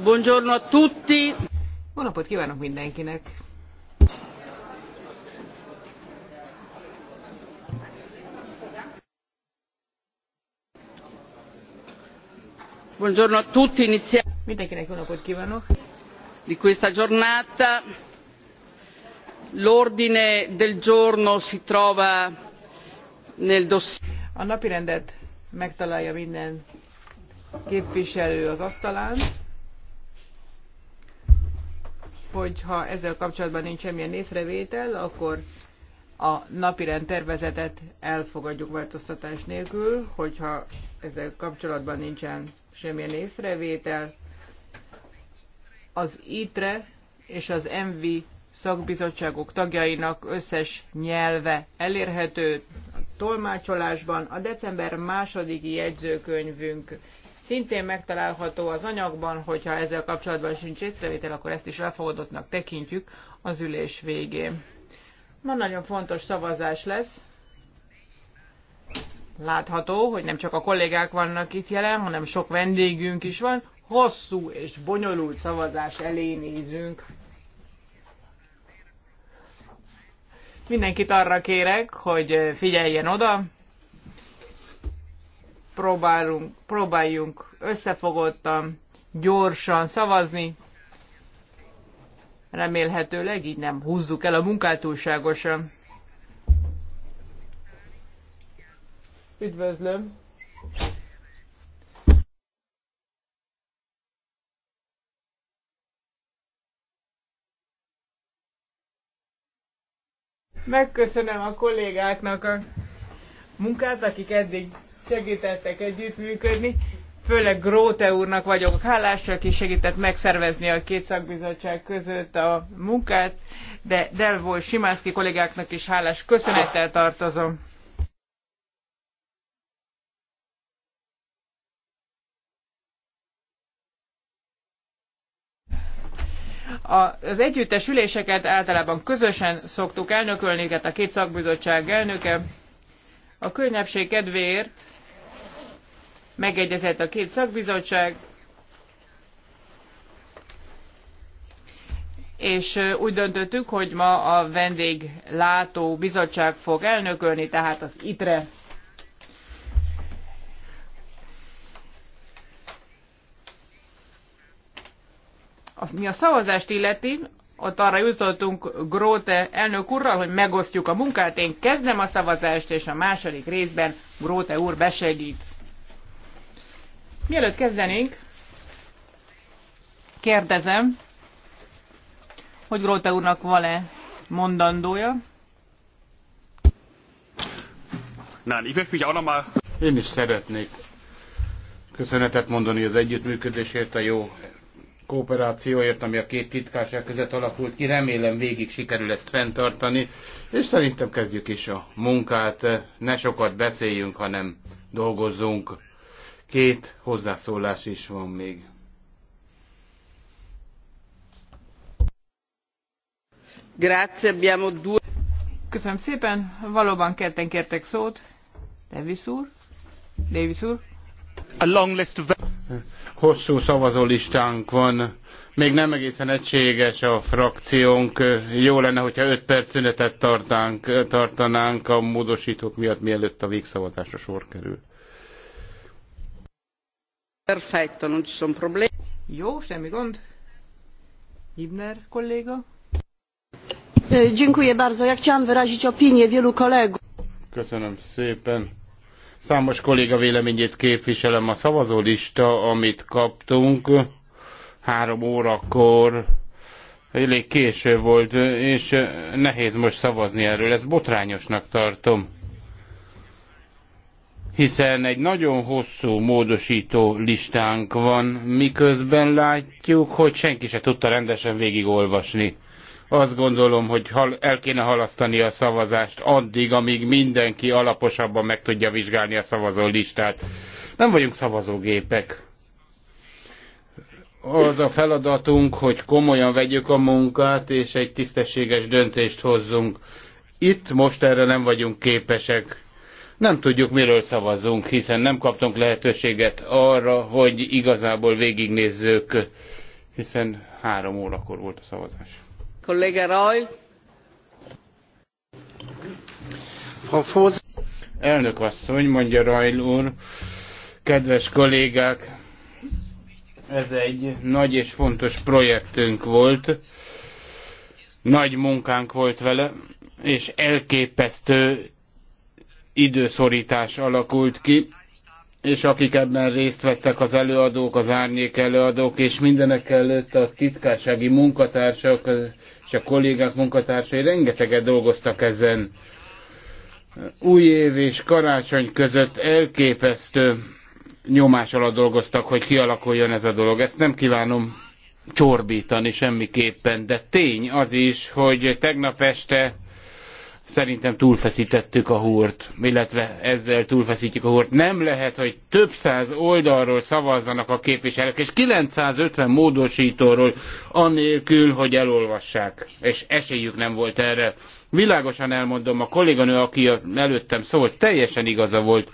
Buongiorno a tutti. kívánok mindenkinek. Buongiorno a tutti, iniziamo. Di questa giornata l'ordine del giorno si trova nel dossier. A napirendet megtalálja minden képviselő az asztalán, hogyha ezzel kapcsolatban nincs semmilyen észrevétel, akkor a napirend tervezetet elfogadjuk változtatás nélkül, hogyha ezzel kapcsolatban nincsen semmilyen észrevétel. Az ITRE és az MV szakbizottságok tagjainak összes nyelve elérhető a tolmácsolásban. A december második jegyzőkönyvünk szintén megtalálható az anyagban, hogyha ezzel kapcsolatban sincs észrevétel, akkor ezt is elfogadottnak tekintjük az ülés végén. Ma nagyon fontos szavazás lesz. Látható, hogy nem csak a kollégák vannak itt jelen, hanem sok vendégünk is van. Hosszú és bonyolult szavazás elé nézünk. Mindenkit arra kérek, hogy figyeljen oda, próbálunk, próbáljunk összefogottan, gyorsan szavazni. Remélhetőleg így nem húzzuk el a munkát túlságosan. Üdvözlöm! Megköszönöm a kollégáknak a munkát, akik eddig segítettek együttműködni. Főleg Gróte úrnak vagyok hálás, aki segített megszervezni a két szakbizottság között a munkát, de Delvol Simánszki kollégáknak is hálás köszönettel tartozom. az együttes üléseket általában közösen szoktuk elnökölni, tehát a két szakbizottság elnöke. A könnyebbség kedvéért megegyezett a két szakbizottság, és úgy döntöttük, hogy ma a vendéglátó bizottság fog elnökölni, tehát az ITRE. Mi a szavazást illeti, ott arra jutottunk Gróte elnök úrral, hogy megosztjuk a munkát, én kezdem a szavazást, és a második részben Gróte úr besegít. Mielőtt kezdenénk, kérdezem, hogy Gróta úrnak van-e mondandója? Nem, ich möchte mich már... Én is szeretnék köszönetet mondani az együttműködésért, a jó kooperációért, ami a két titkárság között alakult ki. Remélem végig sikerül ezt fenntartani, és szerintem kezdjük is a munkát. Ne sokat beszéljünk, hanem dolgozzunk. Két hozzászólás is van még. Grazie, abbiamo due... Köszönöm szépen. Valóban ketten kértek szót. Davis úr. Davis úr. A long list of... Hosszú szavazólistánk van. Még nem egészen egységes a frakciónk. Jó lenne, hogyha 5 perc szünetet tartánk, tartanánk a módosítók miatt, mielőtt a végszavazásra sor kerül. Perfetto, non ci sono problemi. Jó, semmi gond. Hibner kolléga. E, dziękuję bardzo. Ja chciałam wyrazić opinię wielu kolegów. Köszönöm szépen. Számos kolléga véleményét képviselem. A szavazólista, amit kaptunk három órakor, elég késő volt, és nehéz most szavazni erről. Ezt botrányosnak tartom hiszen egy nagyon hosszú módosító listánk van, miközben látjuk, hogy senki se tudta rendesen végigolvasni. Azt gondolom, hogy el kéne halasztani a szavazást addig, amíg mindenki alaposabban meg tudja vizsgálni a szavazó listát. Nem vagyunk szavazógépek. Az a feladatunk, hogy komolyan vegyük a munkát, és egy tisztességes döntést hozzunk. Itt most erre nem vagyunk képesek nem tudjuk, miről szavazzunk, hiszen nem kaptunk lehetőséget arra, hogy igazából végignézzük, hiszen három órakor volt a szavazás. Kolléga Rajl. Elnök asszony, mondja Rajl úr, kedves kollégák, ez egy nagy és fontos projektünk volt, nagy munkánk volt vele, és elképesztő időszorítás alakult ki, és akik ebben részt vettek az előadók, az árnyék előadók, és mindenek előtt a titkársági munkatársak és a kollégák munkatársai rengeteget dolgoztak ezen. Új év és karácsony között elképesztő nyomás alatt dolgoztak, hogy kialakuljon ez a dolog. Ezt nem kívánom csorbítani semmiképpen, de tény az is, hogy tegnap este Szerintem túlfesztettük a húrt, illetve ezzel túlfesztjük a húrt. Nem lehet, hogy több száz oldalról szavazzanak a képviselők, és fifty módostóról anélkül, hogy elolvassák. És esélyük nem volt erre. Világosan elmondom, a kolléganő, aki előttem szólt, teljesen igaza volt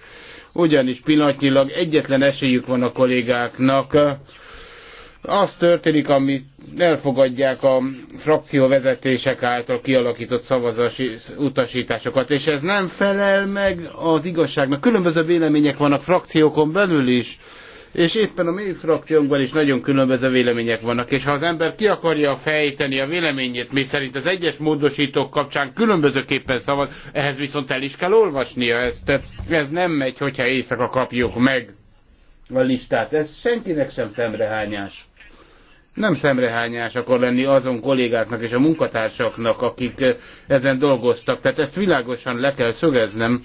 ugyanis pillanatnyilag egyetlen esélyük van a kollégáknak az történik, amit elfogadják a frakcióvezetések által kialakított szavazási utasításokat, és ez nem felel meg az igazságnak. Különböző vélemények vannak frakciókon belül is, és éppen a mi frakciónkban is nagyon különböző vélemények vannak, és ha az ember ki akarja fejteni a véleményét, mi szerint az egyes módosítók kapcsán különbözőképpen szavaz, ehhez viszont el is kell olvasnia ezt. Ez nem megy, hogyha éjszaka kapjuk meg a listát. Ez senkinek sem szemrehányás nem szemrehányás akar lenni azon kollégáknak és a munkatársaknak, akik eh, ezen dolgoztak. Tehát ezt világosan le kell szögeznem.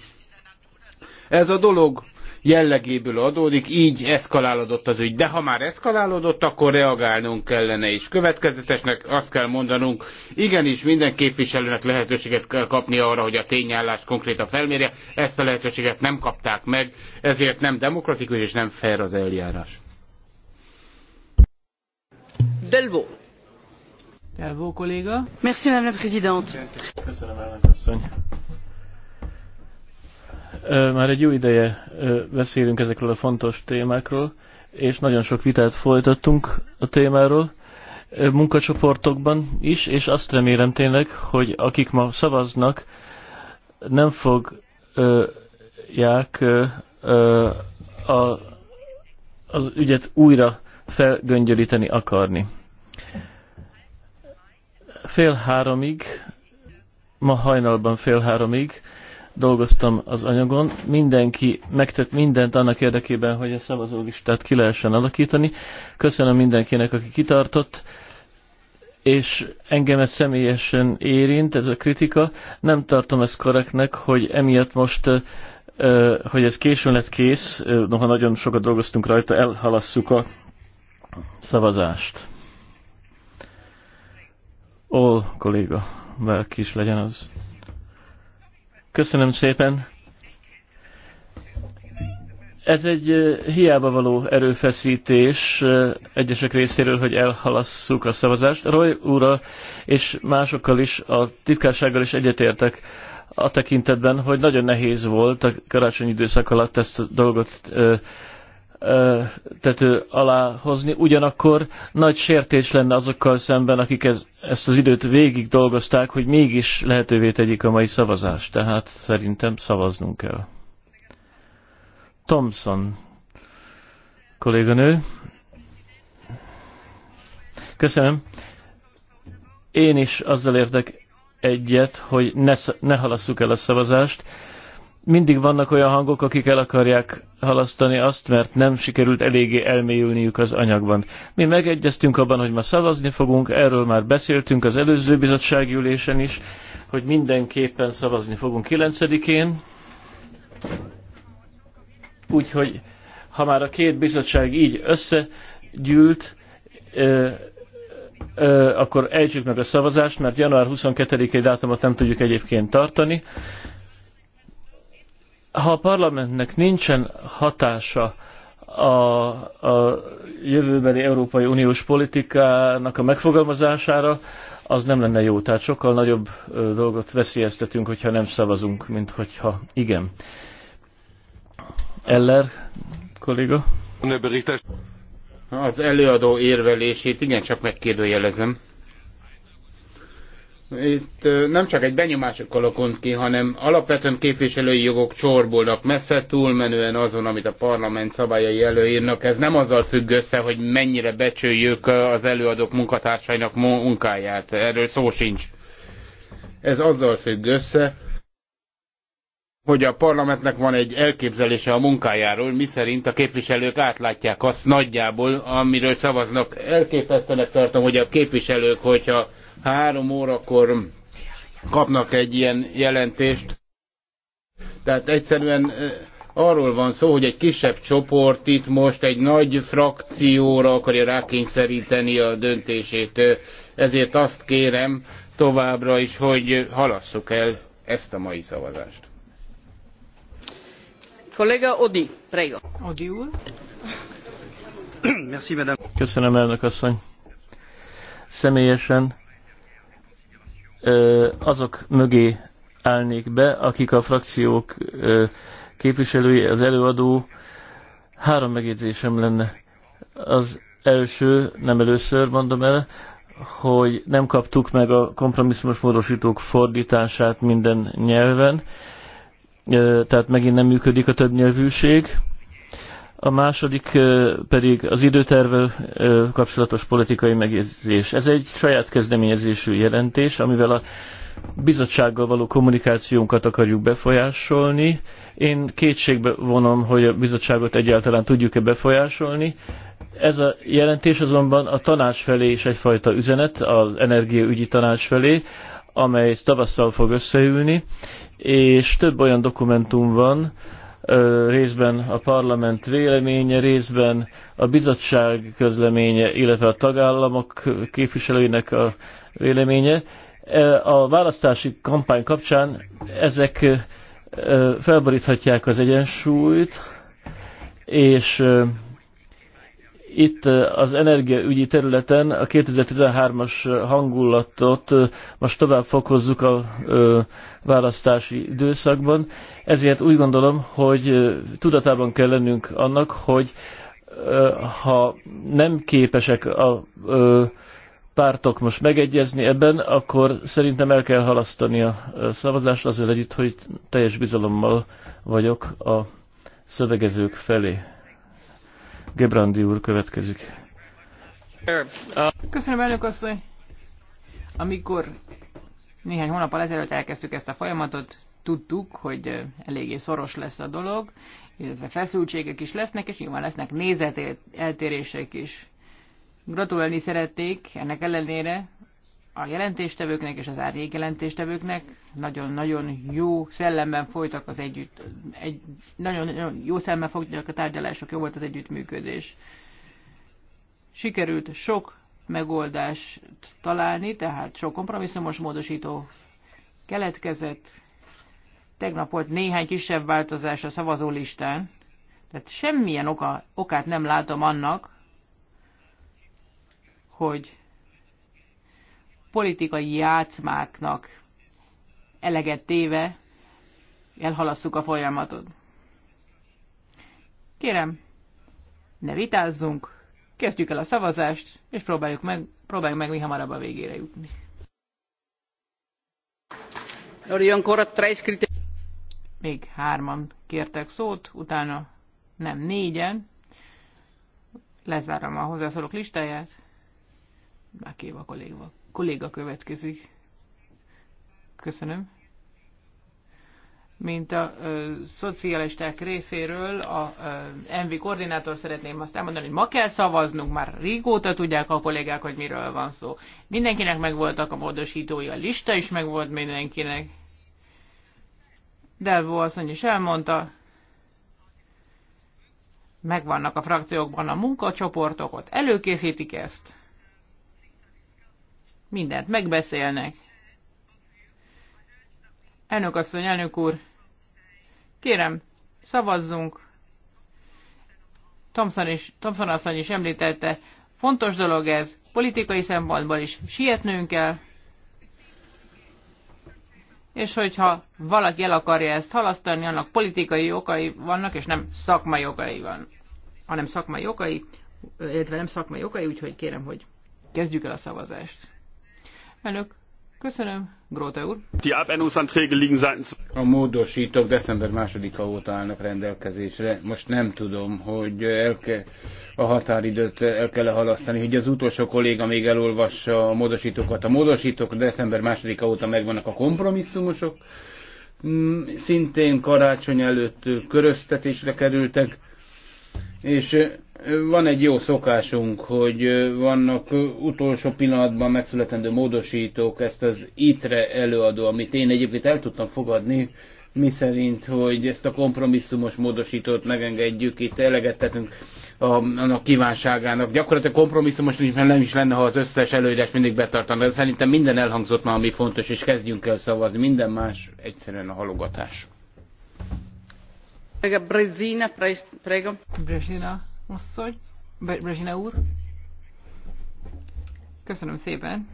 Ez a dolog jellegéből adódik, így eszkalálódott az ügy. De ha már eszkalálódott, akkor reagálnunk kellene is. Következetesnek azt kell mondanunk, igenis minden képviselőnek lehetőséget kell kapni arra, hogy a konkrét konkrétan felmérje. Ezt a lehetőséget nem kapták meg, ezért nem demokratikus és nem fair az eljárás. Madame la Présidente. Köszönöm, Már egy jó ideje beszélünk ezekről a fontos témákról, és nagyon sok vitát folytattunk a témáról munkacsoportokban is, és azt remélem tényleg, hogy akik ma szavaznak, nem fogják az ügyet újra felgöngyölíteni akarni fél háromig, ma hajnalban fél háromig dolgoztam az anyagon. Mindenki megtett mindent annak érdekében, hogy a szavazólistát ki lehessen alakítani. Köszönöm mindenkinek, aki kitartott és engem ez személyesen érint ez a kritika. Nem tartom ezt korrektnek, hogy emiatt most, hogy ez későn lett kész, noha nagyon sokat dolgoztunk rajta, elhalasszuk a szavazást all kolléga, bárki is legyen az. Köszönöm szépen. Ez egy eh, hiába való erőfeszítés eh, egyesek részéről, hogy elhalasszuk a szavazást. Roy úrral és másokkal is, a titkársággal is egyetértek a tekintetben, hogy nagyon nehéz volt a karácsonyi időszak alatt ezt a dolgot eh, tető alá hozni, ugyanakkor nagy sértés lenne azokkal szemben, akik ez, ezt az időt végig dolgozták, hogy mégis lehetővé tegyék a mai szavazást. Tehát szerintem szavaznunk kell. Thompson kolléganő. Köszönöm. Én is azzal értek egyet, hogy ne, ne halasszuk el a szavazást mindig vannak olyan hangok, akik el akarják halasztani azt, mert nem sikerült eléggé elmélyülniük az anyagban. Mi megegyeztünk abban, hogy ma szavazni fogunk, erről már beszéltünk az előző bizottsági ülésen is, hogy mindenképpen szavazni fogunk 9-én. Úgyhogy ha már a két bizottság így összegyűlt, ö, ö, akkor ejtsük meg a szavazást, mert január 22-i dátumot nem tudjuk egyébként tartani. Ö, ha a parlamentnek nincsen hatása a, a jövőbeli Európai Uniós politikának a megfogalmazására, az nem lenne jó. Tehát sokkal nagyobb dolgot veszélyeztetünk, hogyha nem szavazunk, mint hogyha igen. Eller kolléga? Az előadó érvelését igencsak megkérdőjelezem. Itt nem csak egy benyomások alakult ki, hanem alapvetően képviselői jogok csorbolnak messze túlmenően azon, amit a parlament szabályai előírnak. Ez nem azzal függ össze, hogy mennyire becsüljük az előadók munkatársainak munkáját. Erről szó sincs. Ez azzal függ össze, hogy a parlamentnek van egy elképzelése a munkájáról, miszerint a képviselők átlátják azt nagyjából, amiről szavaznak. Elképesztőnek tartom, hogy a képviselők, hogyha Három órakor kapnak egy ilyen jelentést. Tehát egyszerűen arról van szó, hogy egy kisebb csoport itt most egy nagy frakcióra akarja rákényszeríteni a döntését. Ezért azt kérem továbbra is, hogy halasszuk el ezt a mai szavazást. Kollega Odi, prego. Odi úr. Köszönöm, elnök asszony. Személyesen azok mögé állnék be, akik a frakciók képviselői, az előadó. Három megjegyzésem lenne. Az első, nem először mondom el, hogy nem kaptuk meg a kompromisszumos módosítók fordítását minden nyelven, tehát megint nem működik a többnyelvűség a második pedig az időtervel kapcsolatos politikai megjegyzés. Ez egy saját kezdeményezésű jelentés, amivel a bizottsággal való kommunikációnkat akarjuk befolyásolni. Én kétségbe vonom, hogy a bizottságot egyáltalán tudjuk-e befolyásolni. Ez a jelentés azonban a tanács felé is egyfajta üzenet, az energiaügyi tanács felé, amely tavasszal fog összeülni, és több olyan dokumentum van, részben a parlament véleménye, részben a bizottság közleménye, illetve a tagállamok képviselőinek a véleménye. A választási kampány kapcsán ezek felboríthatják az egyensúlyt, és itt az energiaügyi területen a 2013-as hangulatot most tovább fokozzuk a választási időszakban. Ezért úgy gondolom, hogy tudatában kell lennünk annak, hogy ha nem képesek a pártok most megegyezni ebben, akkor szerintem el kell halasztani a szavazást azzal együtt, hogy teljes bizalommal vagyok a szövegezők felé. Gebrandi úr következik. Köszönöm, elnök asszony! Amikor néhány hónap ezelőtt elkezdtük ezt a folyamatot, tudtuk, hogy eléggé szoros lesz a dolog, illetve feszültségek is lesznek, és nyilván lesznek nézeteltérések is. Gratulálni szerették ennek ellenére a jelentéstevőknek és az árnyék jelentéstevőknek nagyon-nagyon jó szellemben folytak az együtt, egy, nagyon, nagyon jó szellemben folytak a tárgyalások, jó volt az együttműködés. Sikerült sok megoldást találni, tehát sok kompromisszumos módosító keletkezett. Tegnap volt néhány kisebb változás a szavazólistán, tehát semmilyen oka, okát nem látom annak, hogy politikai játszmáknak eleget téve elhalasszuk a folyamatot. Kérem, ne vitázzunk, kezdjük el a szavazást, és próbáljuk meg, próbáljuk meg mi hamarabb a végére jutni. Még hárman kértek szót, utána nem négyen. Lezárom a hozzászólók listáját. Már a kollégival kolléga következik. Köszönöm. Mint a ö, szocialisták részéről a ö, MV koordinátor szeretném azt elmondani, hogy ma kell szavaznunk, már régóta tudják a kollégák, hogy miről van szó. Mindenkinek megvoltak a módosítói, a lista is megvolt mindenkinek. Delvó asszony is elmondta, megvannak a frakciókban a munkacsoportok, ott előkészítik ezt Mindent megbeszélnek. Elnök asszony, elnök úr, kérem, szavazzunk. Thompson, is, Thompson asszony is említette, fontos dolog ez, politikai szempontból is sietnünk kell, és hogyha valaki el akarja ezt halasztani, annak politikai okai vannak, és nem szakmai okai van, hanem szakmai okai, illetve nem szakmai okai, úgyhogy kérem, hogy kezdjük el a szavazást. Elnök, köszönöm. Gróte úr. A módosítók december másodika óta állnak rendelkezésre. Most nem tudom, hogy el kell, a határidőt el kell -e halasztani, hogy az utolsó kolléga még elolvassa a módosítókat. A módosítók december másodika óta megvannak a kompromisszumosok. Mm, szintén karácsony előtt köröztetésre kerültek, és van egy jó szokásunk, hogy vannak utolsó pillanatban megszületendő módosítók, ezt az ITRE előadó, amit én egyébként el tudtam fogadni, mi szerint, hogy ezt a kompromisszumos módosítót megengedjük, itt eleget tettünk a, annak kívánságának. Gyakorlatilag kompromisszumos mert nem is lenne, ha az összes előírás mindig betartaná. De szerintem minden elhangzott már, ami fontos, és kezdjünk el szavazni. Minden más egyszerűen a halogatás. Brezina, prego. Brezina asszony, Brezsina úr. Köszönöm szépen.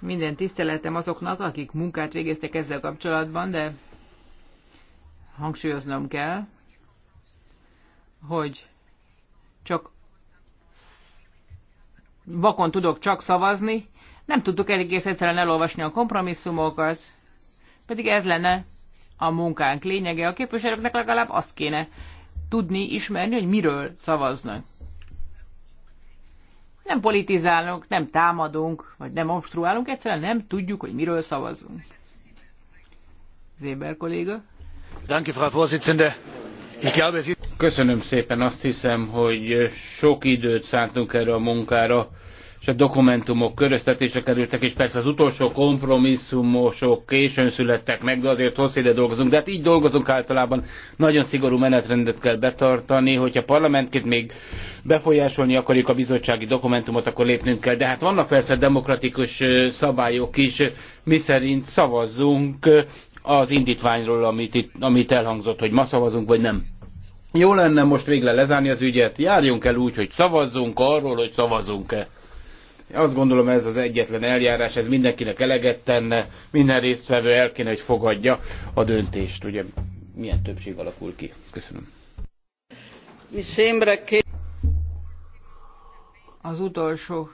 Minden tiszteletem azoknak, akik munkát végeztek ezzel kapcsolatban, de hangsúlyoznom kell, hogy csak vakon tudok csak szavazni, nem tudtuk egész egyszerűen elolvasni a kompromisszumokat, pedig ez lenne a munkánk lényege. A képviselőknek legalább azt kéne tudni, ismerni, hogy miről szavaznak. Nem politizálunk, nem támadunk, vagy nem obstruálunk, egyszerűen nem tudjuk, hogy miről szavazunk. Zéber kolléga. Danke, Frau Vorsitzende. Köszönöm szépen, azt hiszem, hogy sok időt szántunk erre a munkára, és a dokumentumok köröztetésre kerültek, és persze az utolsó kompromisszumosok későn születtek meg, de azért hosszú ide dolgozunk. De hát így dolgozunk általában, nagyon szigorú menetrendet kell betartani, hogyha parlamentként még befolyásolni akarjuk a bizottsági dokumentumot, akkor lépnünk kell. De hát vannak persze demokratikus szabályok is, miszerint szavazzunk az indítványról, amit, itt, amit elhangzott, hogy ma szavazunk, vagy nem. Jó lenne most végre lezárni az ügyet, járjunk el úgy, hogy szavazzunk arról, hogy szavazunk-e. Azt gondolom ez az egyetlen eljárás, ez mindenkinek eleget tenne, minden résztvevő el kéne, hogy fogadja a döntést, ugye milyen többség alakul ki. Köszönöm. Mi Az utolsó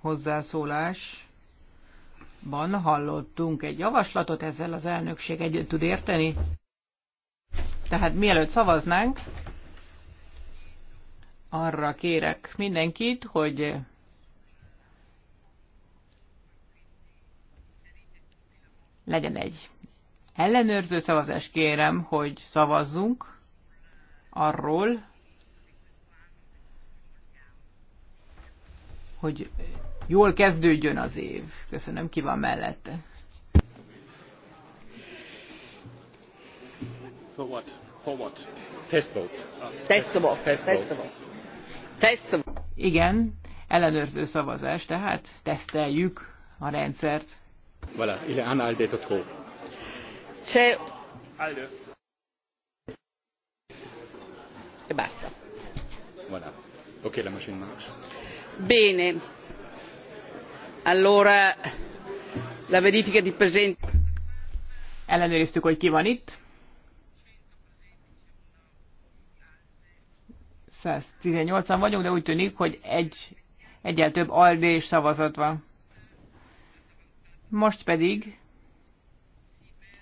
hozzászólásban hallottunk egy javaslatot, ezzel az elnökség együtt tud érteni. Tehát mielőtt szavaznánk, arra kérek mindenkit, hogy legyen egy ellenőrző szavazás, kérem, hogy szavazzunk arról, hogy jól kezdődjön az év. Köszönöm, ki van mellette. For what? For what? Test vote. Test vote. Test vote. Igen, ellenőrző szavazás, tehát teszteljük a rendszert. Voilà, il est un alde de trop. C'est... Alde. E basta. Voilà. Ok, la machine marche. Bene. Allora, la verifica di presenza. Ellenőriztük, hogy ki van itt. 118-an vagyunk, de úgy tűnik, hogy egy, egyel több aldi szavazat van. Most pedig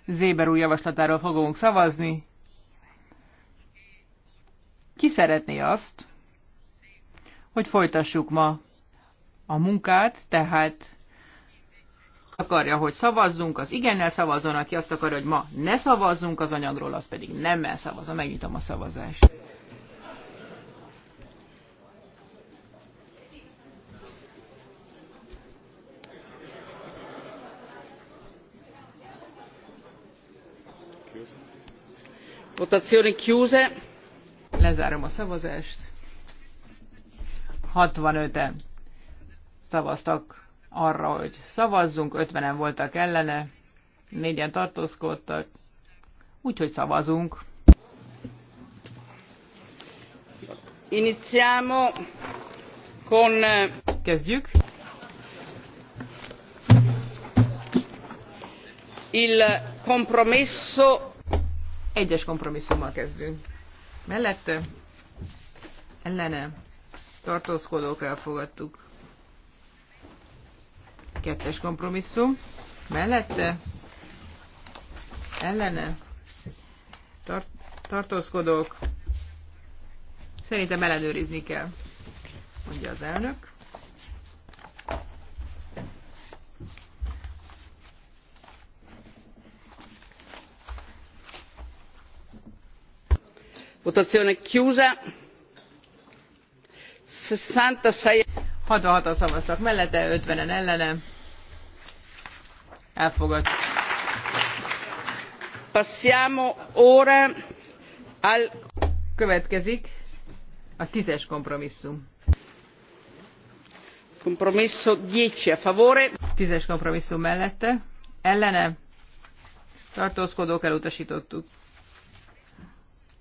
Zéber új javaslatáról fogunk szavazni. Ki szeretné azt, hogy folytassuk ma a munkát, tehát akarja, hogy szavazzunk, az igennel szavazzon, aki azt akarja, hogy ma ne szavazzunk az anyagról, az pedig nemmel szavaz. Megnyitom a szavazást. Votazione chiuse. Lezárom a szavazást. 65-en szavaztak arra, hogy szavazzunk, 50-en voltak ellene, négyen tartózkodtak, úgyhogy szavazunk. Iniziamo con... Eh, Kezdjük. Il compromesso egyes kompromisszummal kezdünk. Mellette ellene tartózkodók elfogadtuk. Kettes kompromisszum. Mellette ellene tart, tartózkodók. Szerintem ellenőrizni kell, mondja az elnök. votazione chiusa sessantasei. sixty szavaztak mellette ötvenen ellene elfogadtuk. passiamo ora al következik a tízes kompromisszum. compromesso dieci a favore. tízes kompromisszum mellette ellene tartózkodók elutasítottuk.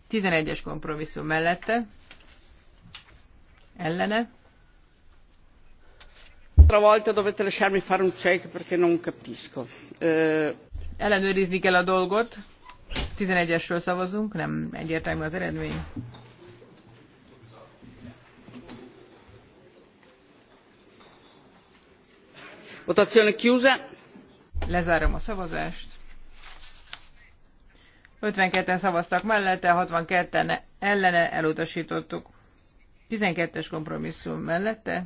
11-es kompromisszum mellette, ellene. Eh, Ellenőrizni kell a dolgot. 11-esről szavazunk, nem egyértelmű az eredmény. Votazione chiusa. Lezárom a szavazást. 52-en szavaztak mellette, 62-en ellene elutasítottuk. 12-es kompromisszum mellette,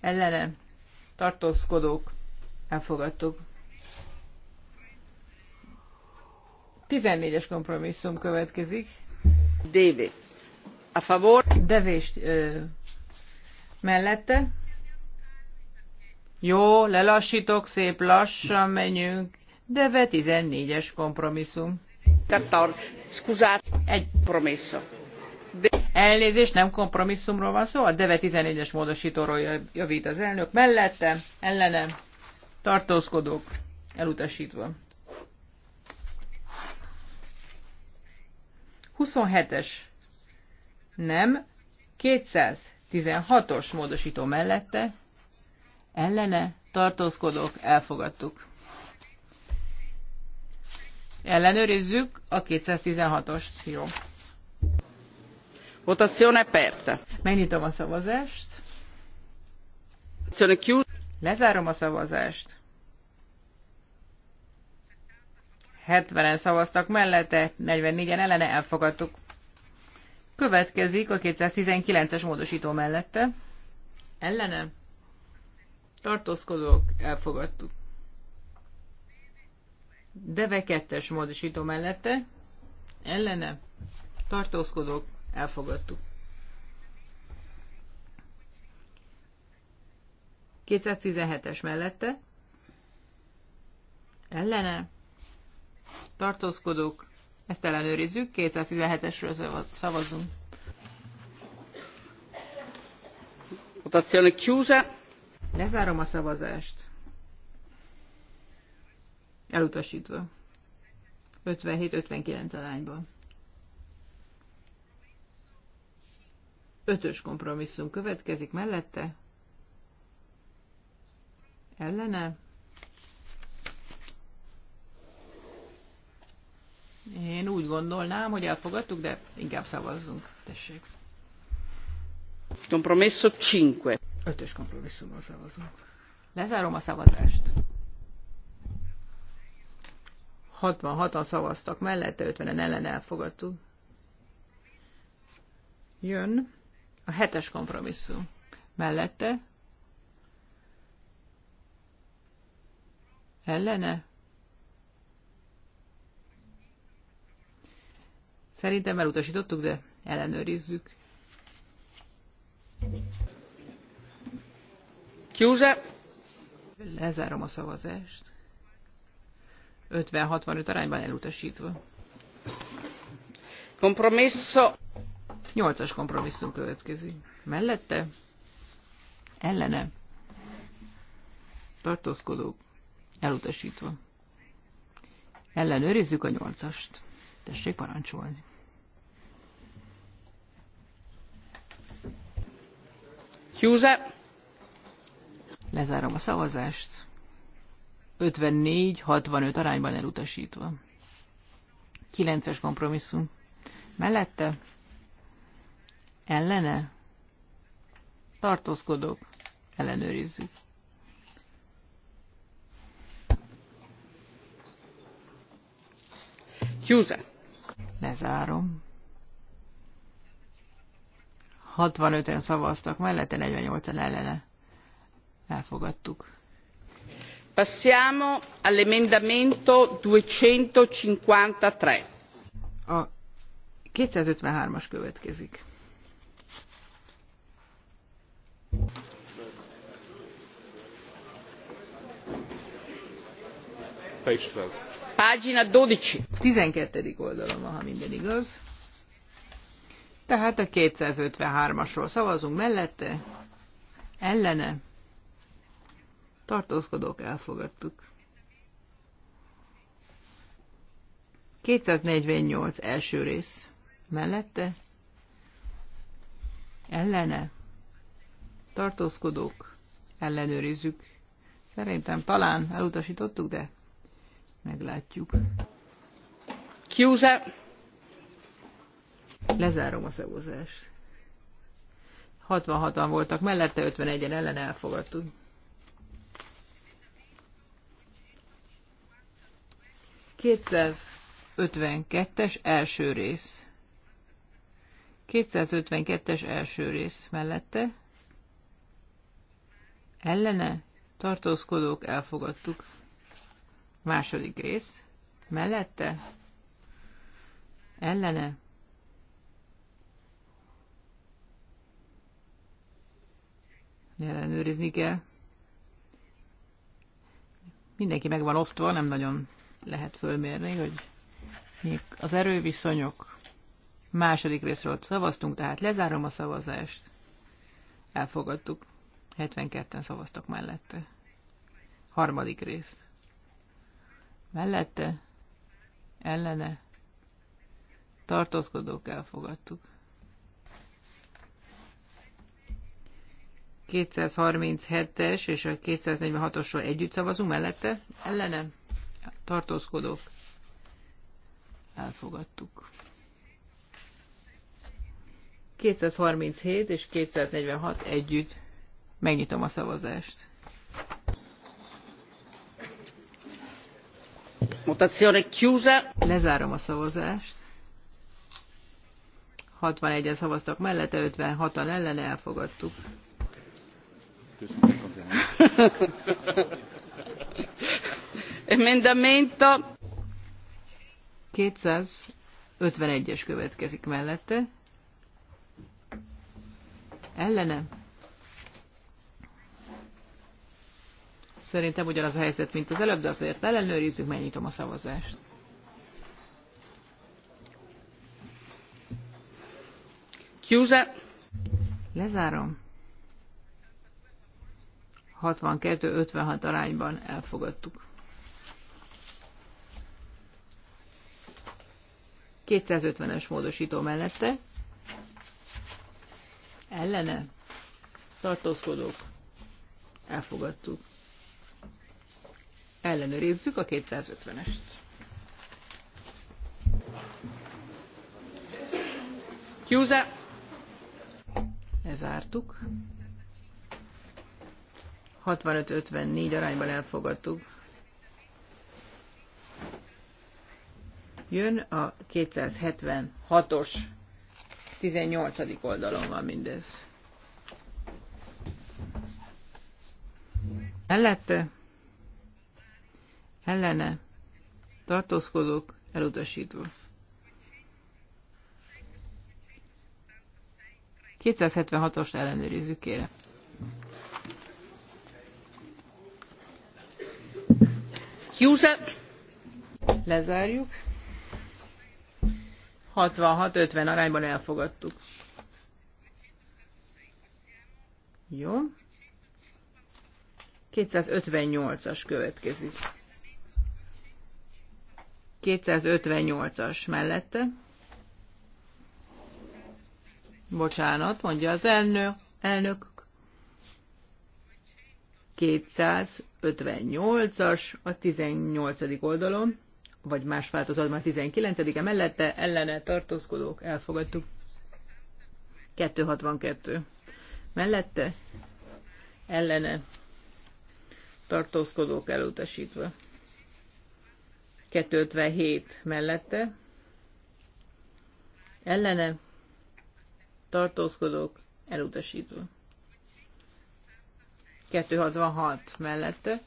ellene tartózkodók elfogadtuk. 14-es kompromisszum következik. DV. A favor. Devést ö, mellette. Jó, lelassítok, szép lassan menjünk. Deve 14-es kompromisszum egy Elnézést, nem kompromisszumról van szó, a DEVE 14-es módostóról javt az elnök. Mellette, ellene, tartózkodók, elutasítva. 27-es, nem, 216-os módosító mellette, ellene, tartózkodók, elfogadtuk. Ellenőrizzük a 216-ost. Jó. Votazione aperta. Megnyitom a szavazást. Lezárom a szavazást. 70-en szavaztak mellette, 44-en ellene elfogadtuk. Következik a 219-es módosító mellette. Ellene? Tartózkodók, elfogadtuk. Deve kettes módosító mellette, ellene, tartózkodók, elfogadtuk. 217-es mellette, ellene, tartózkodók, ezt ellenőrizzük, 217-esről szavazunk. Votazione chiusa. Lezárom a szavazást. Elutasítva. 57-59 arányban. Ötös kompromisszum következik mellette. Ellene. Én úgy gondolnám, hogy elfogadtuk, de inkább szavazzunk. Tessék. Kompromisszum 5. Ötös kompromisszummal szavazunk. Lezárom a szavazást. 66-an szavaztak mellette, 50-en ellen elfogadtuk. Jön a hetes kompromisszum. Mellette ellene Szerintem elutasítottuk, de ellenőrizzük. Kiúze! Lezárom a szavazást. 50-65 arányban elutasítva. Kompromisszum. 8-as kompromisszum következik. Mellette? Ellene? Tartózkodó. Elutasítva. Ellenőrizzük a 8 Tessék parancsolni. Chiuse. Lezárom a szavazást. 54-65 arányban elutasítva. 9-es kompromisszum. Mellette? Ellene? Tartózkodok. Ellenőrizzük. Gyúze. Lezárom. 65-en szavaztak, mellette 48-en ellene. Elfogadtuk passiamo all'emendamento duecentocinquantatré a 253-as következik. Página 12. 12. oldalon van, ha minden igaz. Tehát a 253-asról szavazunk mellette, ellene, tartózkodók elfogadtuk. 248 első rész mellette, ellene, tartózkodók, ellenőrizzük. Szerintem talán elutasítottuk, de meglátjuk. Kiúze! Lezárom a szavazást. 66-an voltak mellette, 51-en ellen elfogadtuk. 252-es első rész. 252-es első rész mellette. Ellene tartózkodók elfogadtuk. Második rész. Mellette. Ellene. Ellenőrizni kell. Mindenki meg van osztva, nem nagyon lehet fölmérni, hogy mik az erőviszonyok. Második részről szavaztunk, tehát lezárom a szavazást. Elfogadtuk. 72-en szavaztak mellette. Harmadik rész. Mellette, ellene, tartózkodók elfogadtuk. 237-es és a 246-osról együtt szavazunk mellette, ellene tartózkodok. elfogadtuk. 237 és 246 együtt megnyitom a szavazást. Mutazione chiusa. Lezárom a szavazást. 61-en szavaztak mellette, 56-an ellene elfogadtuk. Emendamento 251-es következik mellette. Ellene. Szerintem ugyanaz a helyzet, mint az előbb, de azért ellenőrizzük, megnyitom a szavazást. Chiusa. Lezárom. 62-56 arányban elfogadtuk. 250-es módosító mellette. Ellene. Tartózkodók. Elfogadtuk. Ellenőrizzük a 250-est. Kiúze! Lezártuk. 65-54 arányban elfogadtuk. jön, a 276-os 18. oldalon van mindez. Ellette, ellene, tartózkodók, elutasítva. 276 os ellenőrizzük, kérem. Chiusa. Lezárjuk. 66-50 arányban elfogadtuk. Jó. 258-as következik. 258-as mellette. Bocsánat, mondja az elnök. elnök. 258-as a 18. oldalon vagy más változatban 19 -e mellette ellene tartózkodók elfogadtuk. 262 mellette ellene tartózkodók elutasítva. 257 mellette ellene tartózkodók elutasítva. 266 mellette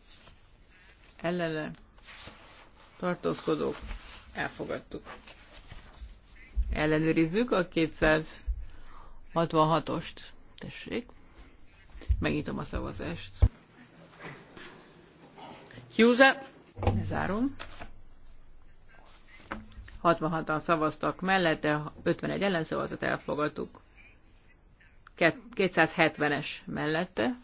ellene tartózkodók, elfogadtuk. Ellenőrizzük a 266-ost. Tessék. Megnyitom a szavazást. Kiúza. Lezárom. 66-an szavaztak mellette, 51 ellenszavazat elfogadtuk. 270-es mellette.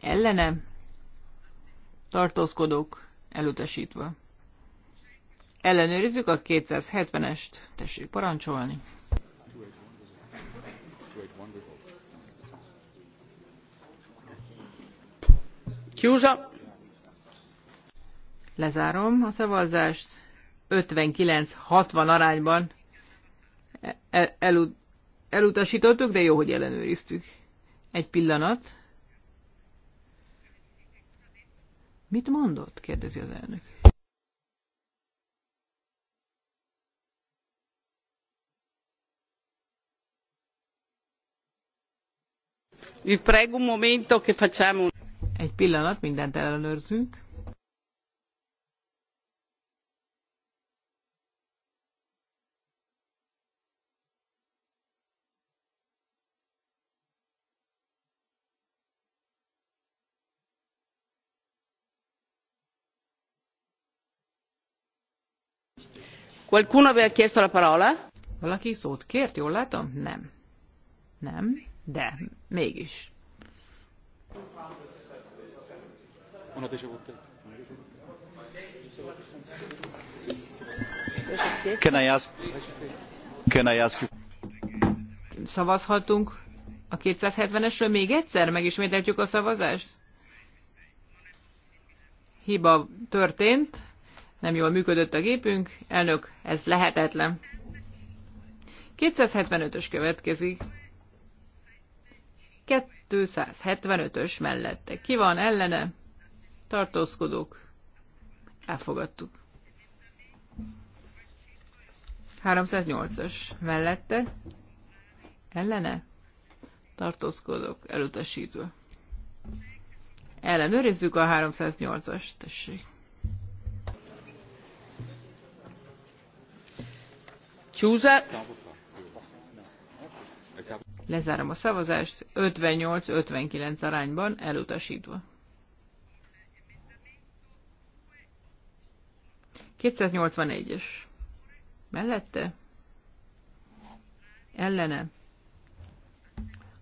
Ellene tartózkodók elutasítva. Ellenőrizzük a 270-est. Tessék parancsolni. Kiúza. Lezárom a szavazást. 59-60 arányban el, e- el, elutasítottuk, de jó, hogy ellenőriztük. Egy pillanat. Mit mondott? kérdezi az elnök. Vi prego un momento che facciamo. Egy pillanat, mindent ellenőrzünk. Qualcuno aveva chiesto la parola? Valaki szót kért, jól látom? Nem. Nem, de mégis. Can I ask? Can I ask you? Szavazhatunk a 270-esről még egyszer? Megismételjük a szavazást? Hiba történt nem jól működött a gépünk. Elnök, ez lehetetlen. 275-ös következik. 275-ös mellette. Ki van ellene? Tartózkodók. Elfogadtuk. 308-as mellette. Ellene? Tartózkodók. Elutasítva. Ellenőrizzük a 308-as. Tessék. Chiusa. Lezárom a szavazást, 58-59 arányban elutasítva. 281-es. Mellette? Ellene?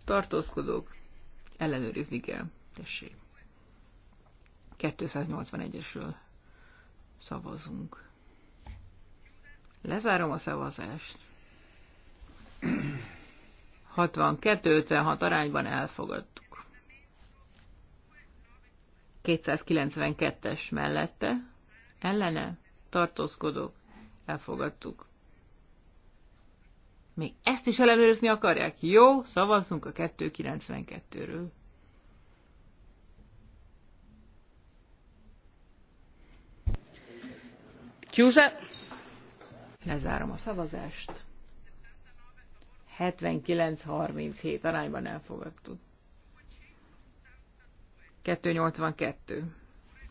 Tartózkodók? Ellenőrizni kell. Tessék. 281-esről szavazunk. Lezárom a szavazást. 62-56 arányban elfogadtuk. 292-es mellette, ellene, tartózkodók, elfogadtuk. Még ezt is ellenőrizni akarják? Jó, szavazzunk a 292-ről. Chiusa Lezárom a szavazást. 79-37 arányban elfogadtuk. 282.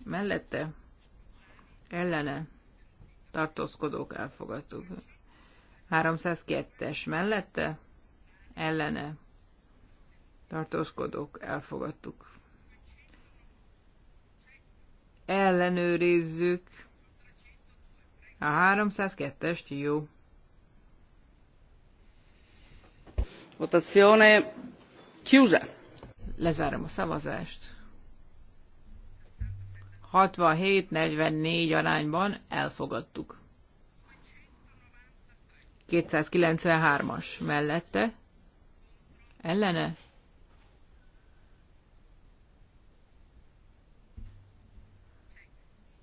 Mellette ellene tartózkodók elfogadtuk. 302-es mellette ellene tartózkodók elfogadtuk. Ellenőrizzük a 302-est jó. Votazione chiusa. Lezárom a szavazást. 67-44 arányban elfogadtuk. 293-as mellette. Ellene.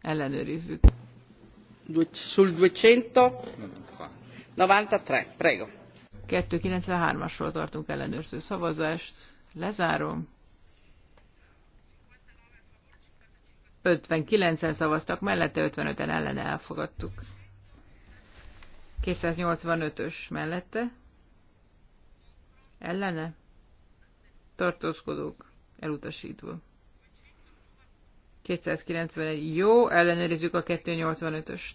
Ellenőrizzük sul 293. Prego. 293-asról tartunk ellenőrző szavazást. Lezárom. 59-en szavaztak, mellette 55-en ellene elfogadtuk. 285-ös mellette. Ellene? Tartózkodók, elutasítva. 291 jó, ellenőrizzük a 285-öst.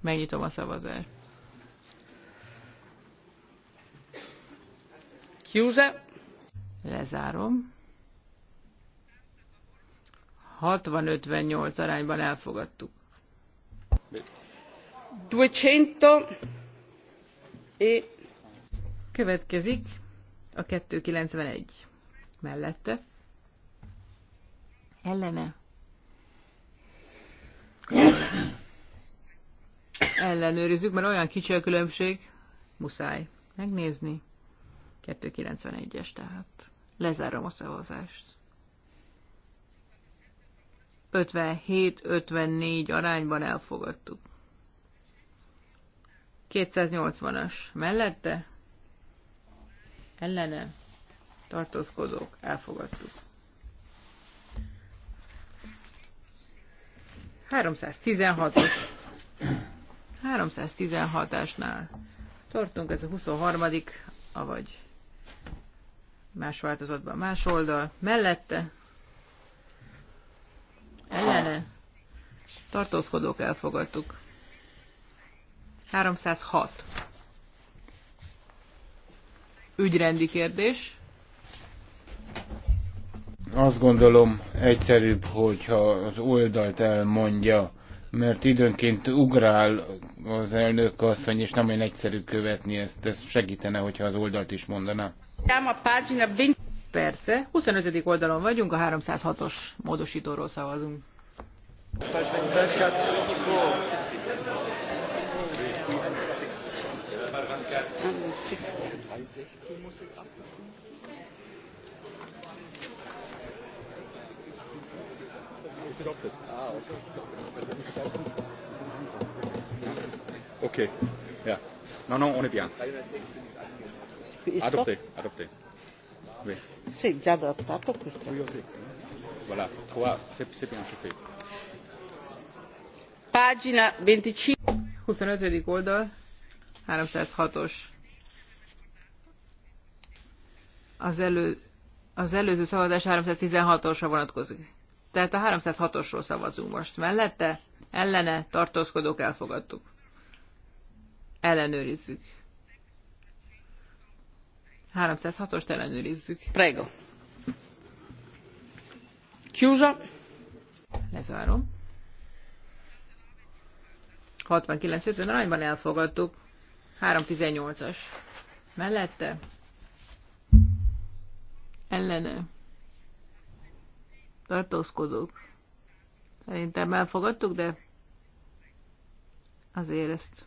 Megnyitom a szavazást. Kiúze. Lezárom. 60-58 arányban elfogadtuk. 200 és... E Következik a 291 mellette ellene ellenőrizzük, mert olyan kicsi a különbség, muszáj megnézni. 291-es tehát. Lezárom a szavazást. 57-54 arányban elfogadtuk. 280-as mellette? Ellene? Tartózkodók, elfogadtuk. 316-os. 316-ásnál tartunk, ez a 23 avagy más változatban más oldal. Mellette ellene tartózkodók elfogadtuk. 306. Ügyrendi kérdés. Azt gondolom egyszerűbb, hogyha az oldalt elmondja, mert időnként ugrál az elnök asszony, és nem olyan egyszerű követni ezt. Ez segítene, hogyha az oldalt is mondaná. Persze, 25. oldalon vagyunk, a 306-os módosítóról szavazunk. It's adopted. Ah, okay. Ok. Yeah. Non, non, on est bien. Adopté, adopté. Oui. Sì, già adottato questo. Voilà, trois, c'est bien, c'est fait. Pagina 25. 25. oldal, 306-os. Az, elő, az előző szavazás 316-osra vonatkozik. Tehát a 306-osról szavazunk most. Mellette, ellene, tartózkodók elfogadtuk. Ellenőrizzük. 306-ost ellenőrizzük. Prego. Chiusa. Lezárom. 69-50 arányban elfogadtuk. 318-as. Mellette. Ellene tartózkodók. Szerintem elfogadtuk, de azért ezt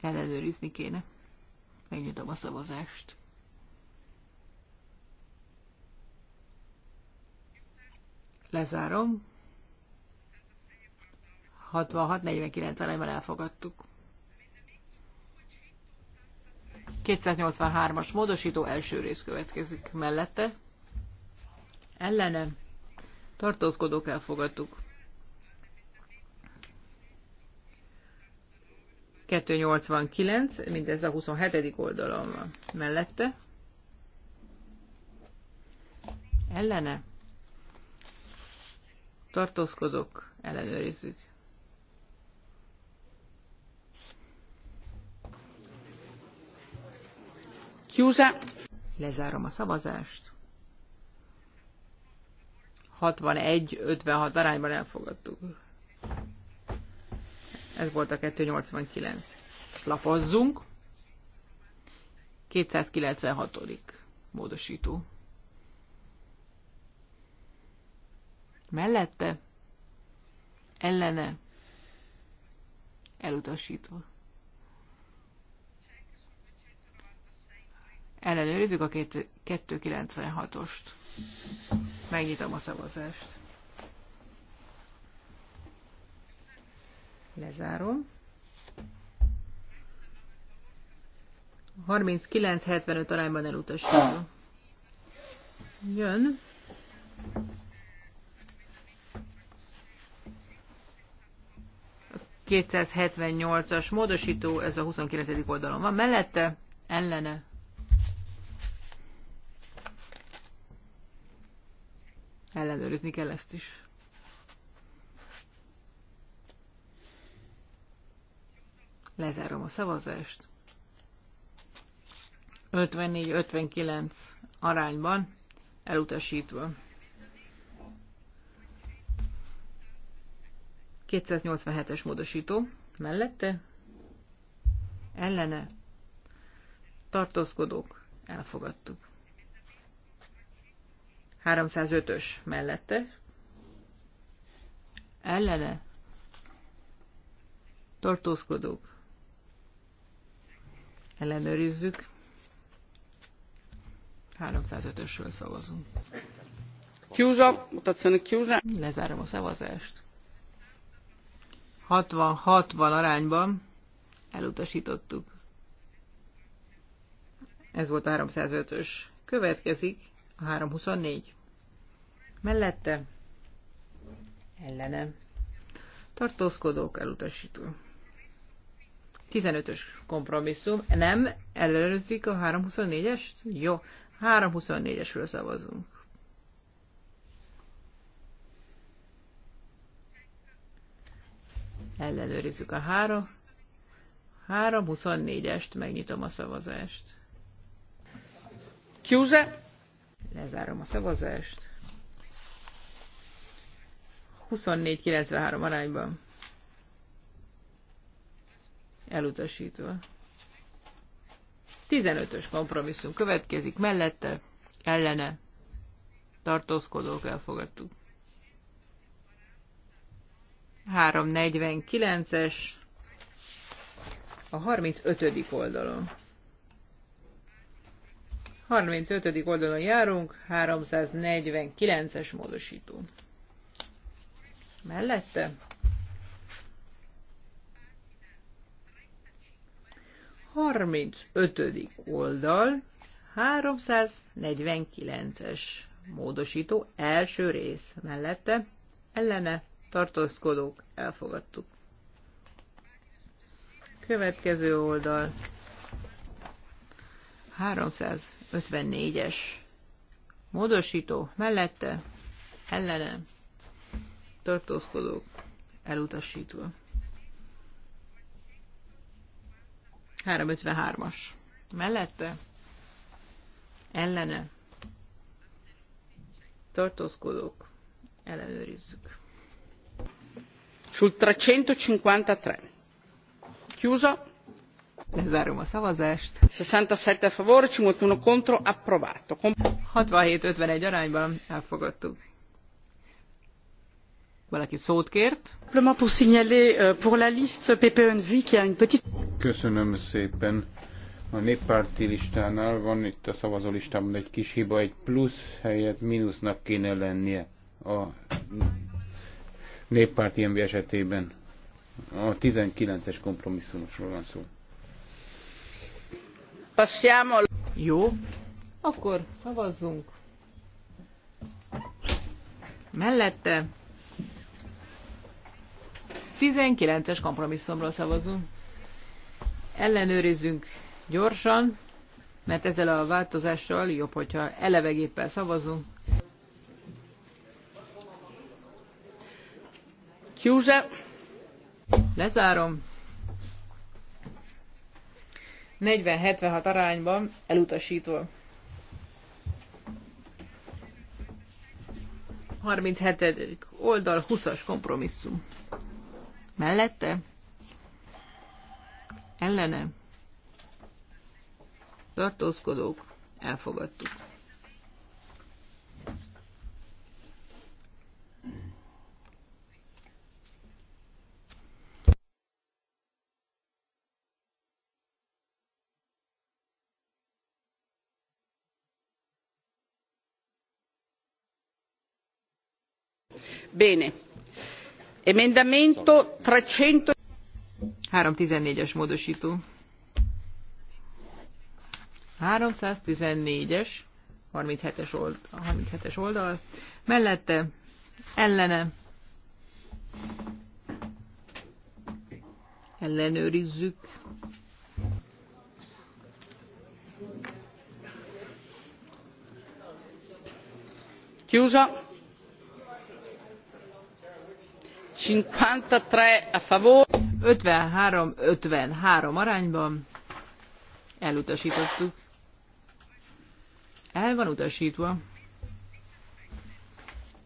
ellenőrizni kéne. Megnyitom a szavazást. Lezárom. 66-49 arányban elfogadtuk. 283-as módosító első rész következik mellette. Ellenem tartózkodók elfogadtuk. 289, mindez a 27. oldalon van. Mellette. Ellene. Tartózkodok, ellenőrizzük. Chiusa. Lezárom a szavazást. 61-56 arányban elfogadtuk. Ez volt a 289. Lapozzunk. 296. módosító. Mellette, ellene, elutasítva. Ellenőrizzük a 296-ost. Megnyitom a szavazást. Lezárom. 39-75 arányban elutasítva. Jön. A 278-as módosító, ez a 29. oldalon van. Mellette, ellene, Ellenőrizni kell ezt is. Lezárom a szavazást. 54-59 arányban elutasítva. 287-es módosító mellette ellene tartózkodók elfogadtuk. 305-ös mellette. Ellene. Tartózkodók. Ellenőrizzük. 305-ösről szavazunk. Kiúza, mutatszanak kiúza. Lezárom a szavazást. 60-60 arányban elutasítottuk. Ez volt 305-ös. Következik 324. Mellette ellene tartózkodók elutasító. 15-ös kompromisszum. Nem, ellenőrzik a 324-es? Jó, 324-esről szavazunk. Ellenőrizzük a 3. 324-est, megnyitom a szavazást. Kiúze? Lezárom a szavazást. 24-93 arányban. Elutasítva. 15-ös kompromisszum következik, mellette, ellene, tartózkodók elfogadtuk. 349-es, a 35. oldalon. 35. oldalon járunk, 349-es módosító. Mellette 35. oldal, 349-es módosító, első rész mellette, ellene tartózkodók, elfogadtuk. Következő oldal, 354-es módosító mellette ellene tartózkodók elutasítva. 353-as mellette ellene tartózkodók ellenőrizzük. Sul 353. Chiuso Lezárom a szavazást. 67 favore, 51 contro, approvato. 67-51 arányban elfogadtuk. Valaki szót kért. Euh, Köszönöm szépen. A néppárti listánál van itt a szavazólistában egy kis hiba, egy plusz helyett mínusznak kéne lennie a néppárti MV esetében. A 19-es kompromisszumosról van szó. Passiamo. Jó, akkor szavazzunk. Mellette 19-es kompromisszumról szavazunk. Ellenőrizzünk gyorsan, mert ezzel a változással jobb, hogyha elevegéppel szavazunk. Kiúzsa. Lezárom. 40-76 arányban elutasítva. 37. oldal 20-as kompromisszum. Mellette? Ellene? Tartózkodók? Elfogadtuk. bene emendamento trecento. három es módostó. háromszáztizennégyes harminchetes oldal, 37 oldal mellette ellene ellenőrizzük chiusa 53 a favor. 53-53 arányban elutasítottuk. El van utasítva.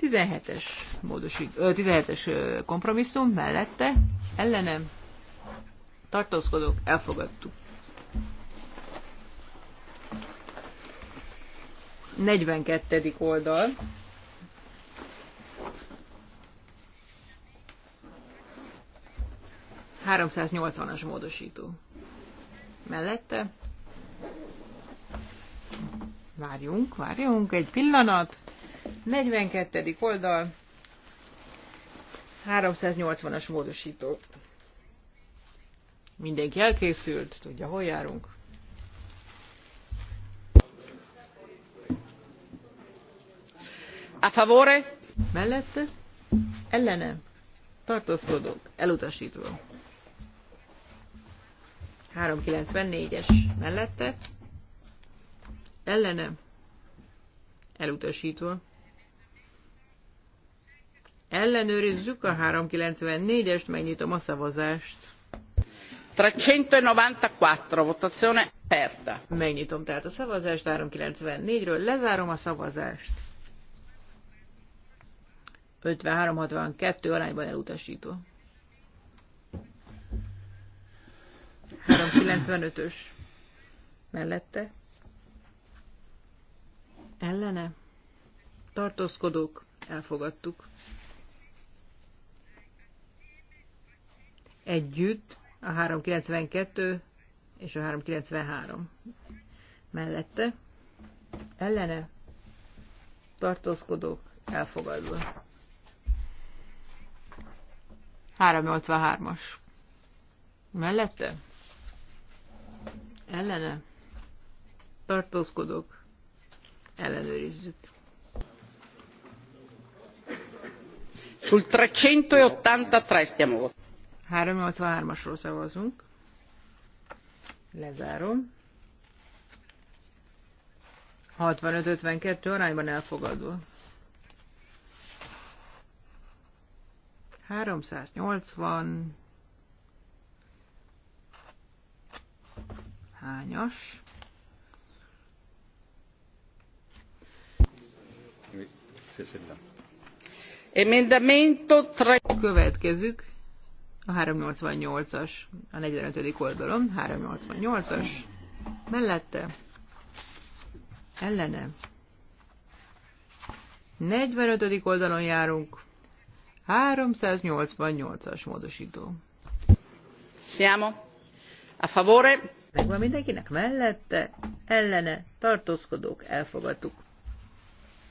17-es módosít, 17 kompromisszum mellette, ellenem, tartózkodok, elfogadtuk. 42. oldal. 380-as módosító. Mellette. Várjunk, várjunk, egy pillanat. 42. oldal. 380-as módosító. Mindenki elkészült, tudja, hol járunk. A favore? Mellette? Ellene? Tartózkodók, elutasítva. 394-es mellette, ellene, elutasítva. Ellenőrizzük a 394-est, megnyitom a szavazást. 394, votazione aperta. Megnyitom tehát a szavazást 394-ről, lezárom a szavazást. 53-62 arányban elutasító. 395-ös mellette. Ellene. Tartózkodók. Elfogadtuk. Együtt a 392 és a 393 mellette. Ellene. Tartózkodók. Elfogadva. 383-as. Mellette? ellene tartózkodok, ellenőrizzük. Sul 383 stiamo 383-asról szavazunk. Lezárom. 65-52 arányban elfogadó. 380 hányas. Emendamento Következzük a 388-as, a 45. oldalon, 388-as, mellette, ellene, 45. oldalon járunk, 388-as módosító. Siamo a favore Megvan mindenkinek mellette, ellene, tartózkodók, elfogadtuk.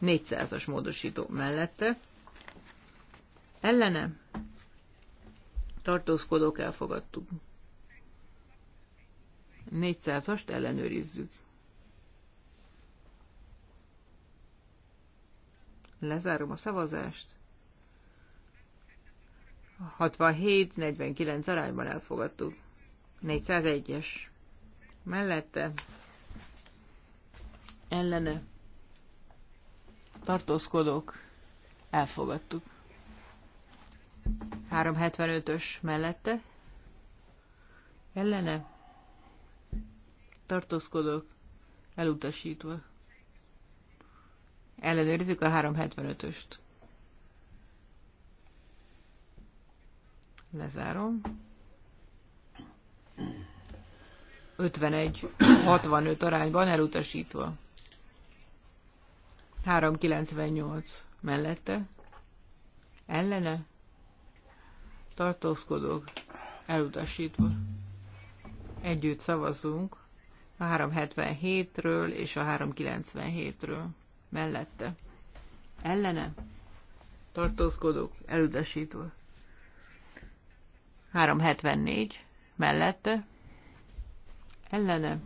400-as módosító mellette, ellene, tartózkodók, elfogadtuk. 400-ast ellenőrizzük. Lezárom a szavazást. 67-49 arányban elfogadtuk. 401-es mellette ellene tartózkodók elfogadtuk. 375-ös mellette ellene tartózkodók elutasítva. Ellenőrizzük a 375-öst. Lezárom. 51-65 arányban elutasítva. 398 mellette, ellene, tartózkodók, elutasítva. Együtt szavazunk a 377-ről és a 397-ről mellette. Ellene, tartózkodók, elutasítva. 374 mellette, ellene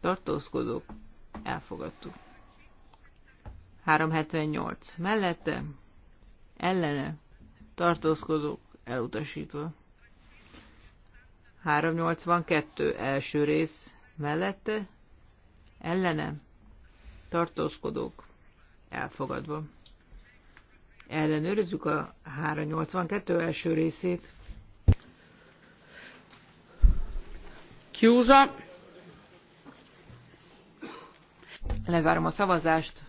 tartózkodók elfogadtuk. 378 mellette ellene tartózkodók elutasítva. 382 első rész mellette ellene tartózkodók elfogadva. Ellenőrizzük a 382 első részét. Lezárom a szavazást.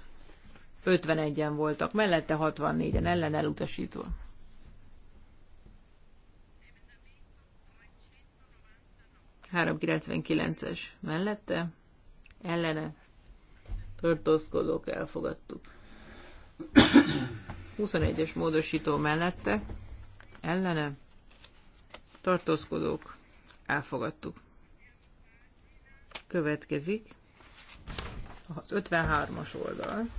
51-en voltak mellette, 64-en ellen elutasítva. Három es mellette, ellene, tartózkodók, elfogadtuk. 21-es módosító mellette, ellene, tartózkodók, elfogadtuk következik az 53-as oldal.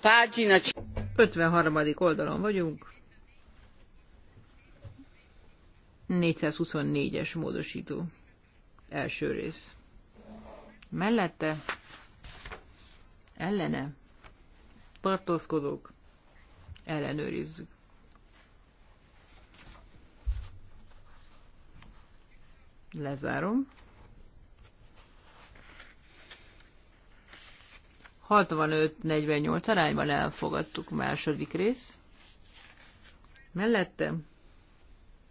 Página 53. oldalon vagyunk. 424-es módosító. Első rész. Mellette, ellene, tartózkodók, ellenőrizzük. Lezárom. 65-48 arányban elfogadtuk második rész. Mellette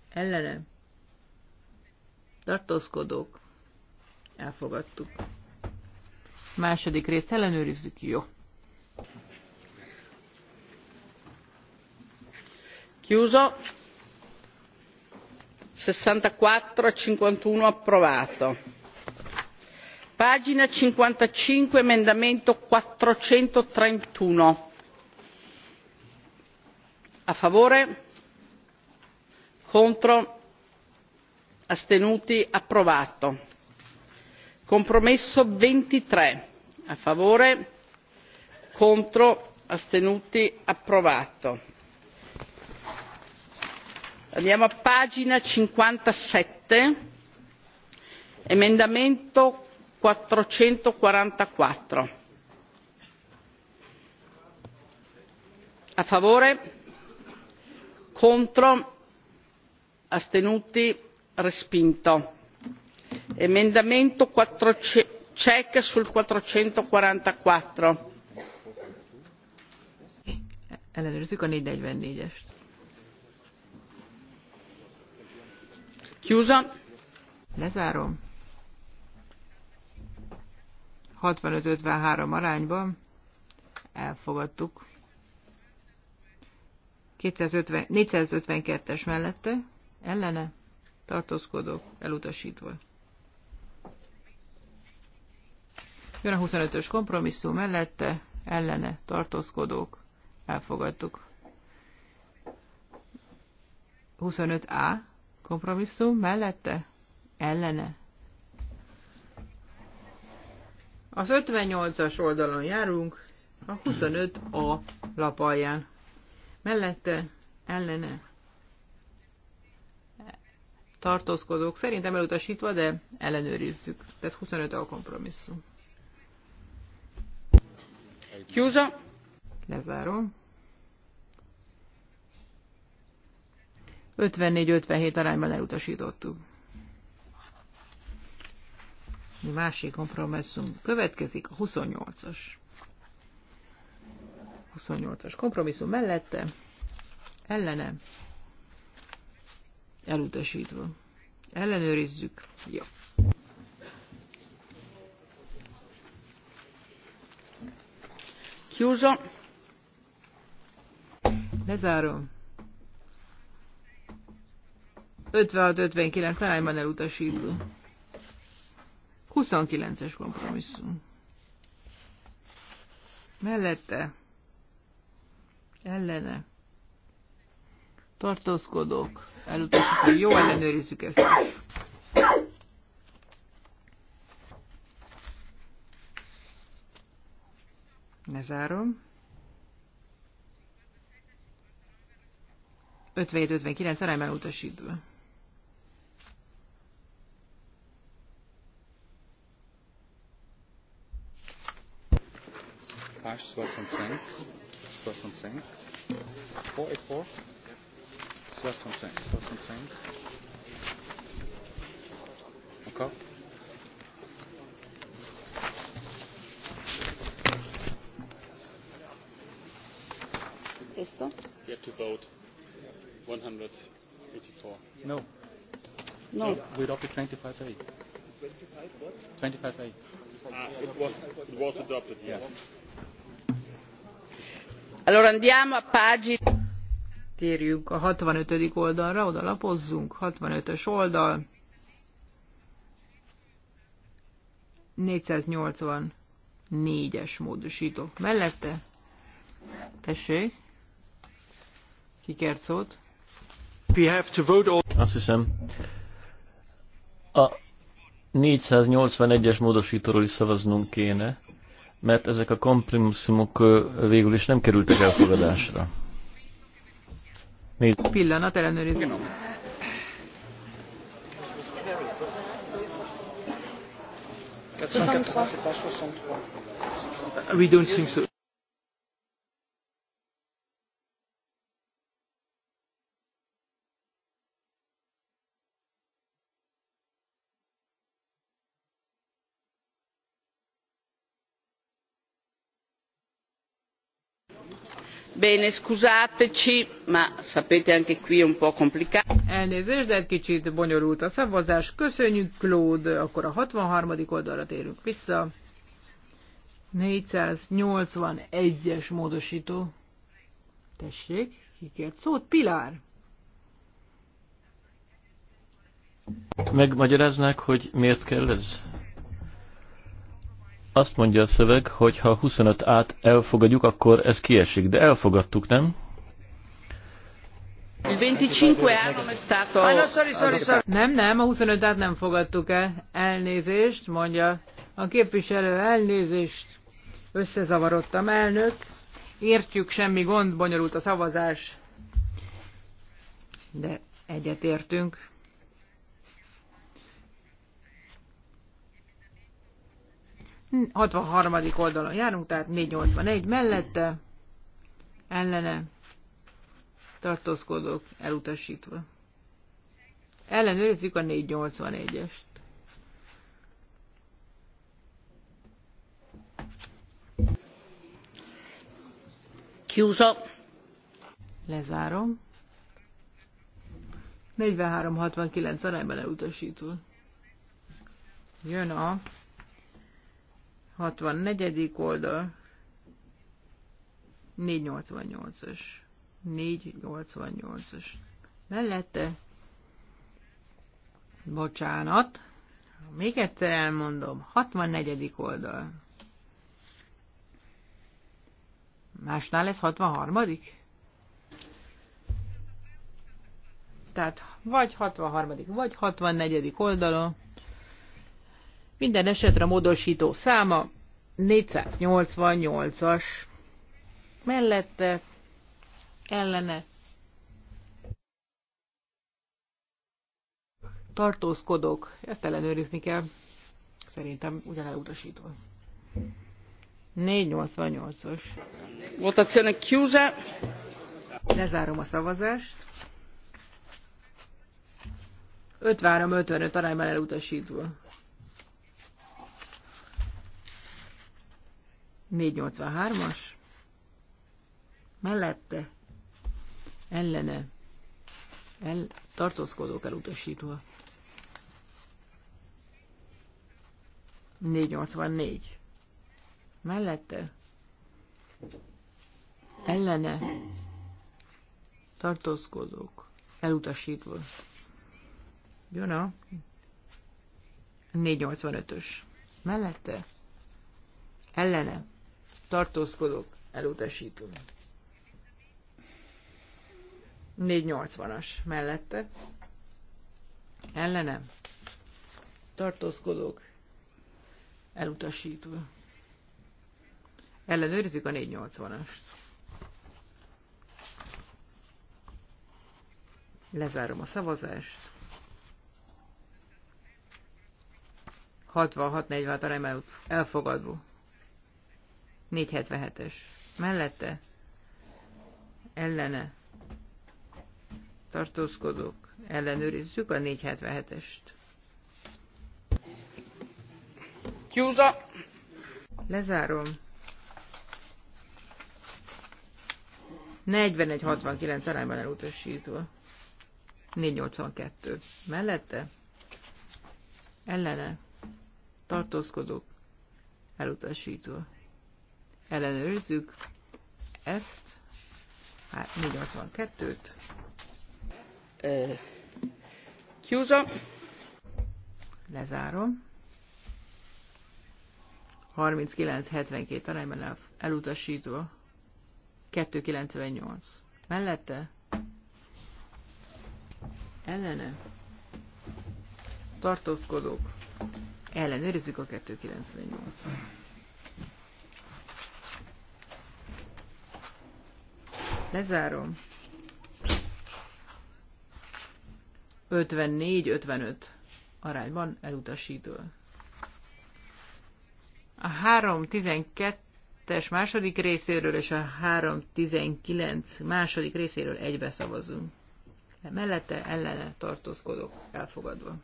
ellene tartózkodók elfogadtuk. Második részt ellenőrizzük, jó. Chiuso sessantaquattro a cinquantuno approvato; pagina cinquantacinque emendamento quattrocentotrentuno a favore contro astenuti approvato; compromesso ventitré a favore contro astenuti approvato; andiamo a pagina cinquantasette emendamento quattrocentoquarantaquattro a favore contro astenuti respinto emendamento check sul quattrocentoquarantaquattro ellenőrzzük a négyszáznegyvennégy est Chiusa. Lezárom. 65-53 arányban elfogadtuk. 250, 452-es mellette ellene tartózkodok elutasítva. Jön a 25-ös kompromisszum mellette ellene tartózkodók elfogadtuk. 25A Kompromisszum mellette? Ellene? Az 58-as oldalon járunk, a 25A lap alján. Mellette? Ellene? Tartózkodók szerintem elutasítva, de ellenőrizzük. Tehát 25A kompromisszum. Kiúza? Lezárom. 54-57 arányban elutasítottuk. A másik kompromisszum következik, a 28-as. 28-as kompromisszum mellette, ellene, elutasítva. Ellenőrizzük. Jó. Chiuso. Lezárom. 56-59 arányban elutasító. 29-es kompromisszum. Mellette. Ellene. Tartózkodók. Elutasító. Jó, ellenőrizzük ezt. Ne zárom. 57-59 arányban utasítva. page 65. 65. 484. 65. 65. Encore. Esto. You have to vote. 184. No. No. We adopted 25A. 25 what? 25A. Ah, it was, it was adopted, yes. yes. Allora a pagina. Térjünk a 65. oldalra, oda lapozzunk, 65-ös oldal. 484-es módosító. Mellette, tessék, kikert szót. We have to vote all... Azt hiszem, a 481-es módosítóról is szavaznunk kéne mert ezek a kompromisszumok végül is nem kerültek elfogadásra. Nézd. Pillanat, ellenőrizni. We don't think so. Bene, scusateci, ma sapete anche qui è un po' complicato. Elnézést, de egy kicsit bonyolult a szavazás. Köszönjük, Claude. Akkor a 63. oldalra térünk vissza. 481-es módosító. Tessék, kikért szót? Pilár. Megmagyaráznák, hogy miért kell ez? Azt mondja a szöveg, hogy ha 25 át elfogadjuk, akkor ez kiesik. De elfogadtuk, nem? Ah, nem, nem, a 25 át nem fogadtuk el. Elnézést, mondja a képviselő, elnézést. Összezavarodtam, elnök. Értjük, semmi gond, bonyolult a szavazás. De egyetértünk. 63. oldalon járunk, tehát 481 mellette, ellene, tartózkodók elutasítva. Ellenőrizzük a 481-est. Kiúza. Lezárom. 43-69 arányban elutasítva. Jön a 64. oldal. 488-as. 488-as. Mellette. Bocsánat. Még egyszer elmondom. 64. oldal. Másnál lesz 63. Tehát vagy 63. vagy 64. oldalon minden esetre a módosító száma 488-as mellette ellene tartózkodok. Ezt ellenőrizni kell. Szerintem ugyan elutasítva. 488-os. Votazione chiusa. Lezárom a szavazást. 53-55 arányban elutasítva. 483-as, mellette, ellene, el, tartózkodók elutasítva. 484. Mellette, ellene, tartózkodók elutasítva. Jön a 485-ös. Mellette, ellene, tartózkodok, elutasítom. 480-as mellette ellenem Tartózkodok, elutasítva. Ellenőrzik a 480-ast. Lezárom a szavazást. 66-46 remelő. elfogadva. 477-ös. Mellette ellene tartózkodók. Ellenőrizzük a 477-est. Kiúza! Lezárom. 41-69 arányban elutasítva. 482. Mellette? Ellene. Tartózkodók. Elutasítva ellenőrizzük ezt, hát 482-t. Kiúza. Lezárom. 39-72 arányban elutasítva. 298. Mellette? Ellene? Tartózkodók. Ellenőrizzük a 298-at. Lezárom. 54-55 arányban elutasító. A 3.12-es második részéről és a 3.19 második részéről egybe szavazunk. De mellette ellene tartózkodok elfogadva.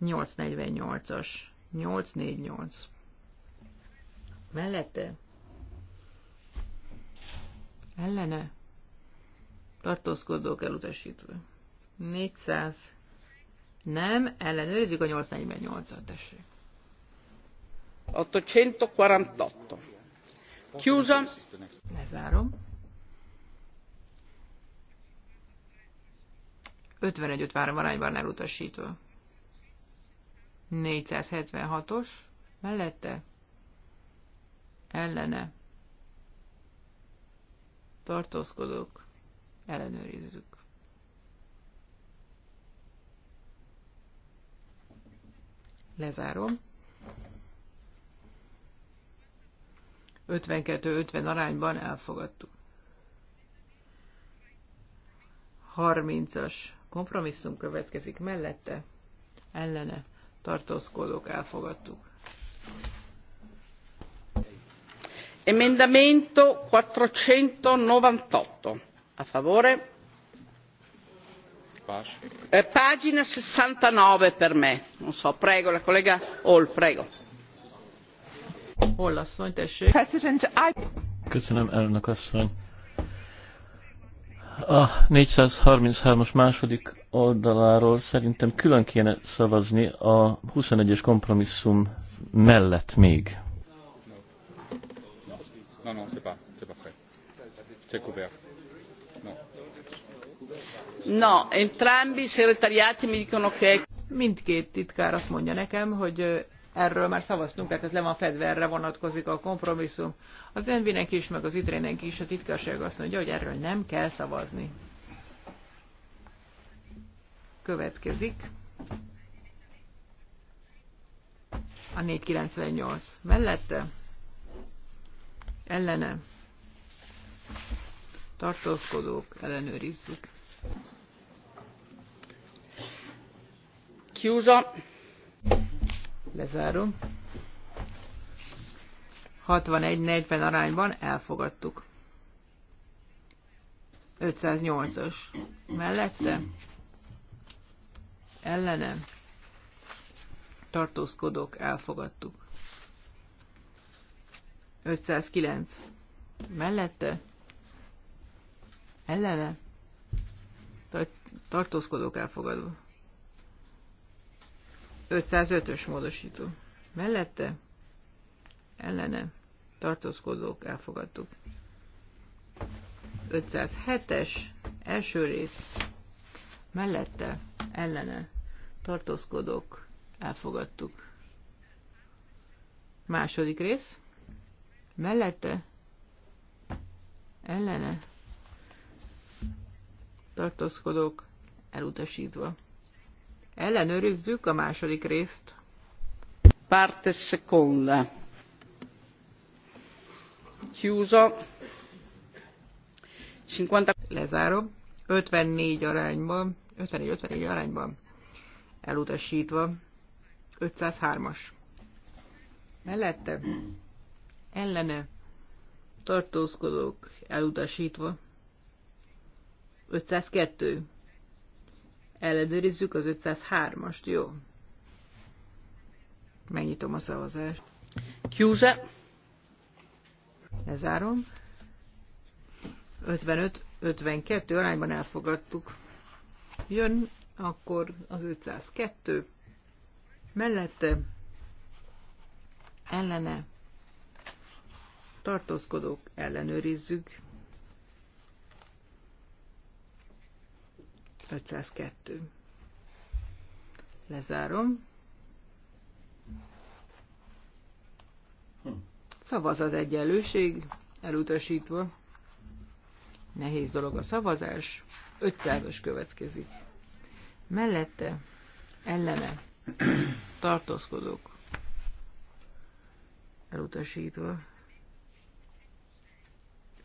848-as. 848. Mellette ellene tartózkodók elutasítva. 400 nem, ellenőrizzük a 848-at, tessék. 848. Chiusa. Lezárom. 51-53 arányban elutasítva. 476-os mellette ellene tartózkodók, ellenőrizzük. Lezárom. 52-50 arányban elfogadtuk. 30-as kompromisszum következik mellette, ellene tartózkodók elfogadtuk emendamento quattrocentonovantotto a favore eh, pagina sessantanove per me non so prego la collega hall prego hall asszony tessék köszönöm elnök asszony a 433-as második oldaláról szerintem külön kéne szavazni a 21-es kompromisszum mellett még. Non, non, c'est pas, c'est pas prêt. C'est couvert. Non. No, entrambi i segretariati mi dicono che... Mindkét titkár azt mondja nekem, hogy erről már szavaztunk, tehát ez le van fedve, erre vonatkozik a kompromisszum. Az Envinek is, meg az Itrének is a titkárság azt mondja, hogy erről nem kell szavazni. Következik a 498 mellette ellene tartózkodók ellenőrizzük. Kiúza. Lezárom. 61-40 arányban elfogadtuk. 508-ös. Mellette? ellenem Tartózkodók elfogadtuk. 509 mellette, ellene, tartózkodók elfogadva. 505-ös módosító. Mellette, ellene, tartózkodók elfogadtuk. 507-es első rész. Mellette, ellene, tartózkodók elfogadtuk. Második rész mellette ellene tartózkodók elutasítva. Ellenőrizzük a második részt. Parte seconda. Chiuso. 50... Lezárom. 54 arányban, 54-54 arányban elutasítva. 503-as. Mellette ellene tartózkodók elutasítva. 502. Ellenőrizzük az 503-ast, jó? Megnyitom a szavazást. Kjúze. Lezárom. 55-52 arányban elfogadtuk. Jön akkor az 502. Mellette ellene tartózkodók ellenőrizzük. 502. Lezárom. Szavazat egyenlőség, elutasítva. Nehéz dolog a szavazás. 500-as következik. Mellette, ellene, tartózkodók. Elutasítva.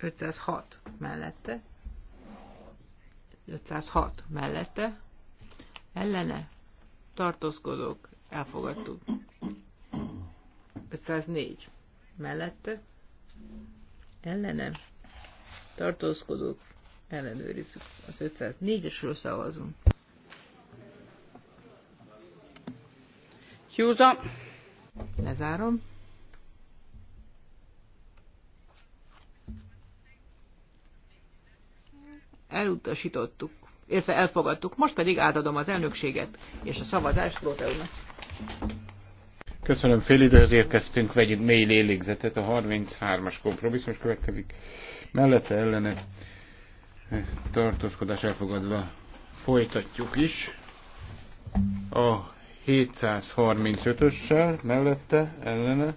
506 mellette, 506 mellette, ellene tartózkodók elfogadtuk. 504 mellette, ellene tartózkodók ellenőrizzük. Az 504-esről szavazunk. Hughes Lezárom. elutasítottuk, illetve elfogadtuk. Most pedig átadom az elnökséget és a szavazást Róteumnak. Köszönöm, fél időhöz érkeztünk, vegyünk mély lélegzetet, a 33-as kompromisszum következik. Mellette ellene tartózkodás elfogadva folytatjuk is a 735-össel mellette ellene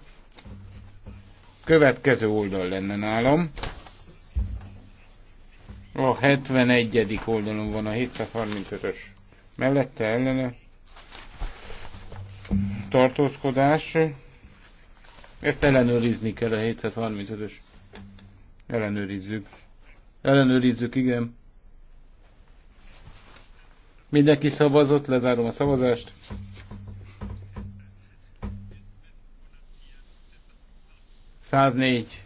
következő oldal lenne nálam. A 71. oldalon van a 735-ös. Mellette ellene tartózkodás. Ezt ellenőrizni kell a 735-ös. Ellenőrizzük. Ellenőrizzük, igen. Mindenki szavazott, lezárom a szavazást. Száznégy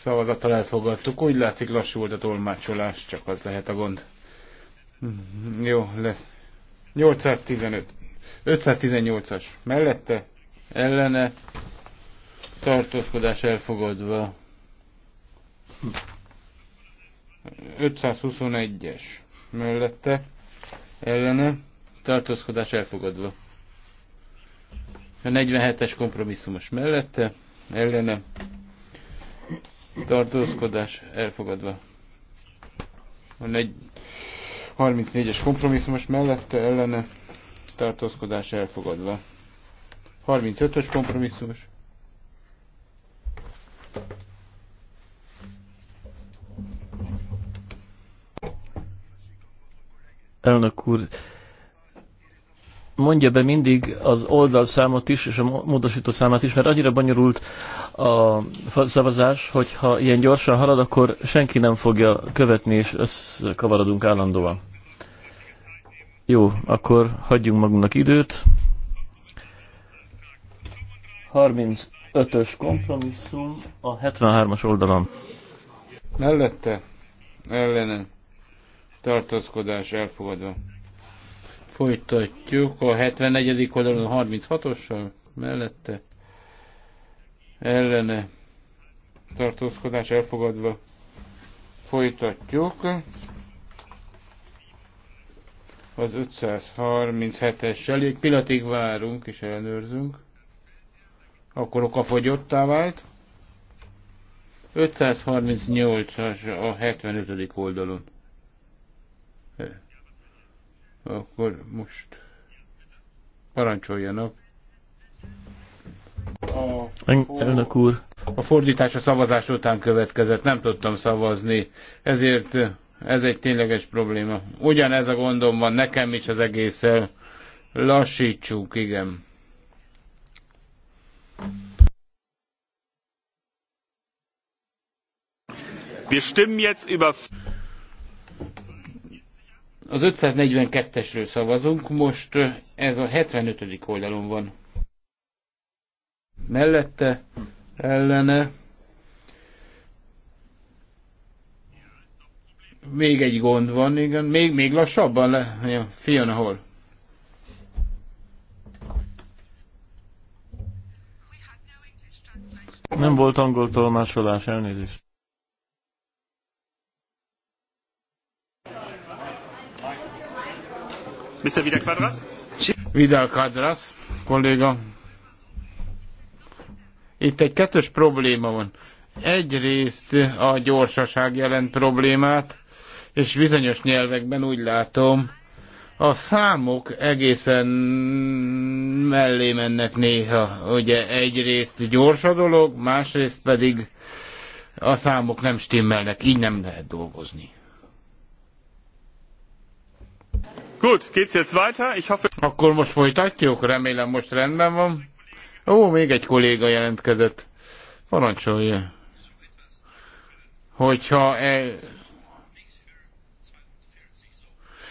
szavazattal elfogadtuk. Úgy látszik lassú volt a tolmácsolás, csak az lehet a gond. Mhm, jó, lesz. 815. 518-as. Mellette, ellene, tartózkodás elfogadva. 521-es. Mellette, ellene, tartózkodás elfogadva. A 47-es kompromisszumos mellette, ellene, tartózkodás elfogadva. A 34-es kompromisszumos mellette ellene tartózkodás elfogadva. 35-ös kompromisszumos. Elnök úr, mondja be mindig az oldalszámot is, és a módosító számát is, mert annyira bonyolult a szavazás, hogy ha ilyen gyorsan halad, akkor senki nem fogja követni, és összekavarodunk állandóan. Jó, akkor hagyjunk magunknak időt. 35-ös kompromisszum a 73-as oldalon. Mellette, ellene, tartózkodás elfogadva. Folytatjuk a 74. oldalon 36-ossal mellette ellene tartózkodás elfogadva. Folytatjuk az 537-essel. Egy pillanatig várunk és ellenőrzünk. Akkor oka fogyottá vált. 538-as a 75. oldalon. Akkor most parancsoljanak. A Elnök úr. A fordítás a szavazás után következett, nem tudtam szavazni, ezért ez egy tényleges probléma. Ugyanez a gondom van nekem is az egésszel. Lassítsuk, igen. Wir stimmen jetzt über az 542-esről szavazunk, most ez a 75. oldalon van. Mellette, ellene, még egy gond van, igen. Még, még lassabban le. Ja, Fiona hol? Nem volt angol tolmásolás, elnézést. Mr. Vidal Quadras? Vidal Quadras, kolléga. Itt egy kettős probléma van. Egyrészt a gyorsaság jelent problémát, és bizonyos nyelvekben úgy látom, a számok egészen mellé mennek néha. Ugye egyrészt gyors a dolog, másrészt pedig a számok nem stimmelnek, így nem lehet dolgozni. Gut, geht's jetzt weiter? Ich hoffe... Akkor most folytatjuk, remélem most rendben van. Ó, még egy kolléga jelentkezett. Parancsolja. Hogyha... E...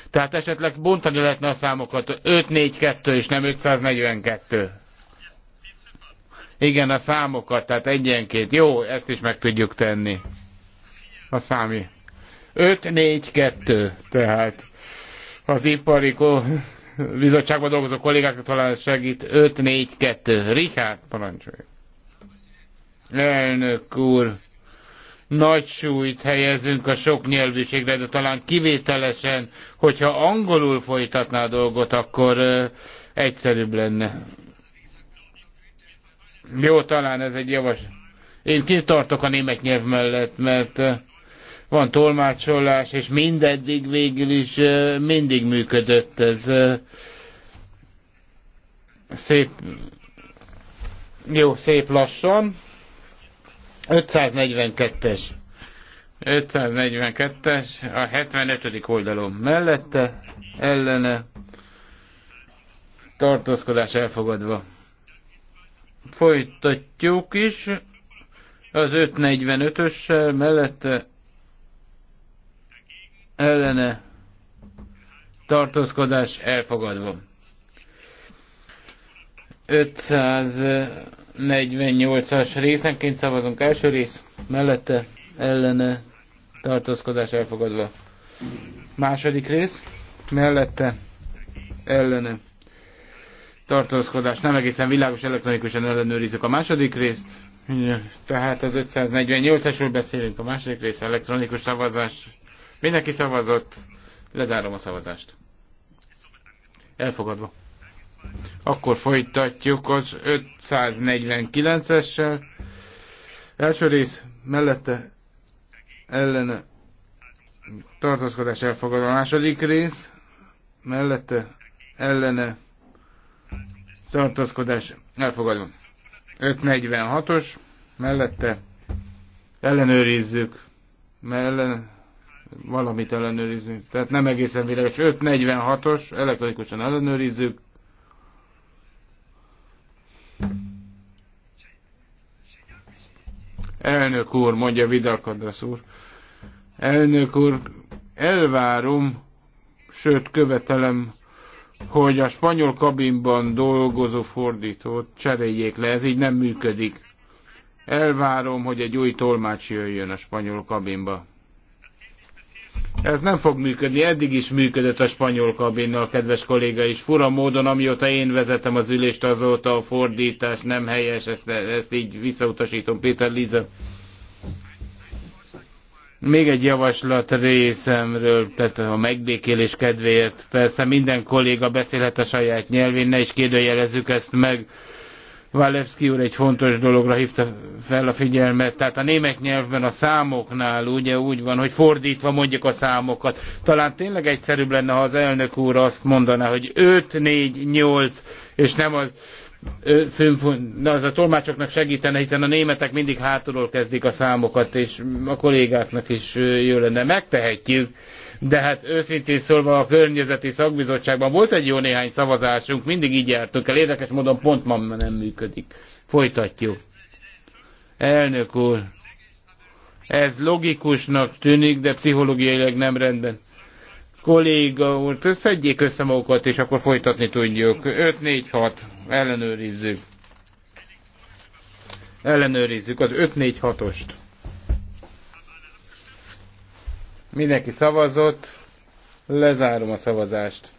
Tehát esetleg bontani lehetne a számokat 542 és nem 542. Igen, a számokat, tehát egyenként. Jó, ezt is meg tudjuk tenni. A számi. 542, tehát az ipari bizottságban dolgozó kollégáknak talán segít. 5-4-2. Richard, parancsolj. Elnök úr, nagy súlyt helyezünk a sok nyelvűségre, de talán kivételesen, hogyha angolul folytatná a dolgot, akkor ö, egyszerűbb lenne. Jó, talán ez egy javas. Én kitartok a német nyelv mellett, mert van tolmácsolás, és mindeddig végül is mindig működött ez. Szép, jó, szép lassan. 542-es. 542-es, a 75. oldalom mellette, ellene, tartózkodás elfogadva. Folytatjuk is, az 545-össel mellette ellene tartózkodás elfogadva. 548-as részenként szavazunk első rész, mellette ellene tartózkodás elfogadva. Második rész, mellette ellene tartózkodás. Nem egészen világos, elektronikusan ellenőrizzük a második részt. Tehát az 548 esről beszélünk, a második rész elektronikus szavazás Mindenki szavazott. Lezárom a szavazást. Elfogadva. Akkor folytatjuk az 549-essel. Első rész mellette ellene tartózkodás elfogadva. A második rész mellette ellene tartózkodás elfogadva. 546-os mellette ellenőrizzük. Mellene valamit ellenőrizni. Tehát nem egészen világos. 546-os, elektronikusan ellenőrizzük. Elnök úr, mondja Vidalkadrasz úr. Elnök úr, elvárom, sőt követelem, hogy a spanyol kabinban dolgozó fordítót cseréljék le, ez így nem működik. Elvárom, hogy egy új tolmács jöjjön a spanyol kabinba. Ez nem fog működni, eddig is működött a spanyol kabinnal, kedves kolléga, is. fura módon, amióta én vezetem az ülést, azóta a fordítás nem helyes, ezt, ezt így visszautasítom. Péter Liza. Még egy javaslat részemről, tehát a megbékélés kedvéért. Persze minden kolléga beszélhet a saját nyelvén, ne is kérdőjelezzük ezt meg. Walewski úr egy fontos dologra hívta fel a figyelmet, tehát a német nyelvben a számoknál ugye úgy van, hogy fordítva mondjuk a számokat. Talán tényleg egyszerűbb lenne, ha az elnök úr azt mondaná, hogy 5, 4, 8, és nem az az a tolmácsoknak segítene, hiszen a németek mindig hátulról kezdik a számokat, és a kollégáknak is jó lenne. Megtehetjük, de hát őszintén szólva a környezeti szakbizottságban volt egy jó néhány szavazásunk, mindig így jártunk el, érdekes módon pont ma nem működik. Folytatjuk. Elnök úr, ez logikusnak tűnik, de pszichológiailag nem rendben. Kolléga úr, szedjék össze magukat, és akkor folytatni tudjuk. 5-4-6, ellenőrizzük. Ellenőrizzük az 5-4-6-ost. Mindenki szavazott, lezárom a szavazást.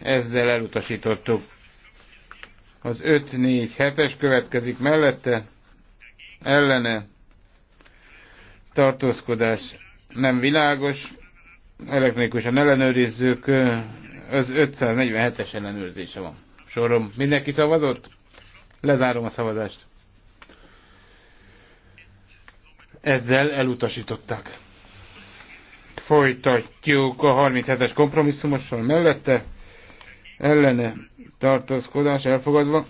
Ezzel elutasítottuk. Az 5-4-7-es következik mellette, ellene, tartózkodás nem világos, elektronikusan ellenőrizzük, az 547-es ellenőrzése van. Sorom, mindenki szavazott? Lezárom a szavazást. Ezzel elutasították. Folytatjuk a 37-es kompromisszumossal mellette. Ellene tartózkodás elfogadva.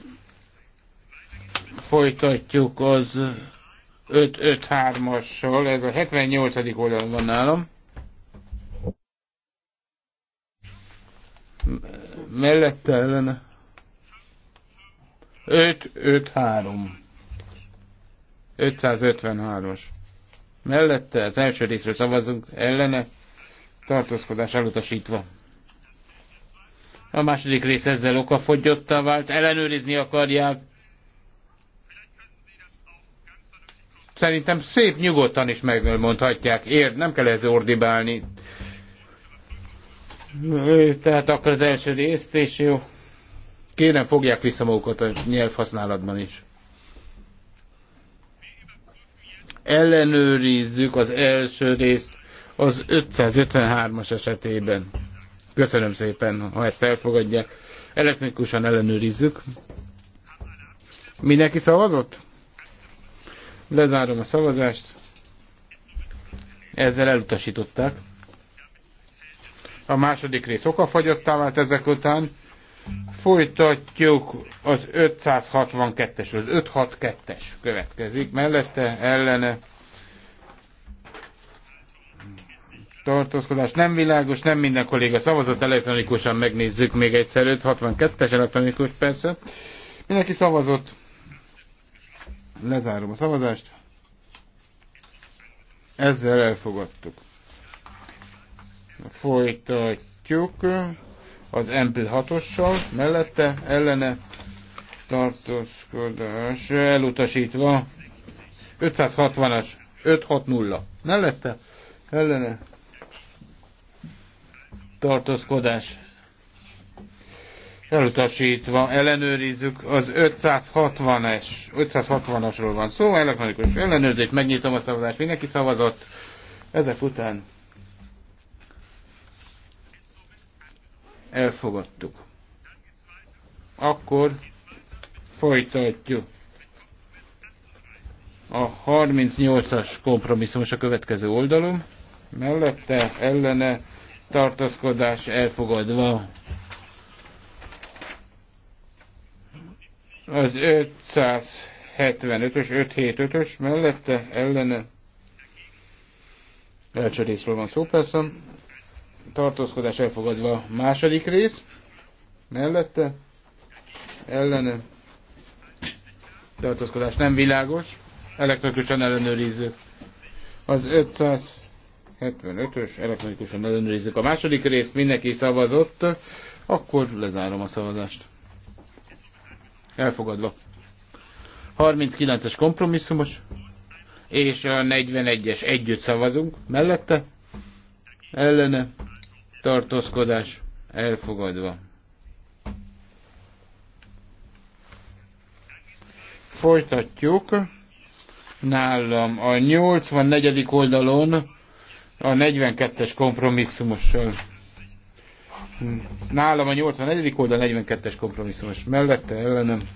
Folytatjuk az 5-5-3-assal. Ez a 78. oldalon van nálam. Mellette ellene. 5-5-3. 553-as mellette, az első részről szavazunk, ellene, tartózkodás elutasítva. A második rész ezzel okafogyottá vált, ellenőrizni akarják. Szerintem szép nyugodtan is megmondhatják, érd, nem kell ez ordibálni. Tehát akkor az első részt, és jó. Kérem, fogják vissza magukat a nyelvhasználatban is. ellenőrizzük az első részt az 553-as esetében. Köszönöm szépen, ha ezt elfogadja. Elektronikusan ellenőrizzük. Mindenki szavazott? Lezárom a szavazást. Ezzel elutasították. A második rész okafagyottá vált ezek után. Folytatjuk az 562-es, az 562-es következik mellette, ellene. Tartózkodás nem világos, nem minden kolléga szavazott, elektronikusan megnézzük még egyszer, 562-es elektronikus persze. Mindenki szavazott. Lezárom a szavazást. Ezzel elfogadtuk. Folytatjuk az MP 6-ossal, mellette ellene tartózkodás elutasítva 560-as 560 mellette ellene tartózkodás elutasítva ellenőrizzük az 560-es 560-asról van szó, elektronikus ellenőrzés, megnyitom a szavazást, mindenki szavazott ezek után elfogadtuk. Akkor folytatjuk. A 38-as kompromisszumos a következő oldalom. Mellette ellene tartaszkodás elfogadva. Az 575-ös, 575-ös mellette ellene elcsörészről van szó persze, tartózkodás elfogadva. Második rész, mellette, ellene, tartózkodás nem világos, elektronikusan ellenőrizzük. Az 575-ös elektronikusan ellenőrizzük. A második részt mindenki szavazott, akkor lezárom a szavazást. Elfogadva. 39-es kompromisszumos, és a 41-es együtt szavazunk, mellette, ellene, tartózkodás elfogadva. Folytatjuk nálam a 84. oldalon a 42-es kompromisszumossal. Nálam a 84. oldal 42-es kompromisszumos mellette ellenem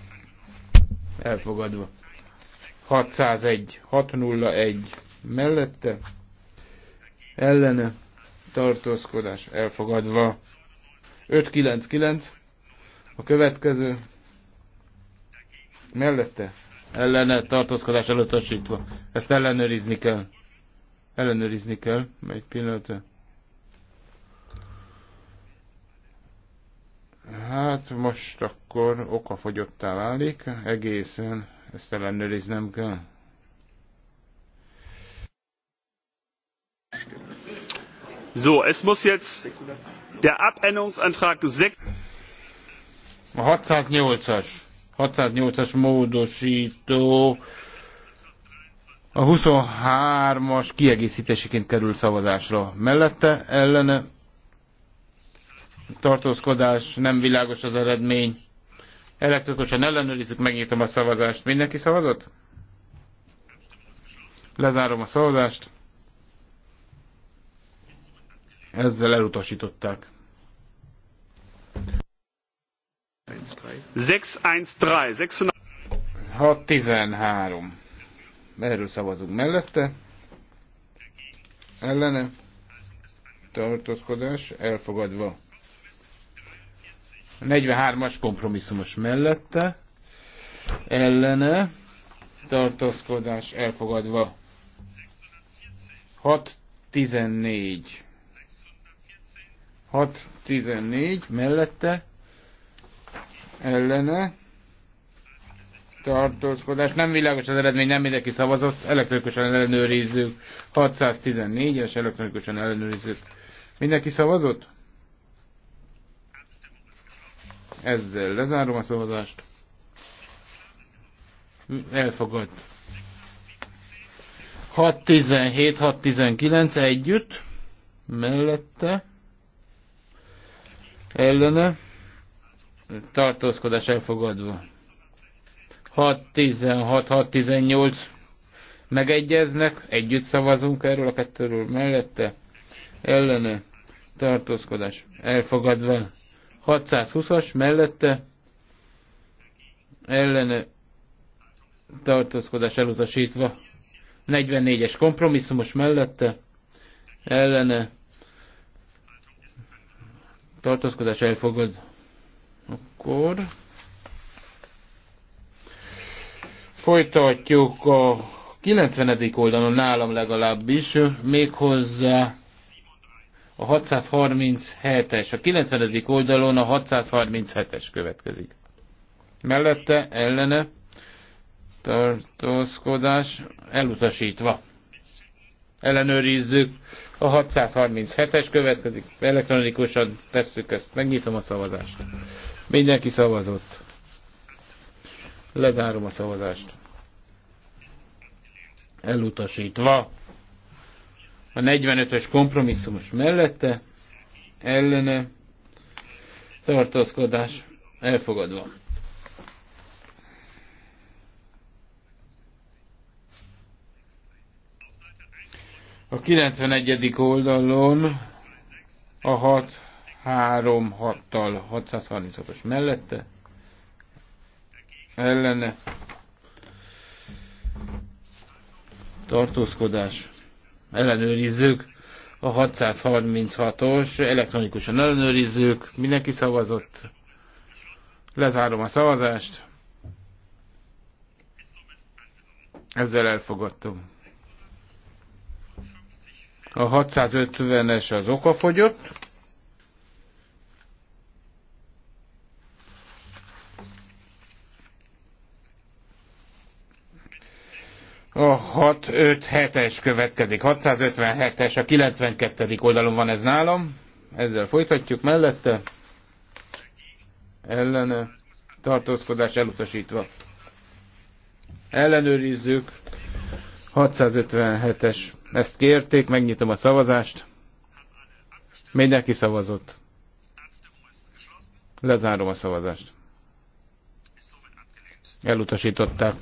elfogadva. 601, 601 mellette ellene tartózkodás elfogadva. 599 a következő mellette ellene tartózkodás elutasítva. Ezt ellenőrizni kell. Ellenőrizni kell. Egy pillanatra. Hát most akkor okafogyottá válik, egészen ezt ellenőriznem kell. So, es muss A 608-as, as módosító a 23-as kiegészítéseként kerül szavazásra. Mellette ellene tartózkodás, nem világos az eredmény. Elektrikusan ellenőrizzük, megnyitom a szavazást. Mindenki szavazott? Lezárom a szavazást. Ezzel elutasították. 613. 613. Erről szavazunk mellette. Ellene. Tartózkodás elfogadva. 43-as kompromisszumos mellette. Ellene. Tartózkodás elfogadva. 614 6.14 mellette ellene tartózkodás. Nem világos az eredmény, nem mindenki szavazott. Elektronikusan ellenőrizzük. 614-es elektronikusan ellenőrizzük. Mindenki szavazott? Ezzel lezárom a szavazást. Elfogadt. 617, 619 együtt. Mellette ellene tartózkodás elfogadva. 6-16-6-18 megegyeznek, együtt szavazunk erről a kettőről mellette, ellene tartózkodás elfogadva. 620-as mellette ellene tartózkodás elutasítva. 44-es kompromisszumos mellette ellene tartózkodás elfogad, akkor folytatjuk a 90. oldalon nálam legalábbis, méghozzá a 637-es, a 90. oldalon a 637-es következik. Mellette ellene tartózkodás elutasítva. Ellenőrizzük a 637-es következik, elektronikusan tesszük ezt, megnyitom a szavazást. Mindenki szavazott. Lezárom a szavazást. Elutasítva. A 45-ös kompromisszumos mellette, ellene, tartózkodás elfogadva. A 91. oldalon a 6 3 6-tal 636-os mellette ellene tartózkodás ellenőrizzük a 636-os elektronikusan ellenőrizzük mindenki szavazott lezárom a szavazást ezzel elfogadtam a 650-es az okafogyott. A 657-es következik. 657-es, a 92. oldalon van ez nálam. Ezzel folytatjuk mellette. Ellene tartózkodás elutasítva. Ellenőrizzük. 657-es. Ezt kérték, megnyitom a szavazást. Mindenki szavazott. Lezárom a szavazást. Elutasították.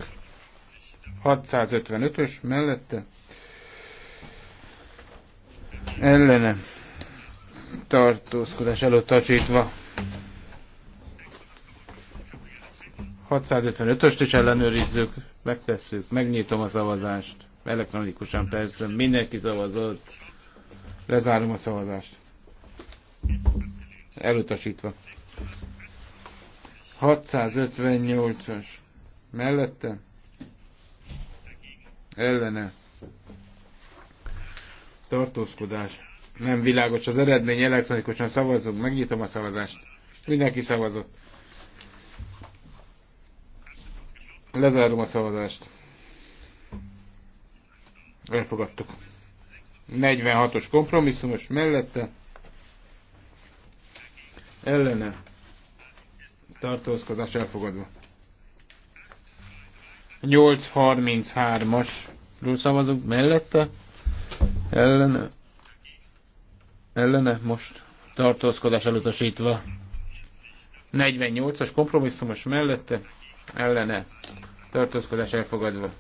655-ös mellette. Ellene. Tartózkodás elutasítva. 655-öst is ellenőrizzük, megtesszük, megnyitom a szavazást elektronikusan persze, mindenki szavazott. Lezárom a szavazást. Elutasítva. 658-as. Mellette? Ellene. Tartózkodás. Nem világos az eredmény, elektronikusan szavazunk. Megnyitom a szavazást. Mindenki szavazott. Lezárom a szavazást. Elfogadtuk. 46-os kompromisszumos mellette. Ellene. Tartózkodás elfogadva. 833 as szavazunk mellette. Ellene. Ellene most. Tartózkodás elutasítva. 48-as kompromisszumos mellette. Ellene. Tartózkodás elfogadva.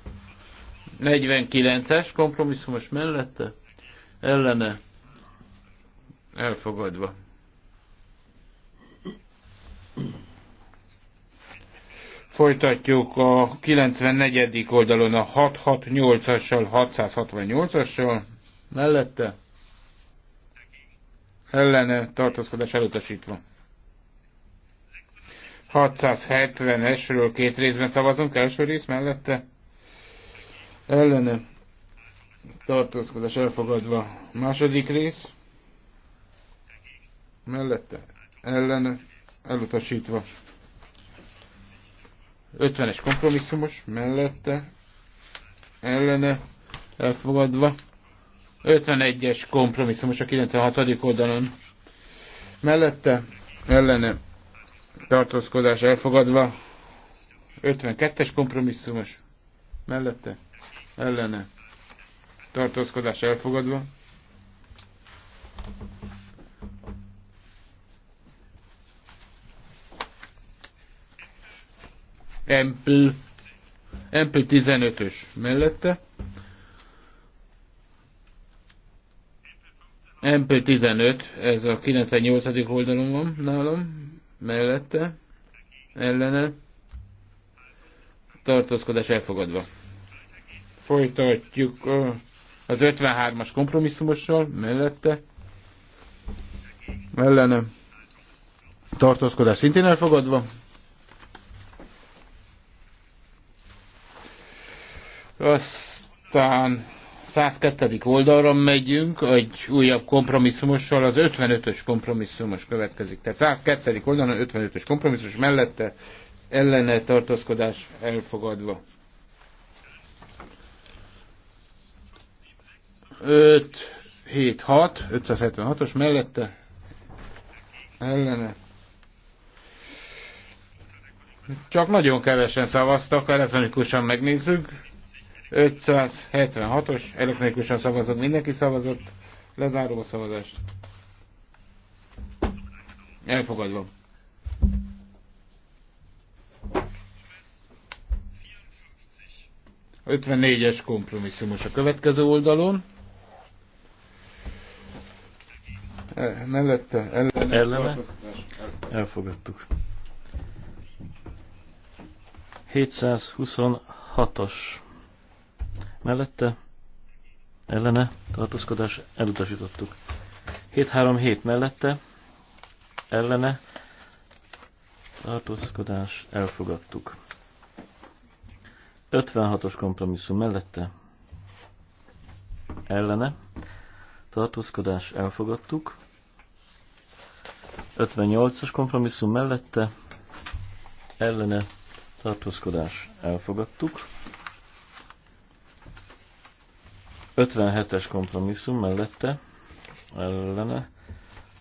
49-es kompromisszumos mellette ellene elfogadva. Folytatjuk a 94. oldalon a 668-assal, 668-assal mellette ellene tartózkodás elutasítva. 670-esről két részben szavazunk, első rész mellette ellene tartózkodás elfogadva második rész mellette ellene elutasítva 50-es kompromisszumos mellette ellene elfogadva 51-es kompromisszumos a 96. oldalon mellette ellene tartózkodás elfogadva 52-es kompromisszumos mellette ellene tartózkodás elfogadva. Empl, Empl 15-ös mellette. mp 15, ez a 98. oldalon van nálam, mellette, ellene, tartózkodás elfogadva. Folytatjuk az 53-as kompromisszumossal mellette. Ellene. Tartózkodás szintén elfogadva. Aztán 102. oldalra megyünk, egy újabb kompromisszumossal, az 55-ös kompromisszumos következik. Tehát 102. oldalon 55-ös kompromisszumos mellette ellene tartózkodás elfogadva. 5, 7, 6, 576-os mellette ellene. Csak nagyon kevesen szavaztak, elektronikusan megnézzük. 576-os, elektronikusan szavazott, mindenki szavazott. Lezárom a szavazást. Elfogadva. A 54-es kompromisszumos a következő oldalon. mellette ellene, ellene. elfogadtuk. 726 as mellette ellene tartózkodás elutasítottuk. 737 mellette ellene tartózkodás elfogadtuk. 56-os kompromisszum mellette ellene tartózkodás elfogadtuk. 58-as kompromisszum mellette ellene tartózkodás elfogadtuk. 57-es kompromisszum mellette ellene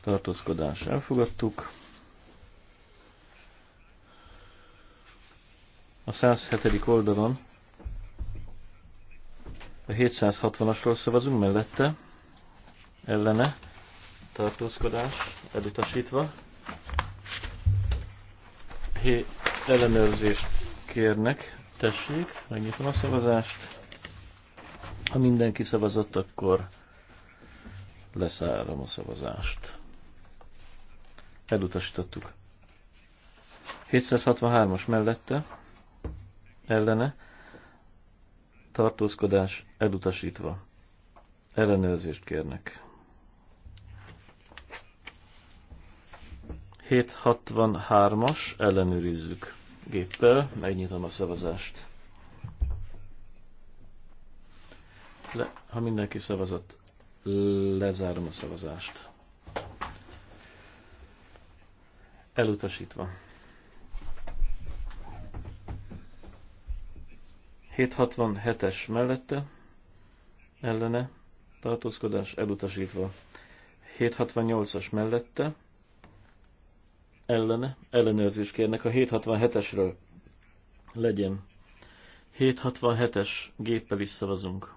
tartózkodás elfogadtuk. A 107. oldalon a 760-asról szavazunk mellette, ellene tartózkodás elutasítva. Hé, ellenőrzést kérnek, tessék, megnyitom a szavazást. Ha mindenki szavazott, akkor leszárom a szavazást. Elutasítottuk. 763-as mellette, ellene, tartózkodás elutasítva. Ellenőrzést kérnek. 763-as, ellenőrizzük géppel, megnyitom a szavazást. Le, ha mindenki szavazott, lezárom a szavazást. Elutasítva. 767-es mellette, ellene, tartózkodás elutasítva. 768-as mellette, ellene ellenőrzést kérnek a 767-esről. Legyen. 767-es géppe visszavazunk,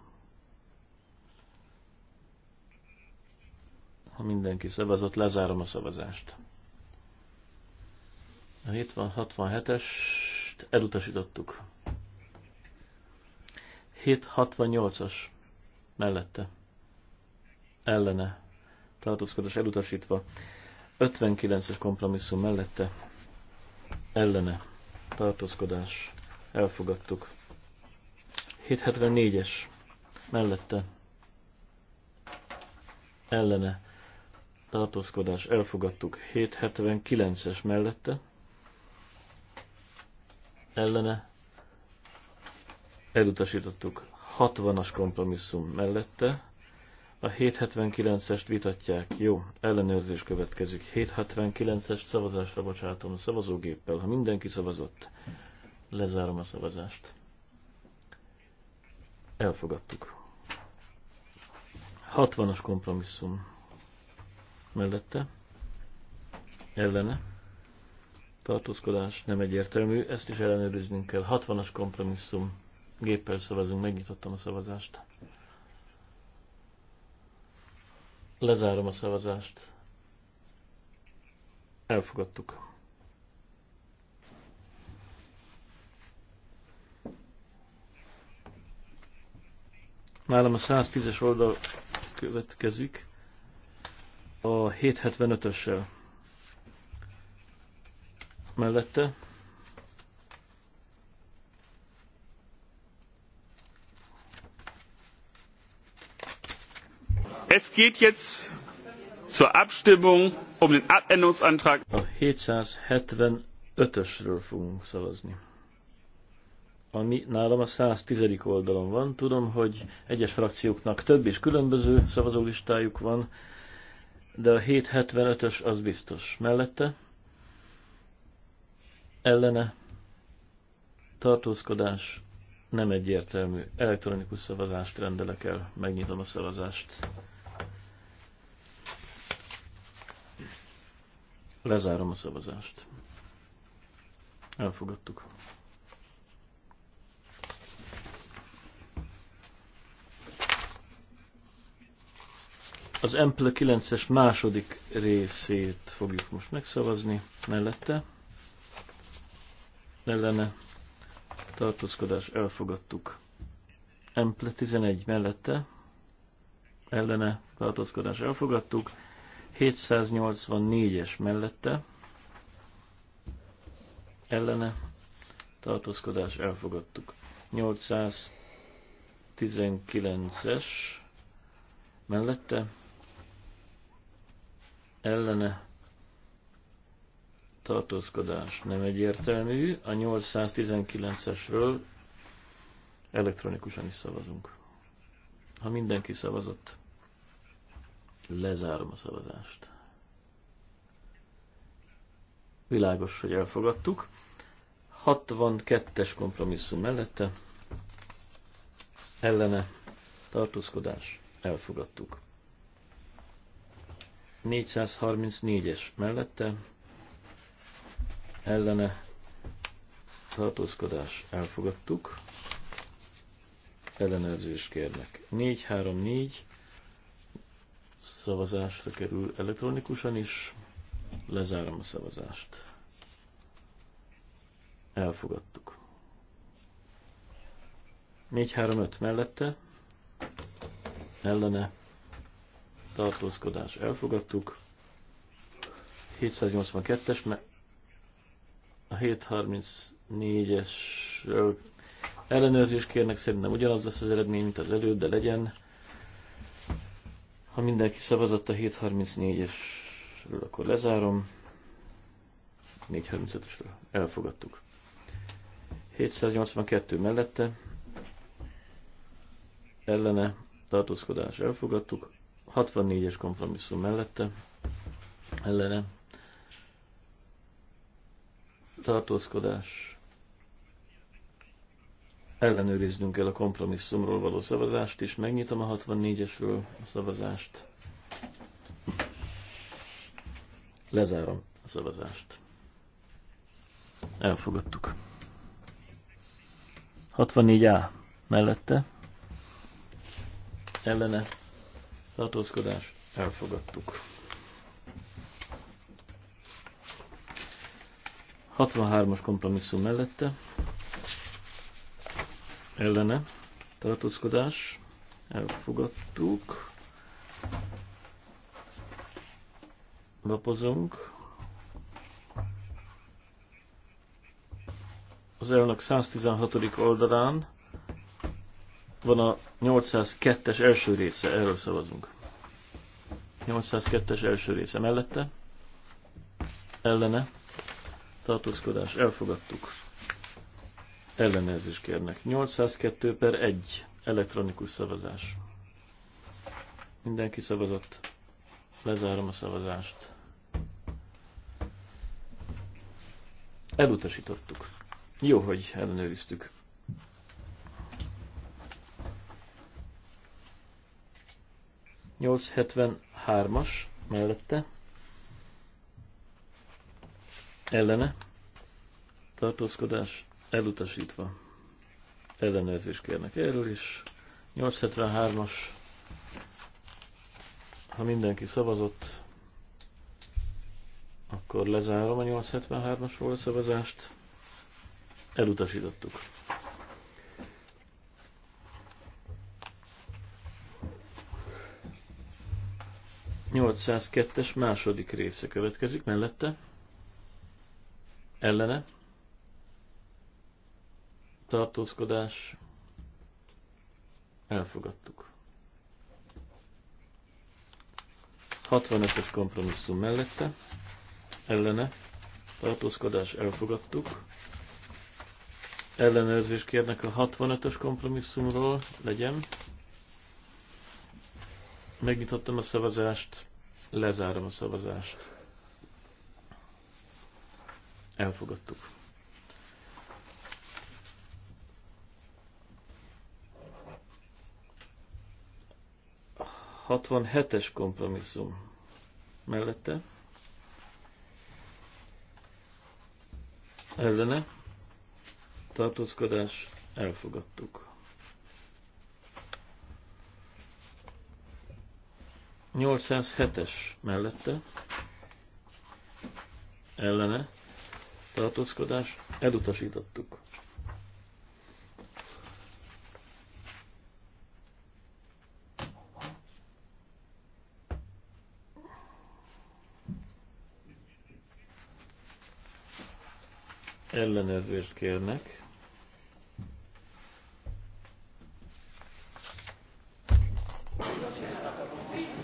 Ha mindenki szavazott, lezárom a szavazást. A 767-est elutasítottuk. 768-as mellette. Ellene. Tartózkodás elutasítva. 59-es kompromisszum mellette ellene tartózkodás elfogadtuk. 774-es mellette ellene tartózkodás elfogadtuk. 779-es mellette ellene elutasítottuk. 60-as kompromisszum mellette a 779-est vitatják. Jó, ellenőrzés következik. 779-est szavazásra bocsátom szavazógéppel. Ha mindenki szavazott, lezárom a szavazást. Elfogadtuk. 60-as kompromisszum. Mellette. Ellene. Tartózkodás nem egyértelmű, ezt is ellenőriznünk kell. 60-as kompromisszum. Géppel szavazunk, megnyitottam a szavazást. Lezárom a szavazást. Elfogadtuk. Nálam a 110-es oldal következik a 775-össel mellette. es geht jetzt zur abstimmung um den Abänderungsantrag. a 775-ösről fogunk szavazni ami nálam a 110. oldalon van. Tudom, hogy egyes frakcióknak több és különböző szavazólistájuk van, de a 775-ös az biztos. Mellette ellene tartózkodás nem egyértelmű. Elektronikus szavazást rendelek el. Megnyitom a szavazást. Lezárom a szavazást. Elfogadtuk. Az Emple 9-es második részét fogjuk most megszavazni mellette. Ellene tartózkodás elfogadtuk. Emple 11 mellette. Ellene tartózkodás elfogadtuk. 784-es mellette ellene tartózkodás elfogadtuk. 819-es mellette ellene tartózkodás nem egyértelmű. A 819-esről elektronikusan is szavazunk. Ha mindenki szavazott. Lezárom a szavazást. Világos, hogy elfogadtuk. 62-es kompromisszum mellette ellene tartózkodás elfogadtuk. 434-es mellette ellene tartózkodás elfogadtuk. Ellenőrzést kérnek. 434 szavazásra kerül elektronikusan is. Lezárom a szavazást. Elfogadtuk. 4-3-5 mellette, ellene, tartózkodás elfogadtuk. 782-es, mert a 734-es ellenőrzés kérnek, szerintem ugyanaz lesz az eredmény, mint az előbb, de legyen. Ha mindenki szavazott a 734-esről, akkor lezárom. 435-esről elfogadtuk. 782 mellette ellene tartózkodás elfogadtuk. 64-es kompromisszum mellette ellene tartózkodás ellenőriznünk kell a kompromisszumról való szavazást is. Megnyitom a 64-esről a szavazást. Lezárom a szavazást. Elfogadtuk. 64A mellette ellene tartózkodás elfogadtuk. 63-as kompromisszum mellette ellene tartózkodás, elfogadtuk, lapozunk, az elnök 116. oldalán van a 802-es első része, erről szavazunk. 802-es első része mellette, ellene, tartózkodás, elfogadtuk ellenőrzést kérnek. 802 per 1 elektronikus szavazás. Mindenki szavazott. Lezárom a szavazást. Elutasítottuk. Jó, hogy ellenőriztük. Nyolc hetven hármas mellette. Ellene. Tartózkodás elutasítva. Ellenőrzést kérnek erről is. 873-as, ha mindenki szavazott, akkor lezárom a 873-asról a szavazást. Elutasítottuk. Nyolcszázkettes második része következik mellette. Ellene tartózkodás, elfogadtuk. 65-ös kompromisszum mellette, ellene, tartózkodás, elfogadtuk. Ellenőrzést kérnek a 65-ös kompromisszumról, legyen. Megnyitottam a szavazást, lezárom a szavazást. Elfogadtuk. 67-es kompromisszum mellette. Ellene tartózkodás elfogadtuk. 807-es mellette ellene tartózkodás elutasítottuk. ellenőrzést kérnek.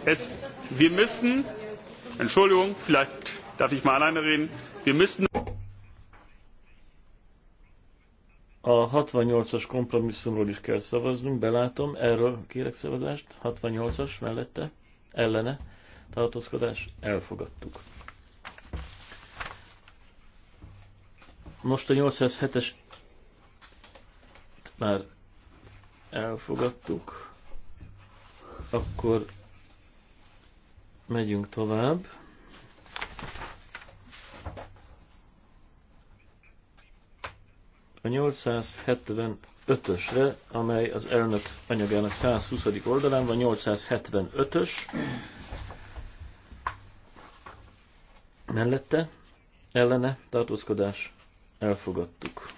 Es, wir müssen, Entschuldigung, vielleicht darf ich mal alleine reden, wir müssen. A 68-as kompromisszumról is kell szavaznunk, belátom, erről kérek szavazást, 68-as mellette, ellene, tartózkodás, elfogadtuk. Most a 807-es már elfogadtuk. Akkor megyünk tovább. A 875-ösre, amely az elnök anyagának 120. oldalán van, 875-ös mellette ellene tartózkodás Elfogadtuk.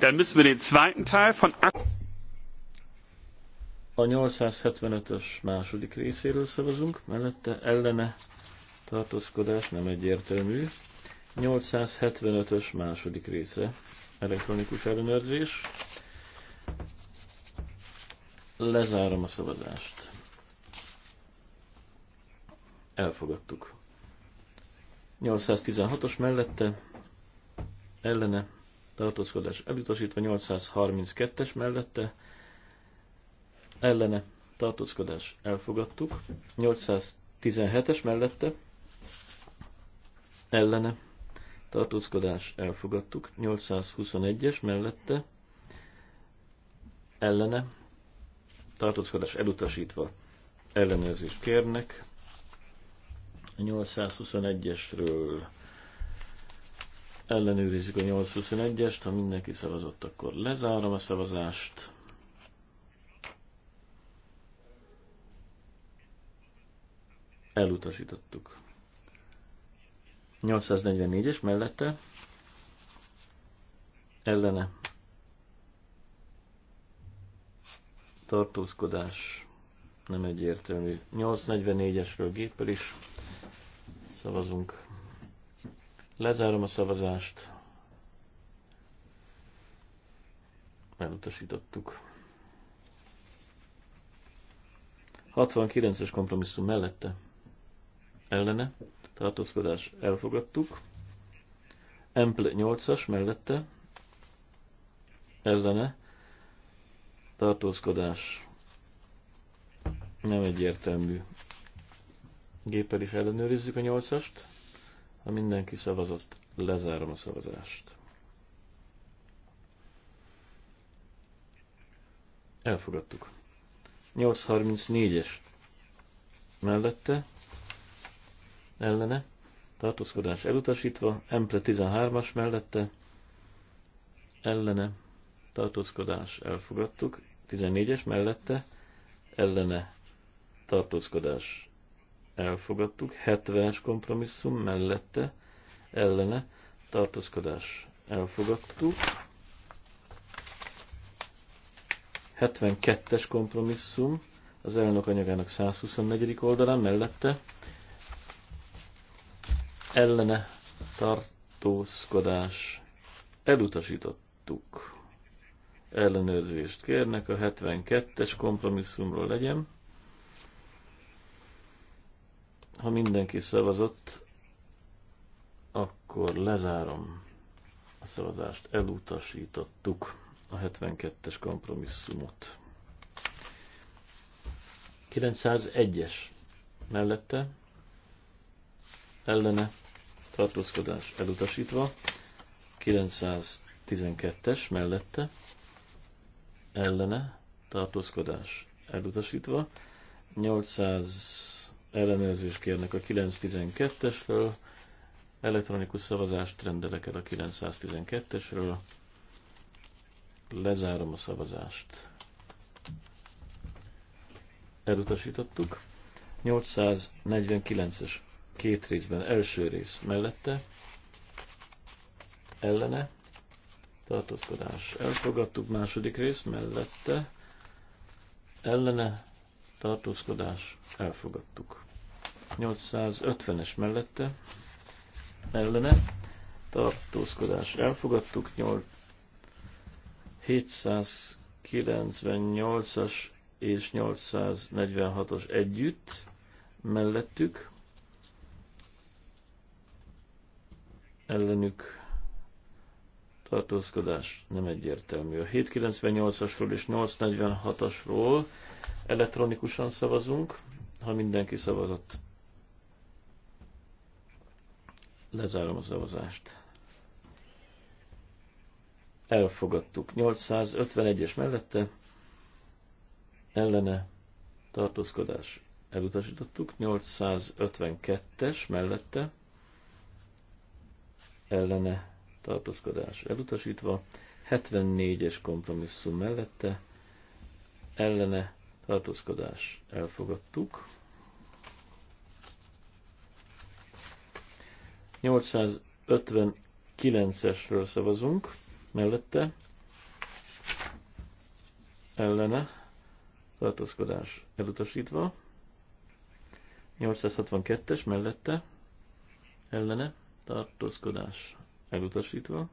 Dann müssen wir den zweiten Teil von a 875-ös második részéről szavazunk, mellette ellene tartózkodás nem egyértelmű. 875-ös második része elektronikus ellenőrzés. Lezárom a szavazást. Elfogadtuk. 816-os mellette ellene tartózkodás elutasítva, 832-es mellette ellene tartózkodás elfogadtuk, 817-es mellette ellene tartózkodás elfogadtuk, 821-es mellette ellene tartózkodás elutasítva ellenőrzést kérnek. A 821-esről ellenőrizzük a 821-est, ha mindenki szavazott, akkor lezárom a szavazást. Elutasítottuk. 844-es mellette ellene tartózkodás nem egyértelmű. 844-esről géppel is szavazunk. Lezárom a szavazást. Elutasítottuk. 69-es kompromisszum mellette. Ellene. Tartózkodás elfogadtuk. Emple 8-as mellette. Ellene. Tartózkodás nem egyértelmű. Géppel is ellenőrizzük a 8-ast. Ha mindenki szavazott, lezárom a szavazást. Elfogadtuk. 834-es mellette, ellene, tartózkodás elutasítva, Emple 13-as mellette, ellene, tartózkodás elfogadtuk, 14-es mellette, ellene, tartózkodás elfogadtuk, 70-es kompromisszum mellette, ellene, tartózkodás elfogadtuk, 72-es kompromisszum az elnök anyagának 124. oldalán mellette, ellene tartózkodás elutasítottuk. Ellenőrzést kérnek, a 72-es kompromisszumról legyen. Ha mindenki szavazott, akkor lezárom a szavazást. Elutasítottuk a 72-es kompromisszumot. 901-es mellette ellene tartózkodás elutasítva, 912-es mellette ellene tartózkodás elutasítva, 800 ellenőrzést kérnek a 912-esről, elektronikus szavazást rendelek el a 912-esről, lezárom a szavazást. Elutasítottuk. 849-es két részben első rész mellette, ellene, tartózkodás. Elfogadtuk második rész mellette, ellene, tartózkodás, elfogadtuk. 850-es mellette, ellene, tartózkodás, elfogadtuk. 798-as és 846-os együtt, mellettük, ellenük tartózkodás nem egyértelmű. A 798-asról és 846-asról elektronikusan szavazunk, ha mindenki szavazott. Lezárom a szavazást. Elfogadtuk. 851-es mellette ellene tartózkodás elutasítottuk. 852-es mellette ellene tartózkodás elutasítva. 74-es kompromisszum mellette ellene tartózkodás elfogadtuk. 859-esről szavazunk, mellette ellene tartózkodás elutasítva. 862-es mellette ellene tartózkodás elutasítva.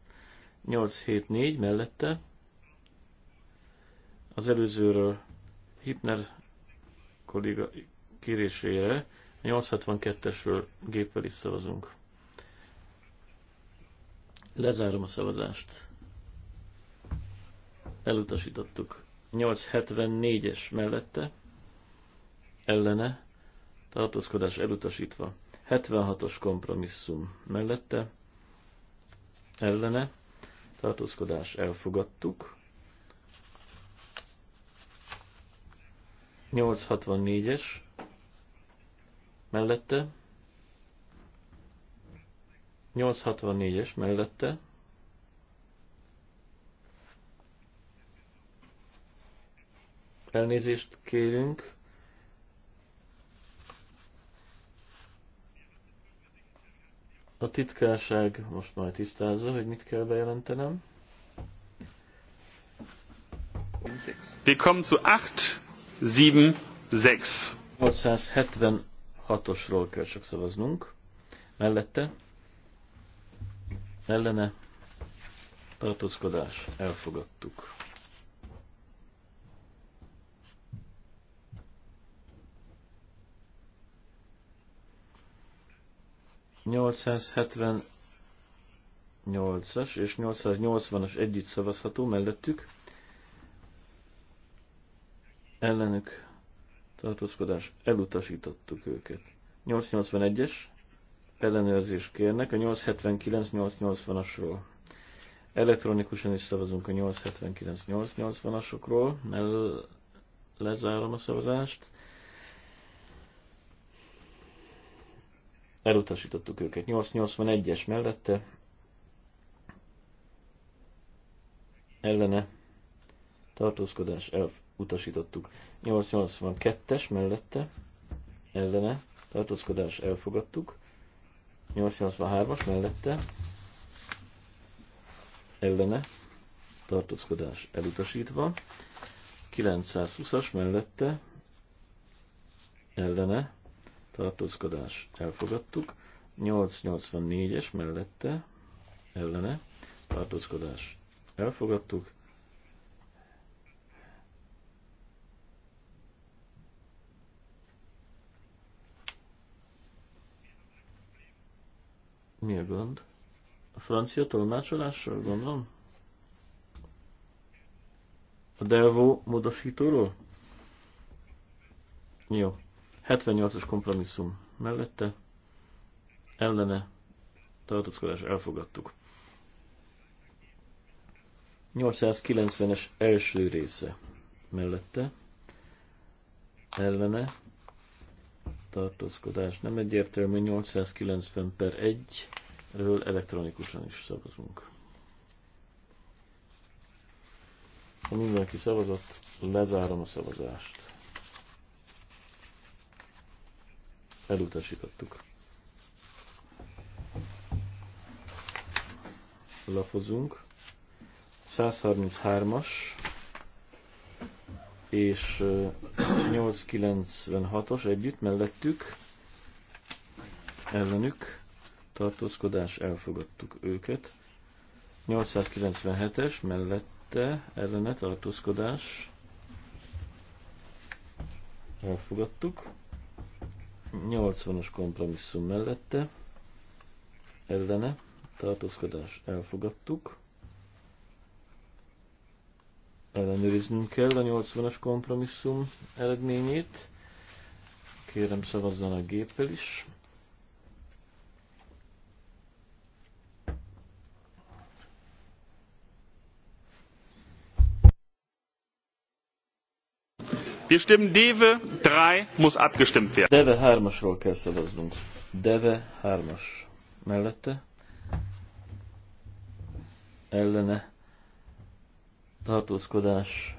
874 mellette az előzőről Hipner kolléga kérésére 862-esről géppel is szavazunk. Lezárom a szavazást. Elutasítottuk. 874-es mellette, ellene, tartózkodás elutasítva. 76-os kompromisszum mellette, ellene, tartózkodás elfogadtuk. 864-es mellette, 864-es mellette, elnézést kérünk, A titkárság most már tisztázza, hogy mit kell bejelentenem. Wir kommen zu 8 876. 676-osról kell csak szavaznunk. Mellette. Ellene. Tartózkodás. Elfogadtuk. ...878-as és 880-as együtt szavazható mellettük ellenük tartózkodás, elutasítottuk őket. 881-es, ellenőrzést kérnek a 879-880-asról. Elektronikusan is szavazunk a 879-880-asokról. El, lezárom a szavazást. Elutasítottuk őket. 881-es mellette. Ellene. Tartózkodás utasítottuk. 882-es mellette ellene tartózkodás elfogadtuk. 883-as mellette ellene tartózkodás elutasítva. 920-as mellette ellene tartózkodás elfogadtuk. 884-es mellette ellene tartózkodás elfogadtuk. Mi a gond? A francia tolmácsolással gondolom? A Delvo módosítóról? Jó. 78-as kompromisszum mellette, ellene tartózkodás elfogadtuk. 890-es első része mellette, ellene tartózkodás nem egyértelmű, 890 per 1 erről elektronikusan is szavazunk. Ha mindenki szavazott, lezárom a szavazást. Elutasítottuk. Lapozunk. 133-as és 896-os együtt mellettük, ellenük tartózkodás, elfogadtuk őket. 897-es mellette ellene tartózkodás, elfogadtuk. 80-as kompromisszum mellette ellene tartózkodás, elfogadtuk. Ellenőriznünk kell a 80-as kompromisszum eredményét. Kérem szavazzanak géppel is. Wir stimmen Deve 3 muss abgestimmt werden. Deve 3-asról kell szavaznunk. Deve 3-as. Mellette? Ellene? Tartózkodás?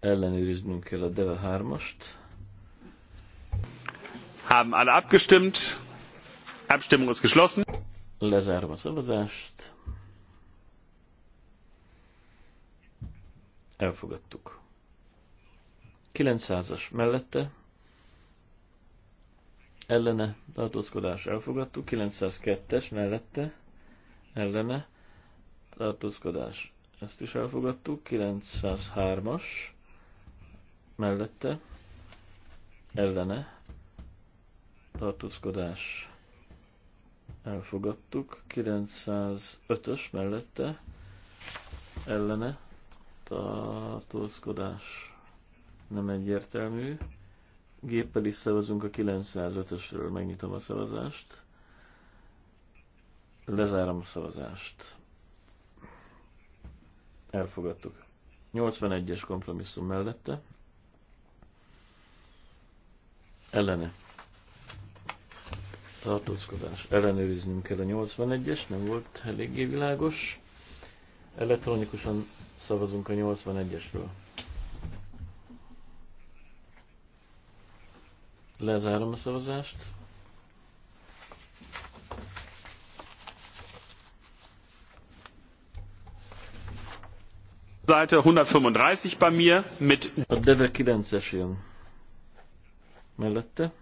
Ellenőriznünk kell a Deve 3-ast. Haben alle abgestimmt? Abstimmung ist geschlossen. Lezárom a szavazást. Elfogadtuk. 900-as mellette ellene tartózkodás elfogadtuk, 902-es mellette ellene tartózkodás ezt is elfogadtuk, 903-as mellette ellene tartózkodás elfogadtuk, 905-ös mellette ellene tartózkodás nem egyértelmű. Géppel is szavazunk a 905-ösről, megnyitom a szavazást. Lezárom a szavazást. Elfogadtuk. 81-es kompromisszum mellette. Ellene. Tartózkodás. Ellenőriznünk kell a 81-es, nem volt eléggé világos. Elektronikusan szavazunk a 81-esről. Lezárom a szavazást. Seite 135 bei mir mit a Deve 9-es jön mellette.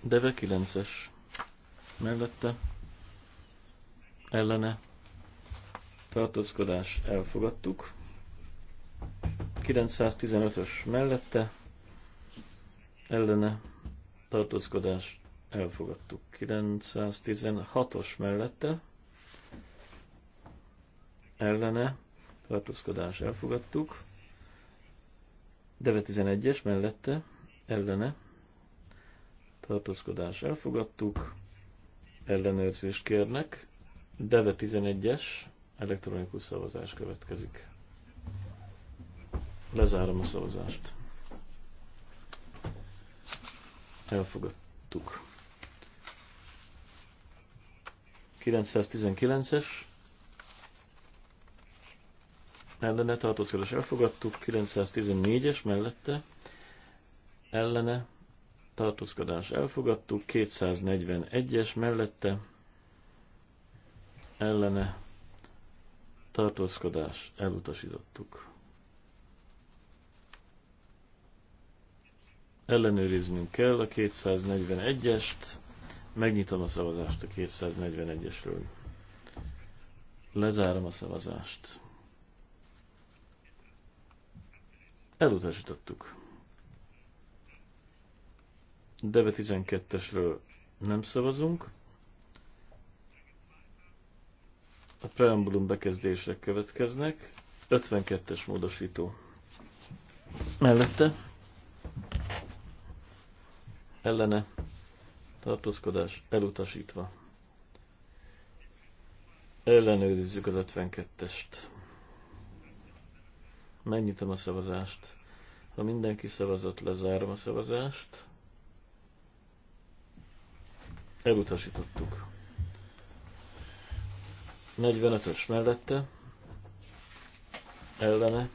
Deve 9-es mellette ellene tartózkodás elfogadtuk. 915-ös mellette ellene tartózkodás elfogadtuk. 916-os mellette ellene tartózkodás elfogadtuk. Deve 11-es mellette ellene tartózkodás elfogadtuk. Ellenőrzést kérnek. Deve 11-es elektronikus szavazás következik. Lezárom a szavazást. Elfogadtuk. 919-es. Ellene tartózkodás elfogadtuk. 914-es mellette. Ellene tartózkodás elfogadtuk. 241-es mellette. Ellene tartózkodás elutasítottuk. ellenőriznünk kell a 241-est. Megnyitom a szavazást a 241-esről. Lezárom a szavazást. Elutasítottuk. Deve 12-esről nem szavazunk. A preambulum bekezdések következnek. 52-es módosító. Mellette ellene tartózkodás elutasítva. Ellenőrizzük az 52-est. Megnyitom a szavazást. Ha mindenki szavazott, lezárom a szavazást. Elutasítottuk. 45-ös mellette ellene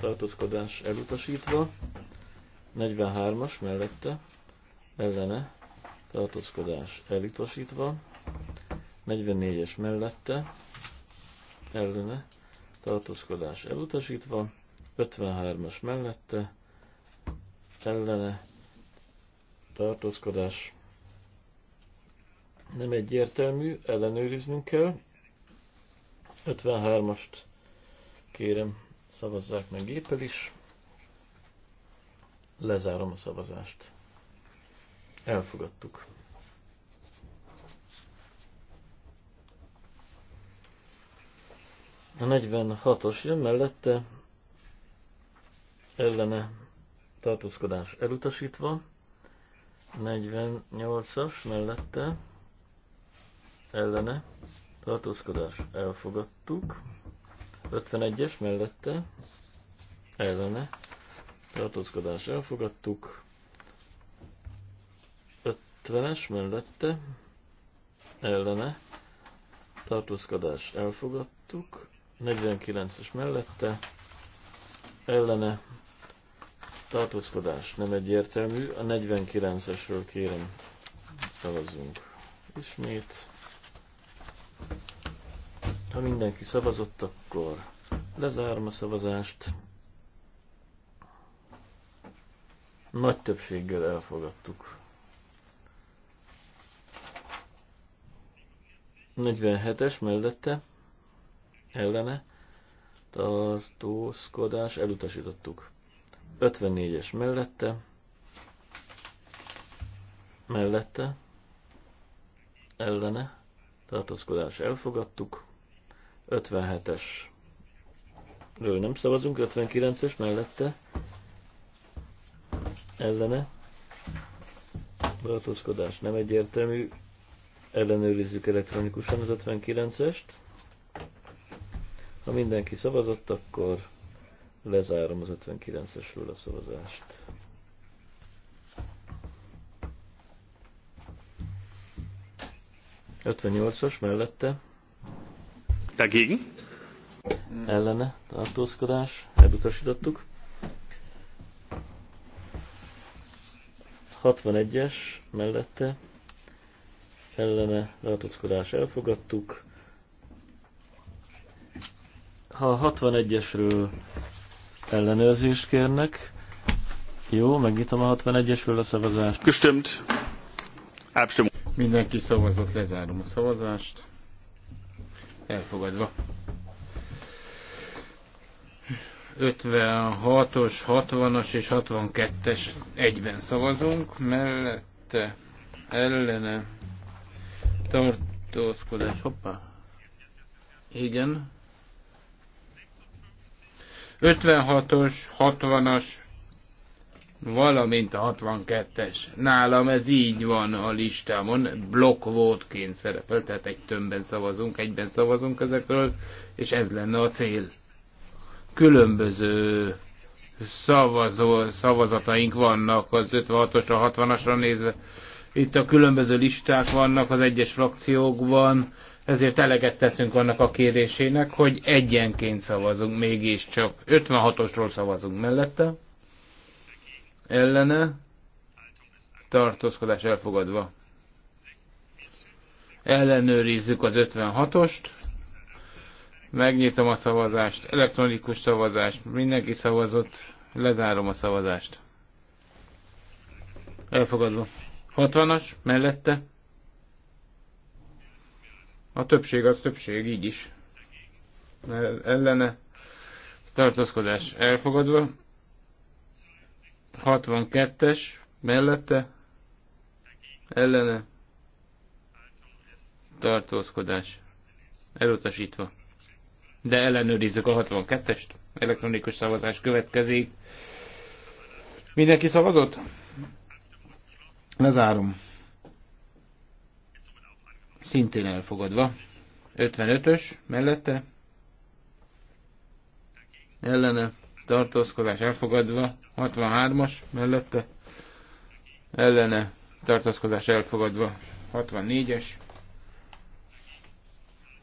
tartózkodás elutasítva, 43-as mellette ellene tartózkodás elutasítva, 44-es mellette ellene tartózkodás elutasítva, 53-as mellette ellene tartózkodás nem egyértelmű, ellenőriznünk kell. 53-ast kérem szavazzák meg éppel is. Lezárom a szavazást. Elfogadtuk. A 46-os jön mellette, ellene tartózkodás elutasítva, 48-as mellette, ellene tartózkodás elfogadtuk, 51-es mellette, ellene tartózkodás elfogadtuk, 70-es mellette ellene tartózkodás elfogadtuk, 49-es mellette ellene tartózkodás nem egyértelmű, a 49-esről kérem szavazunk. ismét. Ha mindenki szavazott, akkor lezárom a szavazást. Nagy többséggel elfogadtuk. 47-es mellette ellene tartózkodás elutasítottuk. 54-es mellette mellette ellene tartózkodás elfogadtuk. 57-es ről nem szavazunk, 59-es mellette ellene tartózkodás nem egyértelmű, ellenőrizzük elektronikusan az 59-est. Ha mindenki szavazott, akkor lezárom az 59-esről a szavazást. Ötvennyolcas mellette. Dagegen? Ellene tartózkodás, elutasítottuk. 61-es mellette ellene látockodás elfogadtuk. Ha a 61-esről ellenőrzést kérnek, jó, megnyitom a 61-esről a szavazást. Gestimmt. Abstimmung. Mindenki szavazott, lezárom a szavazást. Elfogadva. 56-os, 60-as és 62-es egyben szavazunk, mellette ellene tartózkodás, hoppá, igen, 56-os, 60-as, valamint a 62-es. Nálam ez így van a listámon, block vote-ként szerepel, tehát egy tömbben szavazunk, egyben szavazunk ezekről, és ez lenne a cél. Különböző szavazó, szavazataink vannak az 56-osra, 60-asra nézve, itt a különböző listák vannak az egyes frakciókban, ezért eleget teszünk annak a kérésének, hogy egyenként szavazunk, mégiscsak 56-osról szavazunk mellette, ellene, tartózkodás elfogadva. Ellenőrizzük az 56-ost, megnyitom a szavazást, elektronikus szavazást, mindenki szavazott, lezárom a szavazást. Elfogadva. 60-as mellette. A többség az többség, így is. Ellene tartózkodás elfogadva. 62-es mellette. Ellene tartózkodás elutasítva. De ellenőrizzük a 62-est. Elektronikus szavazás következik. Mindenki szavazott? Lezárom. Szintén elfogadva. 55-ös mellette. Ellene. Tartózkodás elfogadva. 63-as mellette. Ellene. Tartózkodás elfogadva. 64-es.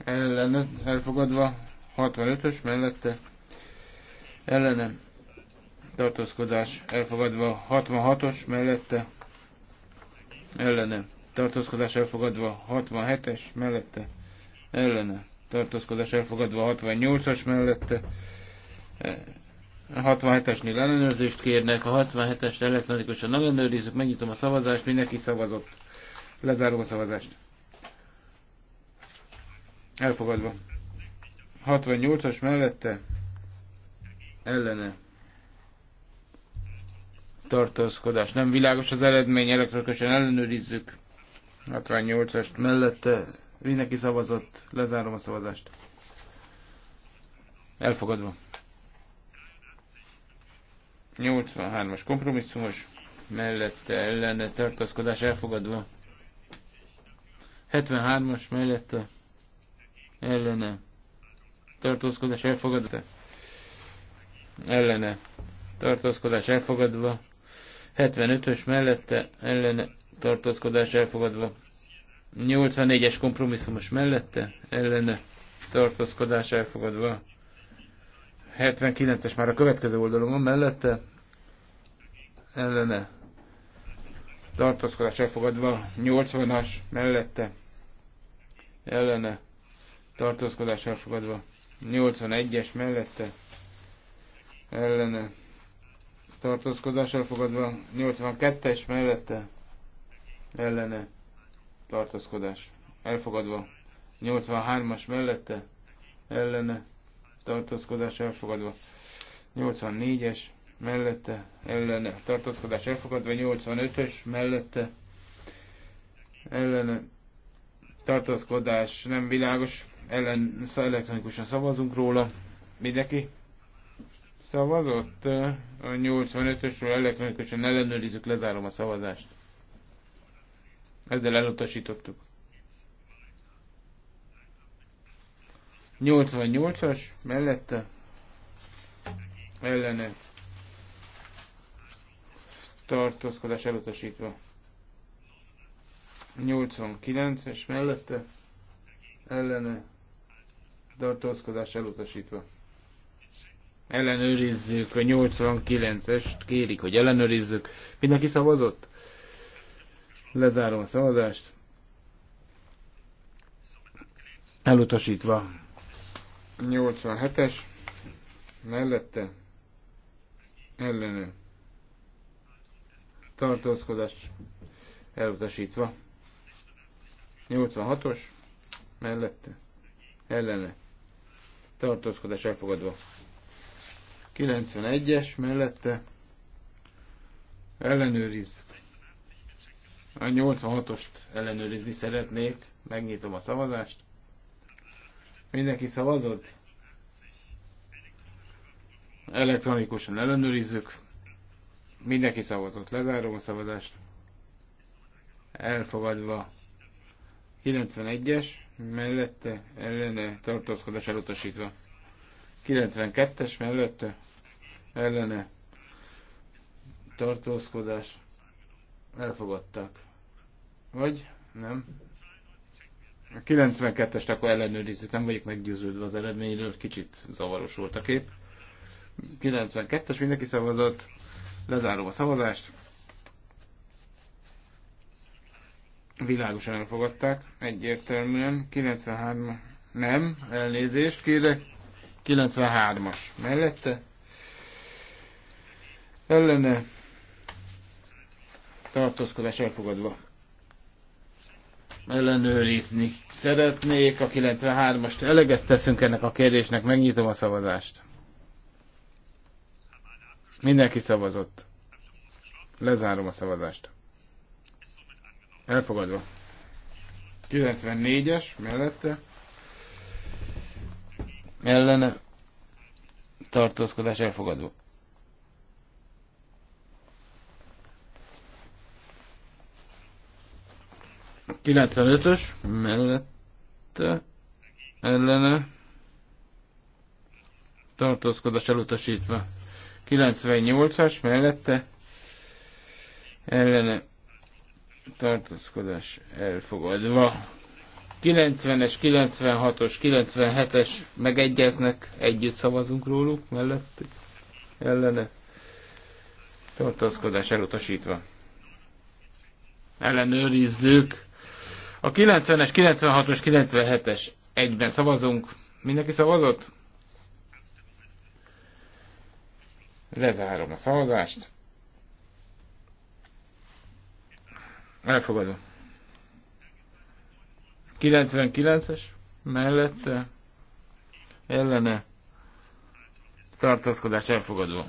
Ellene. Elfogadva. 65-ös mellette. Ellene. Tartózkodás elfogadva. 66-os mellette ellene tartózkodás elfogadva 67-es mellette ellene tartózkodás elfogadva 68-as mellette 67-esnél e, ellenőrzést kérnek, a 67-est elektronikusan ellenőrizzük, megnyitom a szavazást, mindenki szavazott. Lezárom a szavazást. Elfogadva. 68-as mellette ellene tartózkodás nem világos az eredmény, elektronikusan ellenőrizzük. 68 as mellette mindenki szavazott, lezárom a szavazást. Elfogadva. 83-as kompromisszumos, mellette ellene tartózkodás elfogadva. 73-as mellette ellene tartózkodás elfogadva. Ellene tartózkodás elfogadva. 75-ös mellette ellene tartózkodás elfogadva. 84-es kompromisszumos mellette ellene tartózkodás elfogadva. 79-es már a következő oldalon van mellette ellene tartózkodás elfogadva. 80-as mellette ellene tartózkodás elfogadva. 81-es mellette ellene tartózkodás elfogadva 82-es mellette ellene tartózkodás elfogadva 83-as mellette ellene tartózkodás elfogadva 84-es mellette ellene tartózkodás elfogadva 85-ös mellette ellene tartózkodás nem világos ellen szóval elektronikusan szavazunk róla mindenki Szavazott a 85-ösről elektronikusan ellenőrizzük, lezárom a szavazást. Ezzel elutasítottuk. 88-as mellette ellene tartózkodás elutasítva. 89-es mellette ellene tartózkodás elutasítva. Ellenőrizzük, a 89-est kérik, hogy ellenőrizzük. Mindenki szavazott? Lezárom a szavazást. Elutasítva. 87-es. Mellette. Ellenőr. Tartózkodás. Elutasítva. 86-os. Mellette. Ellene. Tartózkodás elfogadva. 91-es mellette ellenőriz. A 86-ost ellenőrizni szeretnék. Megnyitom a szavazást. Mindenki szavazott? Elektronikusan ellenőrizzük. Mindenki szavazott. Lezárom a szavazást. Elfogadva. 91-es, mellette ellene tartózkodás elutasítva. 92-es mellette ellene tartózkodás elfogadták. Vagy nem? A 92-est akkor ellenőrizzük, nem vagyok meggyőződve az eredményről, kicsit zavaros volt a kép. 92-es mindenki szavazott, lezárom a szavazást. Világosan elfogadták, egyértelműen. 93 nem, elnézést kérek. 93-as mellette ellene tartózkodás elfogadva ellenőrizni szeretnék. A 93-ast eleget teszünk ennek a kérdésnek, megnyitom a szavazást. Mindenki szavazott. Lezárom a szavazást. Elfogadva. 94-es mellette ellene tartózkodás elfogadva. ös mellette ellene tartózkodás elutasítva. 98-as mellette ellene tartózkodás elfogadva. 90-es, 96-os, 97-es megegyeznek, együtt szavazunk róluk, mellett, ellene. Tartózkodás elutasítva. Ellenőrizzük. A 90-es, 96-os, 97-es egyben szavazunk. Mindenki szavazott? Lezárom a szavazást. Elfogadom. 99-es mellette ellene tartózkodás elfogadó.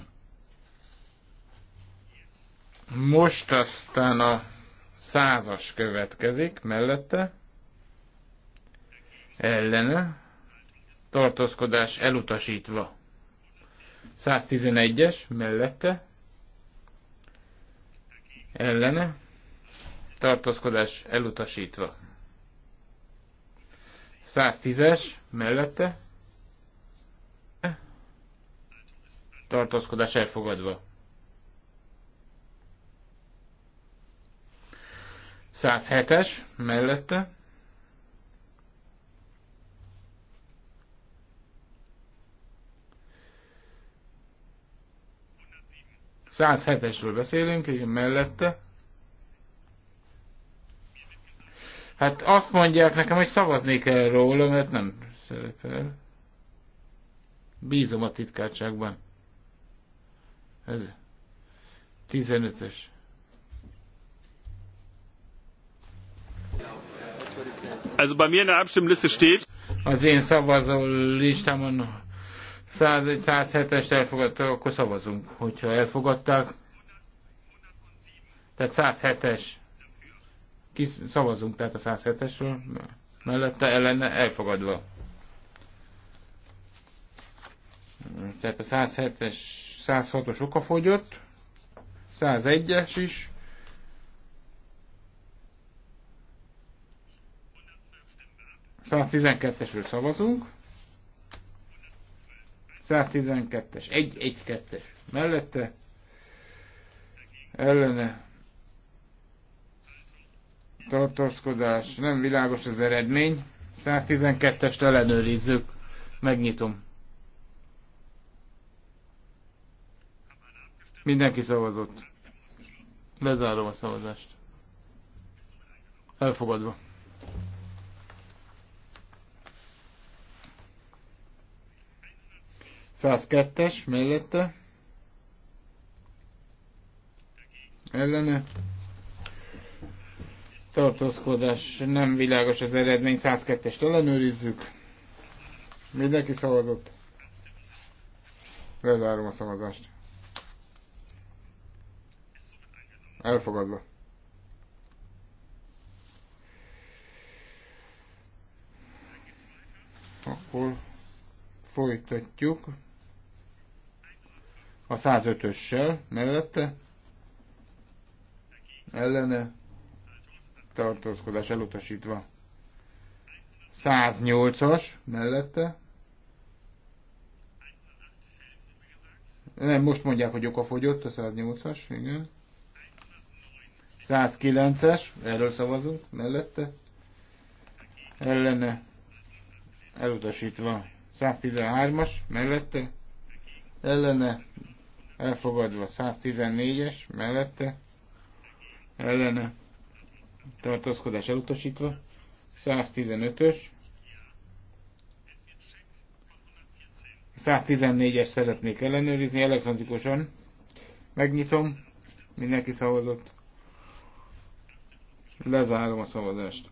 Most aztán a százas következik mellette, ellene, tartózkodás elutasítva. 111-es mellette, ellene, tartózkodás elutasítva. 110-es mellette tartózkodás elfogadva. 107-es mellette. Száz hetesről beszélünk, igen, mellette. Hát azt mondják nekem, hogy szavazni kell róla, mert nem szerepel. Bízom a titkárságban. Ez 15-ös. Also bei mir in der Abstimmliste steht. Az én szavazó listámon 107-est elfogadta, akkor szavazunk. Hogyha elfogadták, tehát 107-es. Kis Szavazunk tehát a 107-esről, mellette ellene elfogadva. Tehát a 107-es, 106-os okafogyott, 101-es is, 112-esről szavazunk. 112-es, 1-1-2-es mellette, ellene tartózkodás, nem világos az eredmény. 112-est ellenőrizzük, megnyitom. Mindenki szavazott. Lezárom a szavazást. Elfogadva. kettes mellette. Ellene tartózkodás nem világos az eredmény, 102-est ellenőrizzük. Mindenki szavazott. Lezárom a szavazást. Elfogadva. Akkor folytatjuk a 105-össel mellette. Ellene tartózkodás elutasítva. 108-as mellette. Nem, most mondják, hogy okafogyott a 108-as, igen. 109-es, erről szavazunk, mellette. Ellene elutasítva. 113-as, mellette. Ellene elfogadva. 114-es, mellette. Ellene tartózkodás elutasítva, 115-ös, 114-es szeretnék ellenőrizni elektronikusan. Megnyitom, mindenki szavazott. Lezárom a szavazást.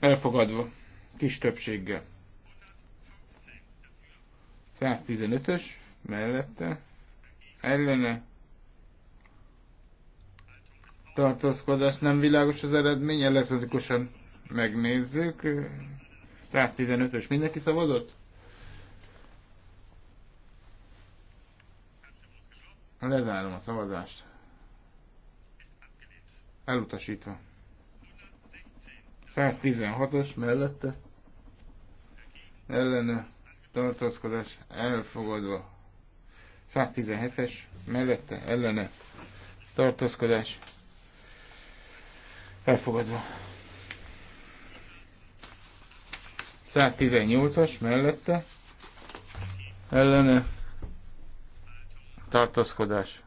Elfogadva, kis többséggel. 115-ös mellette, ellene tartózkodás nem világos az eredmény, elektronikusan megnézzük. 115-ös mindenki szavazott? Lezárom a szavazást. Elutasítva. 116-os mellette. Ellene tartózkodás elfogadva. 117-es mellette ellene tartózkodás Elfogadva. 118-as mellette ellene tartózkodás.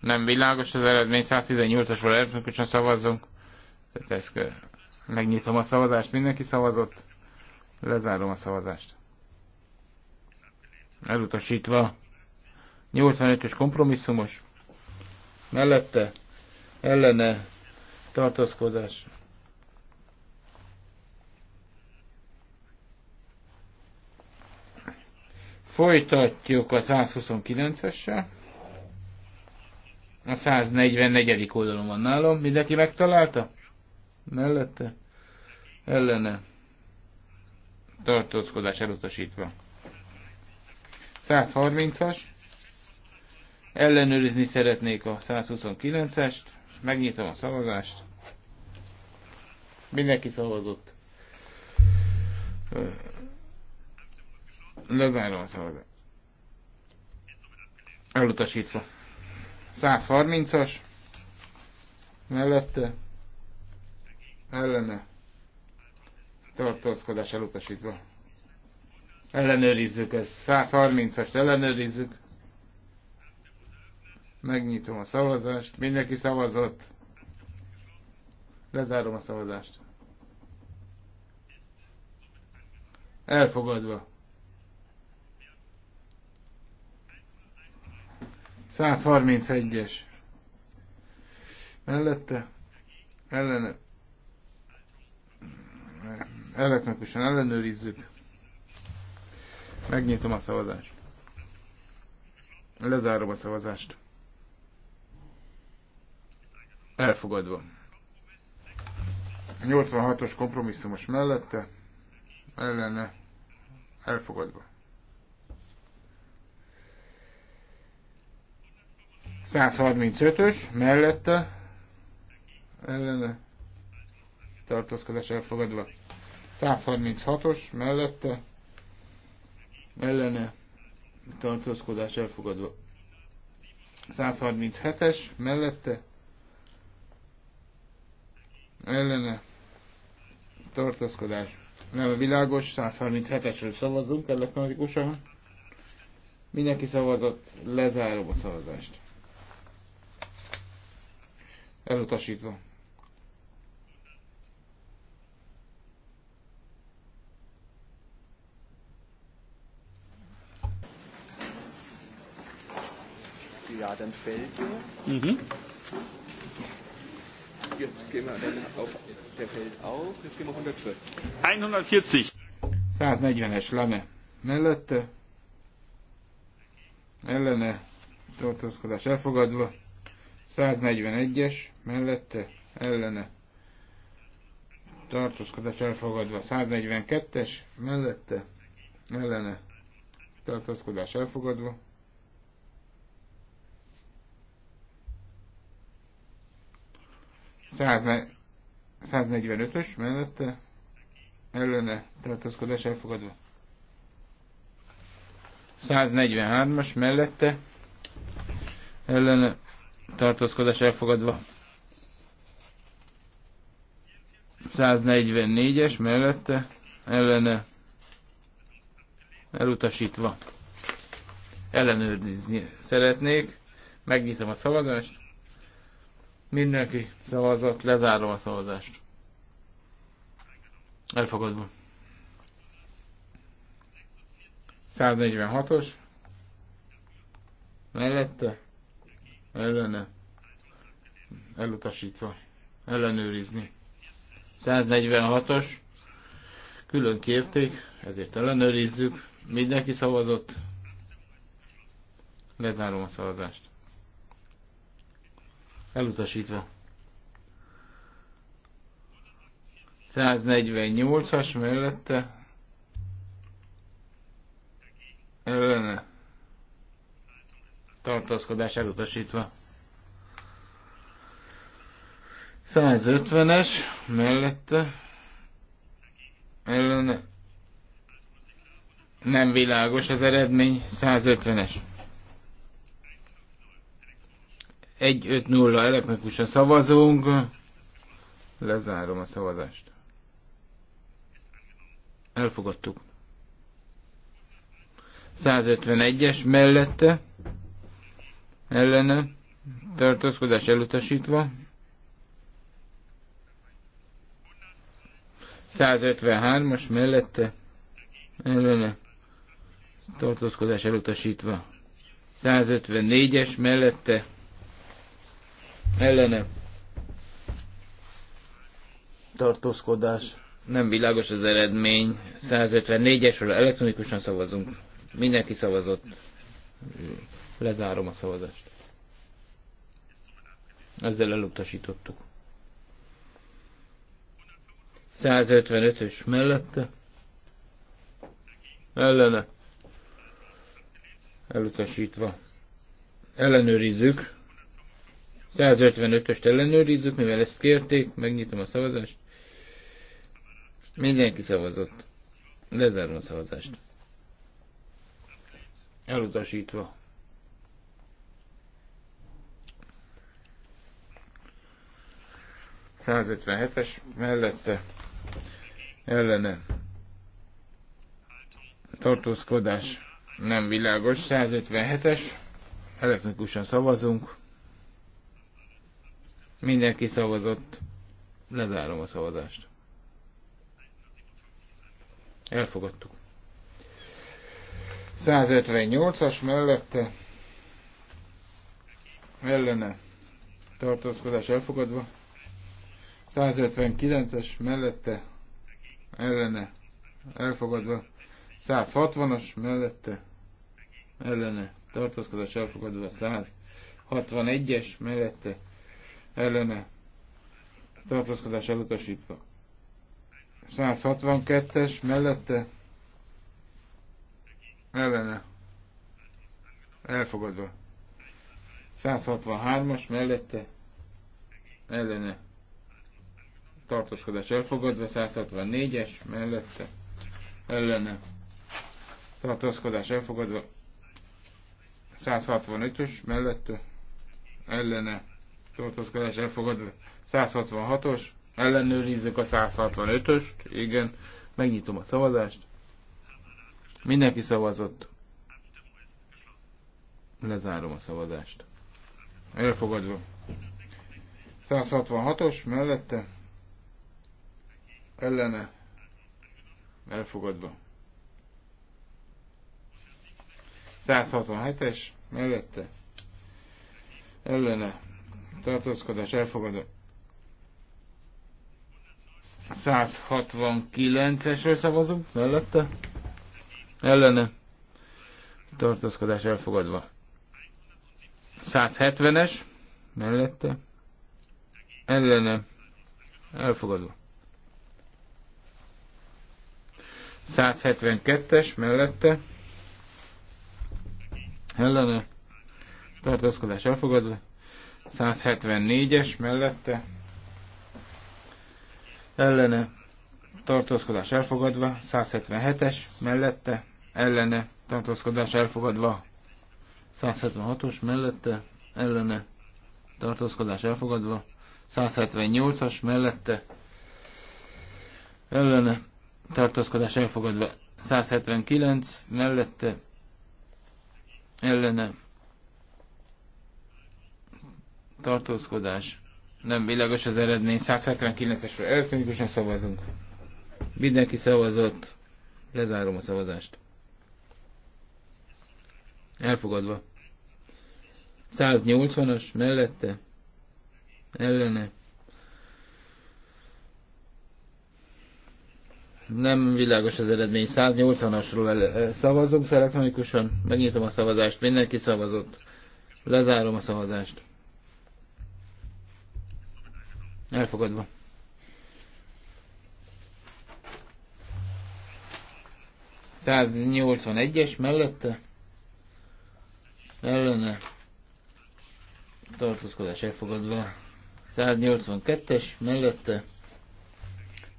Nem világos az eredmény, 118-asról elektronikusan szavazzunk. Tehát ezt kell. megnyitom a szavazást, mindenki szavazott. Lezárom a szavazást. Elutasítva. 85-ös kompromisszumos. Mellette ellene tartózkodás. Folytatjuk a 129-essel. A 144. oldalon van nálam. Mindenki megtalálta? Mellette? Ellene? Tartózkodás elutasítva. 130-as. Ellenőrizni szeretnék a 129-est. Megnyitom a szavazást. Mindenki szavazott. Lezárom a szavazást. Elutasítva. 130-as. Mellette. Ellene. Tartózkodás elutasítva. Ellenőrizzük ezt. 130-ast ellenőrizzük. Megnyitom a szavazást. Mindenki szavazott. Lezárom a szavazást. Elfogadva. 131-es. Mellette. Ellene. Elektronikusan ellenőrizzük. Megnyitom a szavazást. Lezárom a szavazást. Elfogadva. 86-os kompromisszumos mellette, ellene, elfogadva. 135-ös mellette, ellene, tartózkodás elfogadva. 136-os mellette, ellene, tartózkodás elfogadva. 137-es mellette, ellene tartaszkodás. nem a világos, 137-esről szavazunk elektronikusan. Mindenki szavazott, lezárom a szavazást. Elutasítva. Ja, dann fällt. Mhm. Jetzt gehen wir dann auf, der fällt auf, jetzt gehen wir 140. 140. 140-es leme mellette, ellene tartózkodás elfogadva, 141-es mellette, ellene tartózkodás elfogadva, 142-es mellette, ellene tartózkodás elfogadva, 145-ös mellette ellene tartózkodás elfogadva. 143-as mellette ellene tartózkodás elfogadva. 144-es mellette ellene elutasítva. Ellenőrizni szeretnék. Megnyitom a szavazást. Mindenki szavazott, lezárom a szavazást. Elfogadva. 146-os. Mellette. Ellene. Elutasítva. Ellenőrizni. 146-os. Külön kérték, ezért ellenőrizzük. Mindenki szavazott. Lezárom a szavazást. Elutasítva. 148-as mellette ellene tartaszkodás elutasítva. 150-es mellette ellene nem világos az eredmény 150-es. 1-5-0 elektronikusan szavazunk. Lezárom a szavazást. Elfogadtuk. 151-es mellette, ellene, tartózkodás elutasítva. 153-as mellette, ellene, tartózkodás elutasítva. 154-es mellette, ellene tartózkodás. Nem világos az eredmény. 154-esről elektronikusan szavazunk. Mindenki szavazott. Lezárom a szavazást. Ezzel elutasítottuk. 155-ös mellette. Ellene. Elutasítva. Ellenőrizzük. 155-öst ellenőrizzük, mivel ezt kérték, megnyitom a szavazást. Mindenki szavazott. Lezárom a szavazást. Elutasítva. es mellette ellene tartózkodás nem világos. 157-es elektronikusan szavazunk. Mindenki szavazott. Lezárom a szavazást. Elfogadtuk. 158-as mellette ellene tartózkodás elfogadva. 159-es mellette ellene elfogadva. 160-as mellette ellene tartózkodás elfogadva. 161-es mellette ellene tartózkodás elutasítva. 162-es mellette ellene elfogadva. 163-as mellette ellene tartózkodás elfogadva, 164-es mellette ellene tartózkodás elfogadva, 165-ös mellette ellene tartózkodás elfogadva. 166-os, ellenőrizzük a 165-öst, igen, megnyitom a szavazást. Mindenki szavazott. Lezárom a szavazást. Elfogadva. 166-os mellette. Ellene. Elfogadva. 167-es mellette. Ellene tartózkodás elfogadó 169-esről szavazunk, mellette, ellene, tartózkodás elfogadva. 170-es, mellette, ellene, elfogadva. 172-es, mellette, ellene, tartózkodás elfogadva. 174-es mellette ellene tartózkodás elfogadva, 177-es mellette ellene tartózkodás elfogadva, 176-os mellette ellene tartózkodás elfogadva, 178-as mellette ellene tartózkodás elfogadva, 179 mellette ellene tartózkodás. Nem világos az eredmény. 179-esről elektronikusan szavazunk. Mindenki szavazott. Lezárom a szavazást. Elfogadva. 180-as mellette. Ellene. Nem világos az eredmény. 180-asról szavazunk elektronikusan. Megnyitom a szavazást. Mindenki szavazott. Lezárom a szavazást. Elfogadva. es mellette ellene tartózkodás elfogadva. 182-es mellette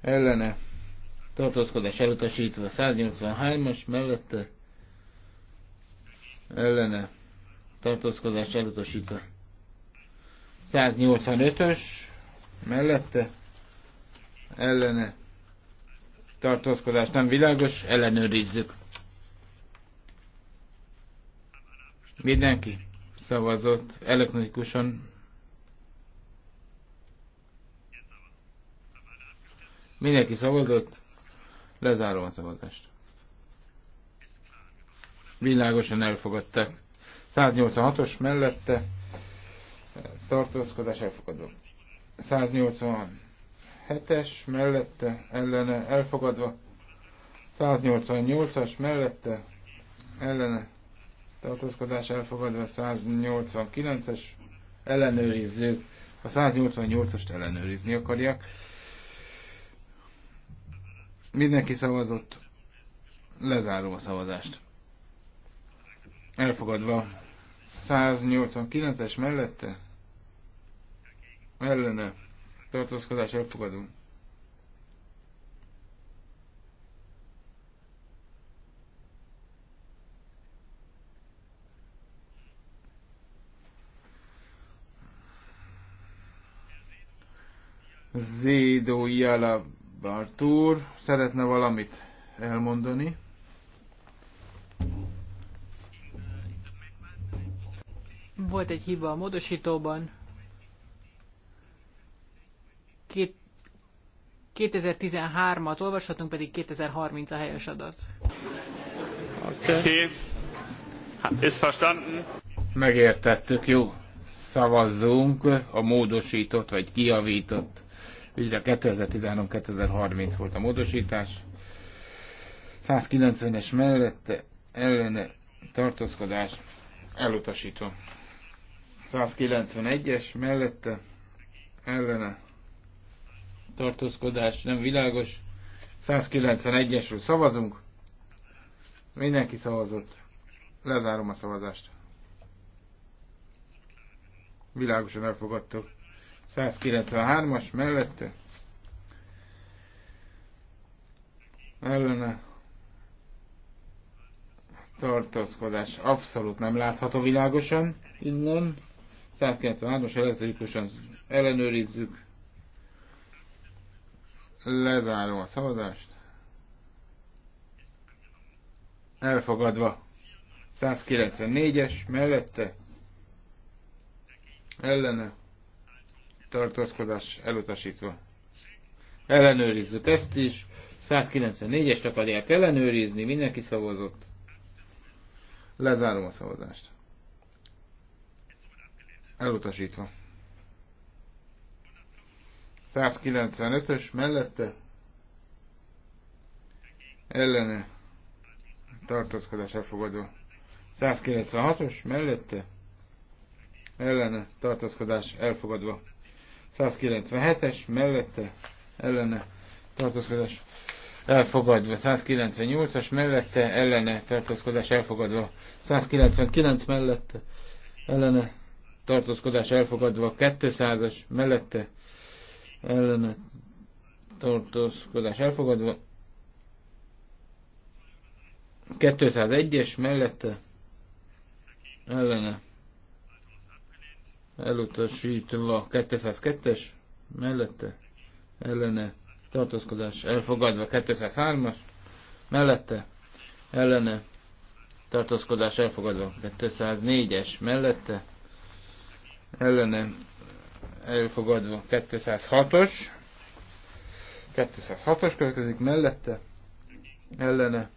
ellene tartózkodás elutasítva. 183-as mellette ellene tartózkodás elutasítva. 185-ös mellette ellene tartózkodás nem világos, ellenőrizzük. Mindenki szavazott elektronikusan. Mindenki szavazott, lezárom a szavazást. Világosan elfogadta. 186-os mellette eh, tartózkodás elfogadott. 187-es mellette ellene elfogadva, 188-as mellette ellene tartózkodás elfogadva, 189-es ellenőriző, a 188-ast ellenőrizni akarják. Mindenki szavazott, lezárom a szavazást. Elfogadva 189-es mellette ellene tartózkodás elfogadunk. Zédó Jala Bartúr szeretne valamit elmondani. Volt egy hiba a módosítóban. 2013-at olvashatunk, pedig 2030 a helyes adat. Oké. Okay. Ist hát, Megértettük, jó. Szavazzunk a módosított vagy kiavított. Ugye 2013-2030 volt a módosítás. 190-es mellette ellene tartózkodás elutasító. 191-es mellette ellene tartózkodás nem világos. 191-esről szavazunk. Mindenki szavazott. Lezárom a szavazást. Világosan elfogadtok. 193-as mellette. Ellene tartózkodás abszolút nem látható világosan innen. 193-as ellenőrizzük. Lezárom a szavazást. Elfogadva. 194-es mellette. Ellene. Tartózkodás elutasítva. Ellenőrizzük ezt is. 194-est akarják ellenőrizni, mindenki szavazott. Lezárom a szavazást. Elutasítva. 195-ös mellette ellene tartózkodás elfogadó. 196-os mellette ellene tartózkodás elfogadva. 197-es mellette ellene tartózkodás elfogadva. 198-as mellette ellene tartózkodás elfogadva. 199 mellette ellene tartózkodás elfogadva. 200-as mellette ellene tartózkodás elfogadva. 201-es mellette ellene elutasítva 202-es mellette ellene tartózkodás elfogadva 203-as mellette ellene tartózkodás elfogadva 204-es mellette ellene elfogadva 206-os. 206-os következik mellette, ellene,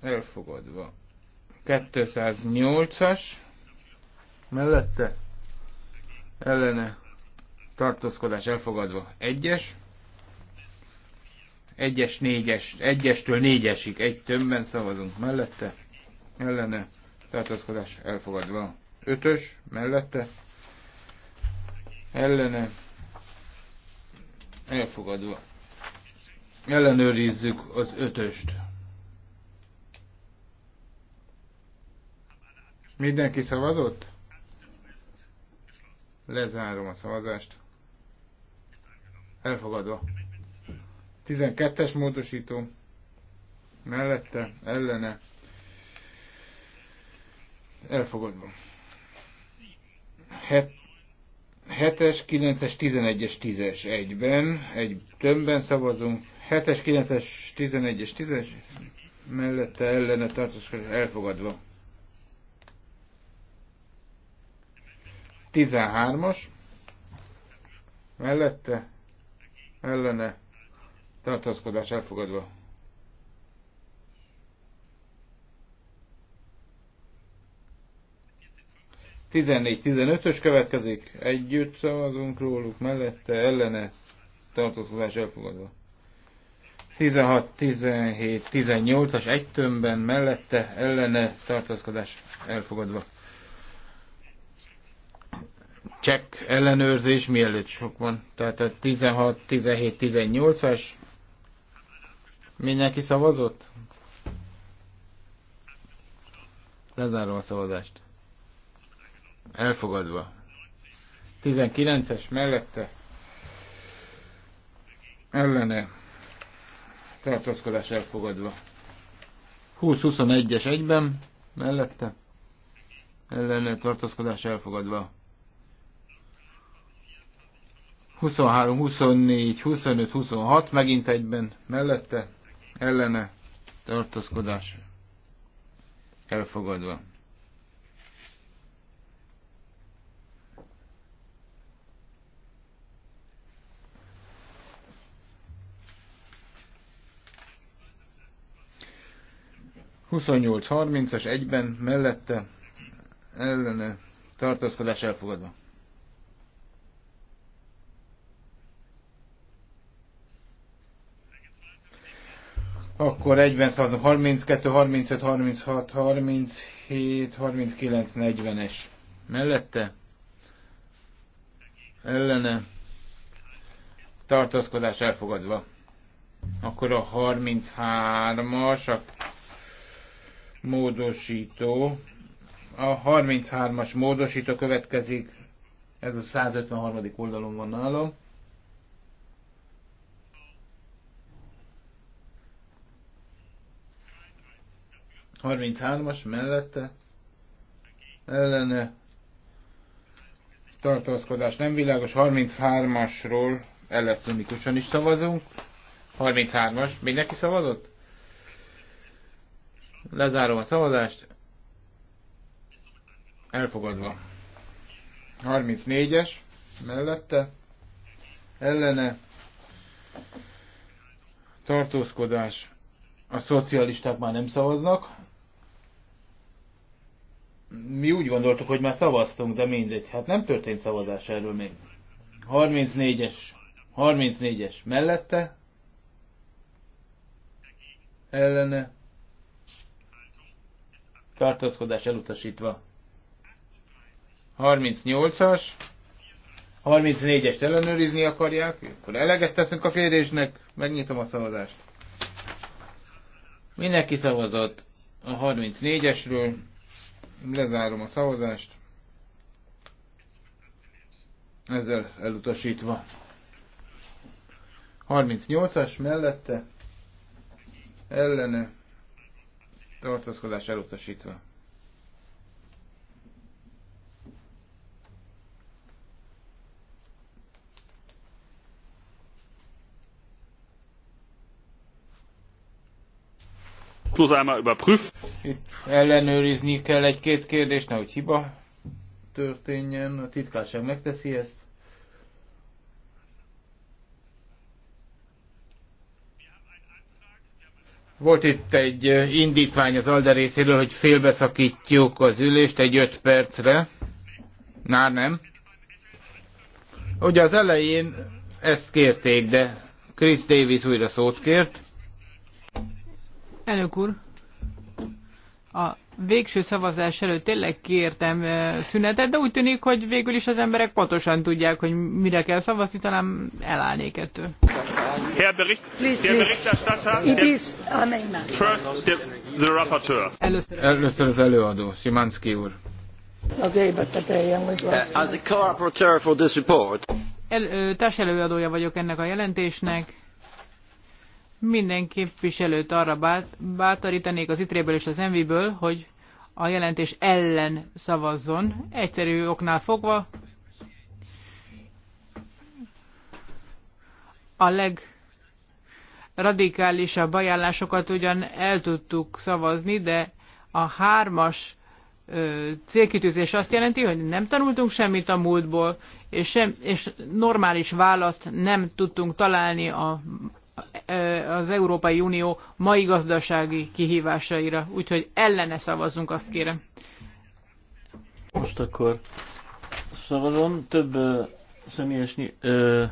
elfogadva. 208-as, mellette, ellene, tartózkodás elfogadva. 1-es, 1-es, 4-es, 1-estől 4-esig, egy tömbben szavazunk mellette, ellene, tartózkodás elfogadva. Ötös mellette ellene elfogadva. Ellenőrizzük az ötöst. Mindenki szavazott? Lezárom a szavazást. Elfogadva. 12-es módosító. Mellette, ellene. Elfogadva. 7-es, 9-es, 11-es, 10-es egyben, egy tömbben szavazunk. 7-es, 9-es, 11-es, 10-es mellette ellene tartozik, elfogadva. 13-as mellette ellene tartozkodás elfogadva. 14-15-ös következik, együtt szavazunk róluk, mellette, ellene, tartózkodás elfogadva. 16-17-18-as egy tömbben, mellette, ellene, tartózkodás elfogadva. Csekk ellenőrzés, mielőtt sok van. Tehát a 16-17-18-as. Mindenki szavazott? Lezárom a szavazást elfogadva. 19-es mellette ellene tartózkodás elfogadva. 20-21-es egyben mellette ellene tartózkodás elfogadva. 23, 24, 25, 26 megint egyben mellette ellene tartózkodás elfogadva. 28-30-as egyben mellette ellene tartózkodás elfogadva. Akkor egyben szavazunk 32, 35, 36, 37, 39, 40-es. Mellette? Ellene? Tartózkodás elfogadva. Akkor a 33-as, a módosító. A 33-as módosító következik, ez a 153. oldalon van nálam. as mellette ellene tartózkodás nem világos. 33-asról elektronikusan is szavazunk. 33-as. Mindenki szavazott? Lezárom a szavazást. Elfogadva. 34-es mellette. Ellene. Tartózkodás. A szocialisták már nem szavaznak. Mi úgy gondoltuk, hogy már szavaztunk, de mindegy. Hát nem történt szavazás erről még. 34-es. 34-es mellette. Ellene tartózkodás elutasítva. 38-as, 34-est ellenőrizni akarják, akkor eleget teszünk a kérésnek, megnyitom a szavazást. Mindenki szavazott a 34-esről, lezárom a szavazást, ezzel elutasítva. 38-as mellette, ellene, tartózkodás elutasítva. Itt ellenőrizni kell egy-két kérdést, nehogy hiba történjen. A titkárság megteszi ezt. Volt itt egy indítvány az Alde részéről, hogy félbeszakítjuk az ülést egy öt percre. Már nem. Ugye az elején ezt kérték, de Chris Davis újra szót kért. Elnök úr, a végső szavazás előtt tényleg kértem szünetet, de úgy tűnik, hogy végül is az emberek pontosan tudják, hogy mire kell szavazni, talán elállnék ettől. Először, Először az előadó, Simanski úr. As a co-rapporteur for this report. El, társelőadója vagyok ennek a jelentésnek minden képviselőt arra bátorítanék az itre ből és az mv ből hogy a jelentés ellen szavazzon, egyszerű oknál fogva. A legradikálisabb ajánlásokat ugyan el tudtuk szavazni, de a hármas ö, célkitűzés azt jelenti, hogy nem tanultunk semmit a múltból, és, sem, és normális választ nem tudtunk találni a az Európai Unió mai gazdasági kihívásaira. Úgyhogy ellene szavazzunk, azt kérem. Most akkor szavazom. Több személyes ny- ö,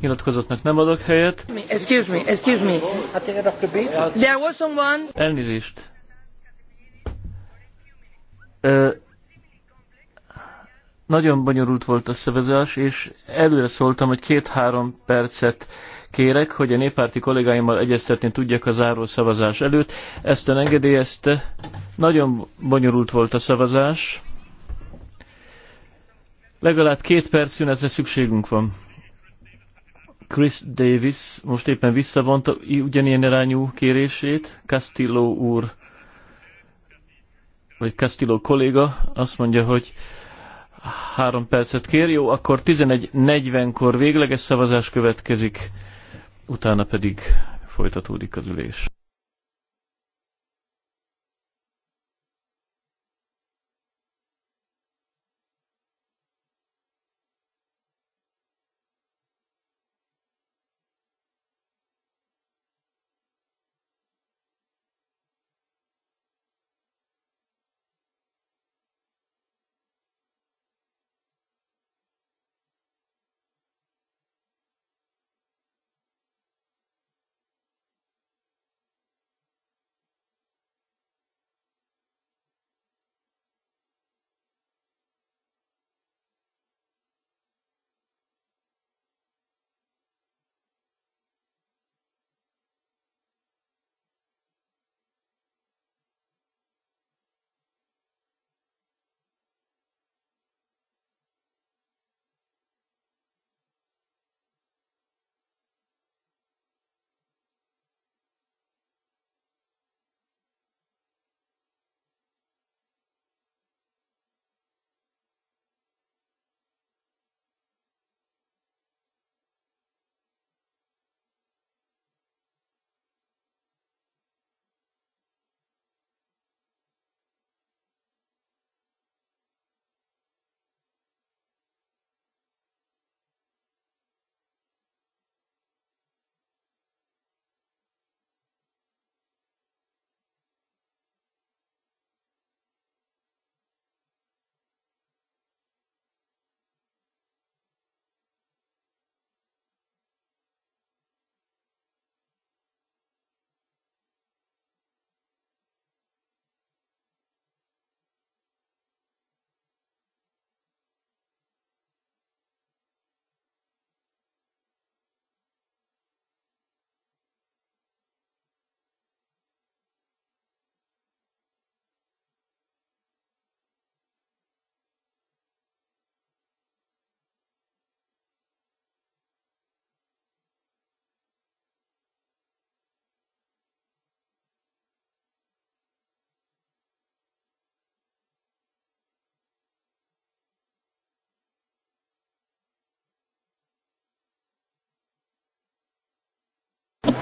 nyilatkozatnak nem adok helyet. Excuse me, excuse me. There was someone... Elnézést. Ö, nagyon bonyolult volt a szavazás, és előre szóltam, hogy két-három percet kérek, hogy a néppárti kollégáimmal egyeztetni tudjak a záró szavazás előtt. Ezt engedélyezte. Nagyon bonyolult volt a szavazás. Legalább két perc szünetre szükségünk van. Chris Davis most éppen visszavonta ugyanilyen irányú kérését. Castillo úr, vagy Castillo kolléga azt mondja, hogy három percet kér. Jó, akkor 11.40-kor végleges szavazás következik utána pedig folytatódik az ülés.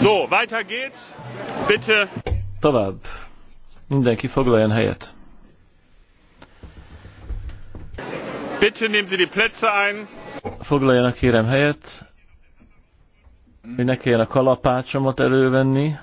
So, weiter geht's. Bitte. Tovább. Mindenki foglaljon helyet. Bitte nehmen Sie die Plätze ein. Foglaljanak kérem helyet, hogy ne kelljen a kalapácsomat elővenni.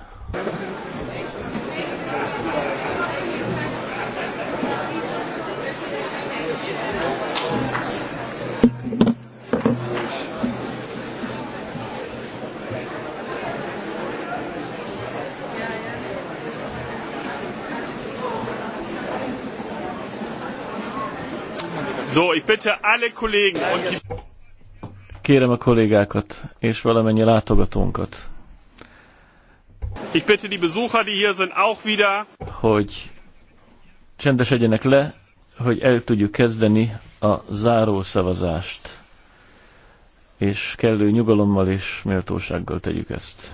Kérem a kollégákat és valamennyi látogatónkat. Ich bitte die Besucher, die hier sind, auch wieder. Hogy csendesedjenek le, hogy el tudjuk kezdeni a záró szavazást. És kellő nyugalommal és méltósággal tegyük ezt.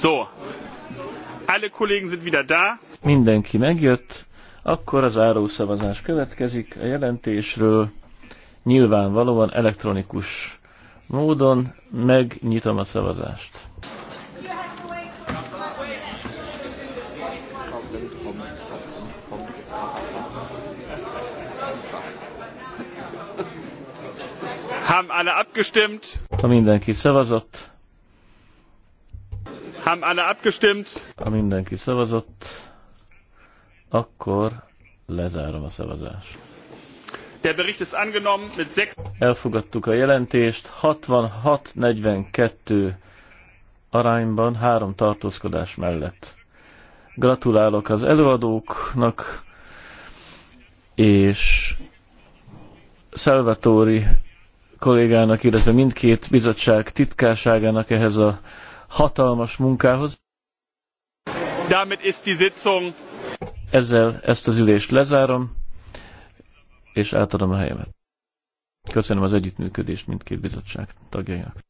So, alle Kollegen sind wieder da. Mindenki megjött, akkor az árószavazás következik a jelentésről. Nyilvánvalóan elektronikus módon megnyitom a szavazást. Haben alle abgestimmt? Ha mindenki szavazott, Haben alle abgestimmt? Ha mindenki szavazott, akkor lezárom a szavazást. Der Bericht ist angenommen mit sechs... Elfogadtuk a jelentést 66-42 arányban három tartózkodás mellett. Gratulálok az előadóknak, és Salvatori kollégának, illetve mindkét bizottság titkárságának ehhez a hatalmas munkához. Damit ist die Sitzung. Ezzel ezt az ülést lezárom, és átadom a helyemet. Köszönöm az együttműködést mindkét bizottság tagjainak.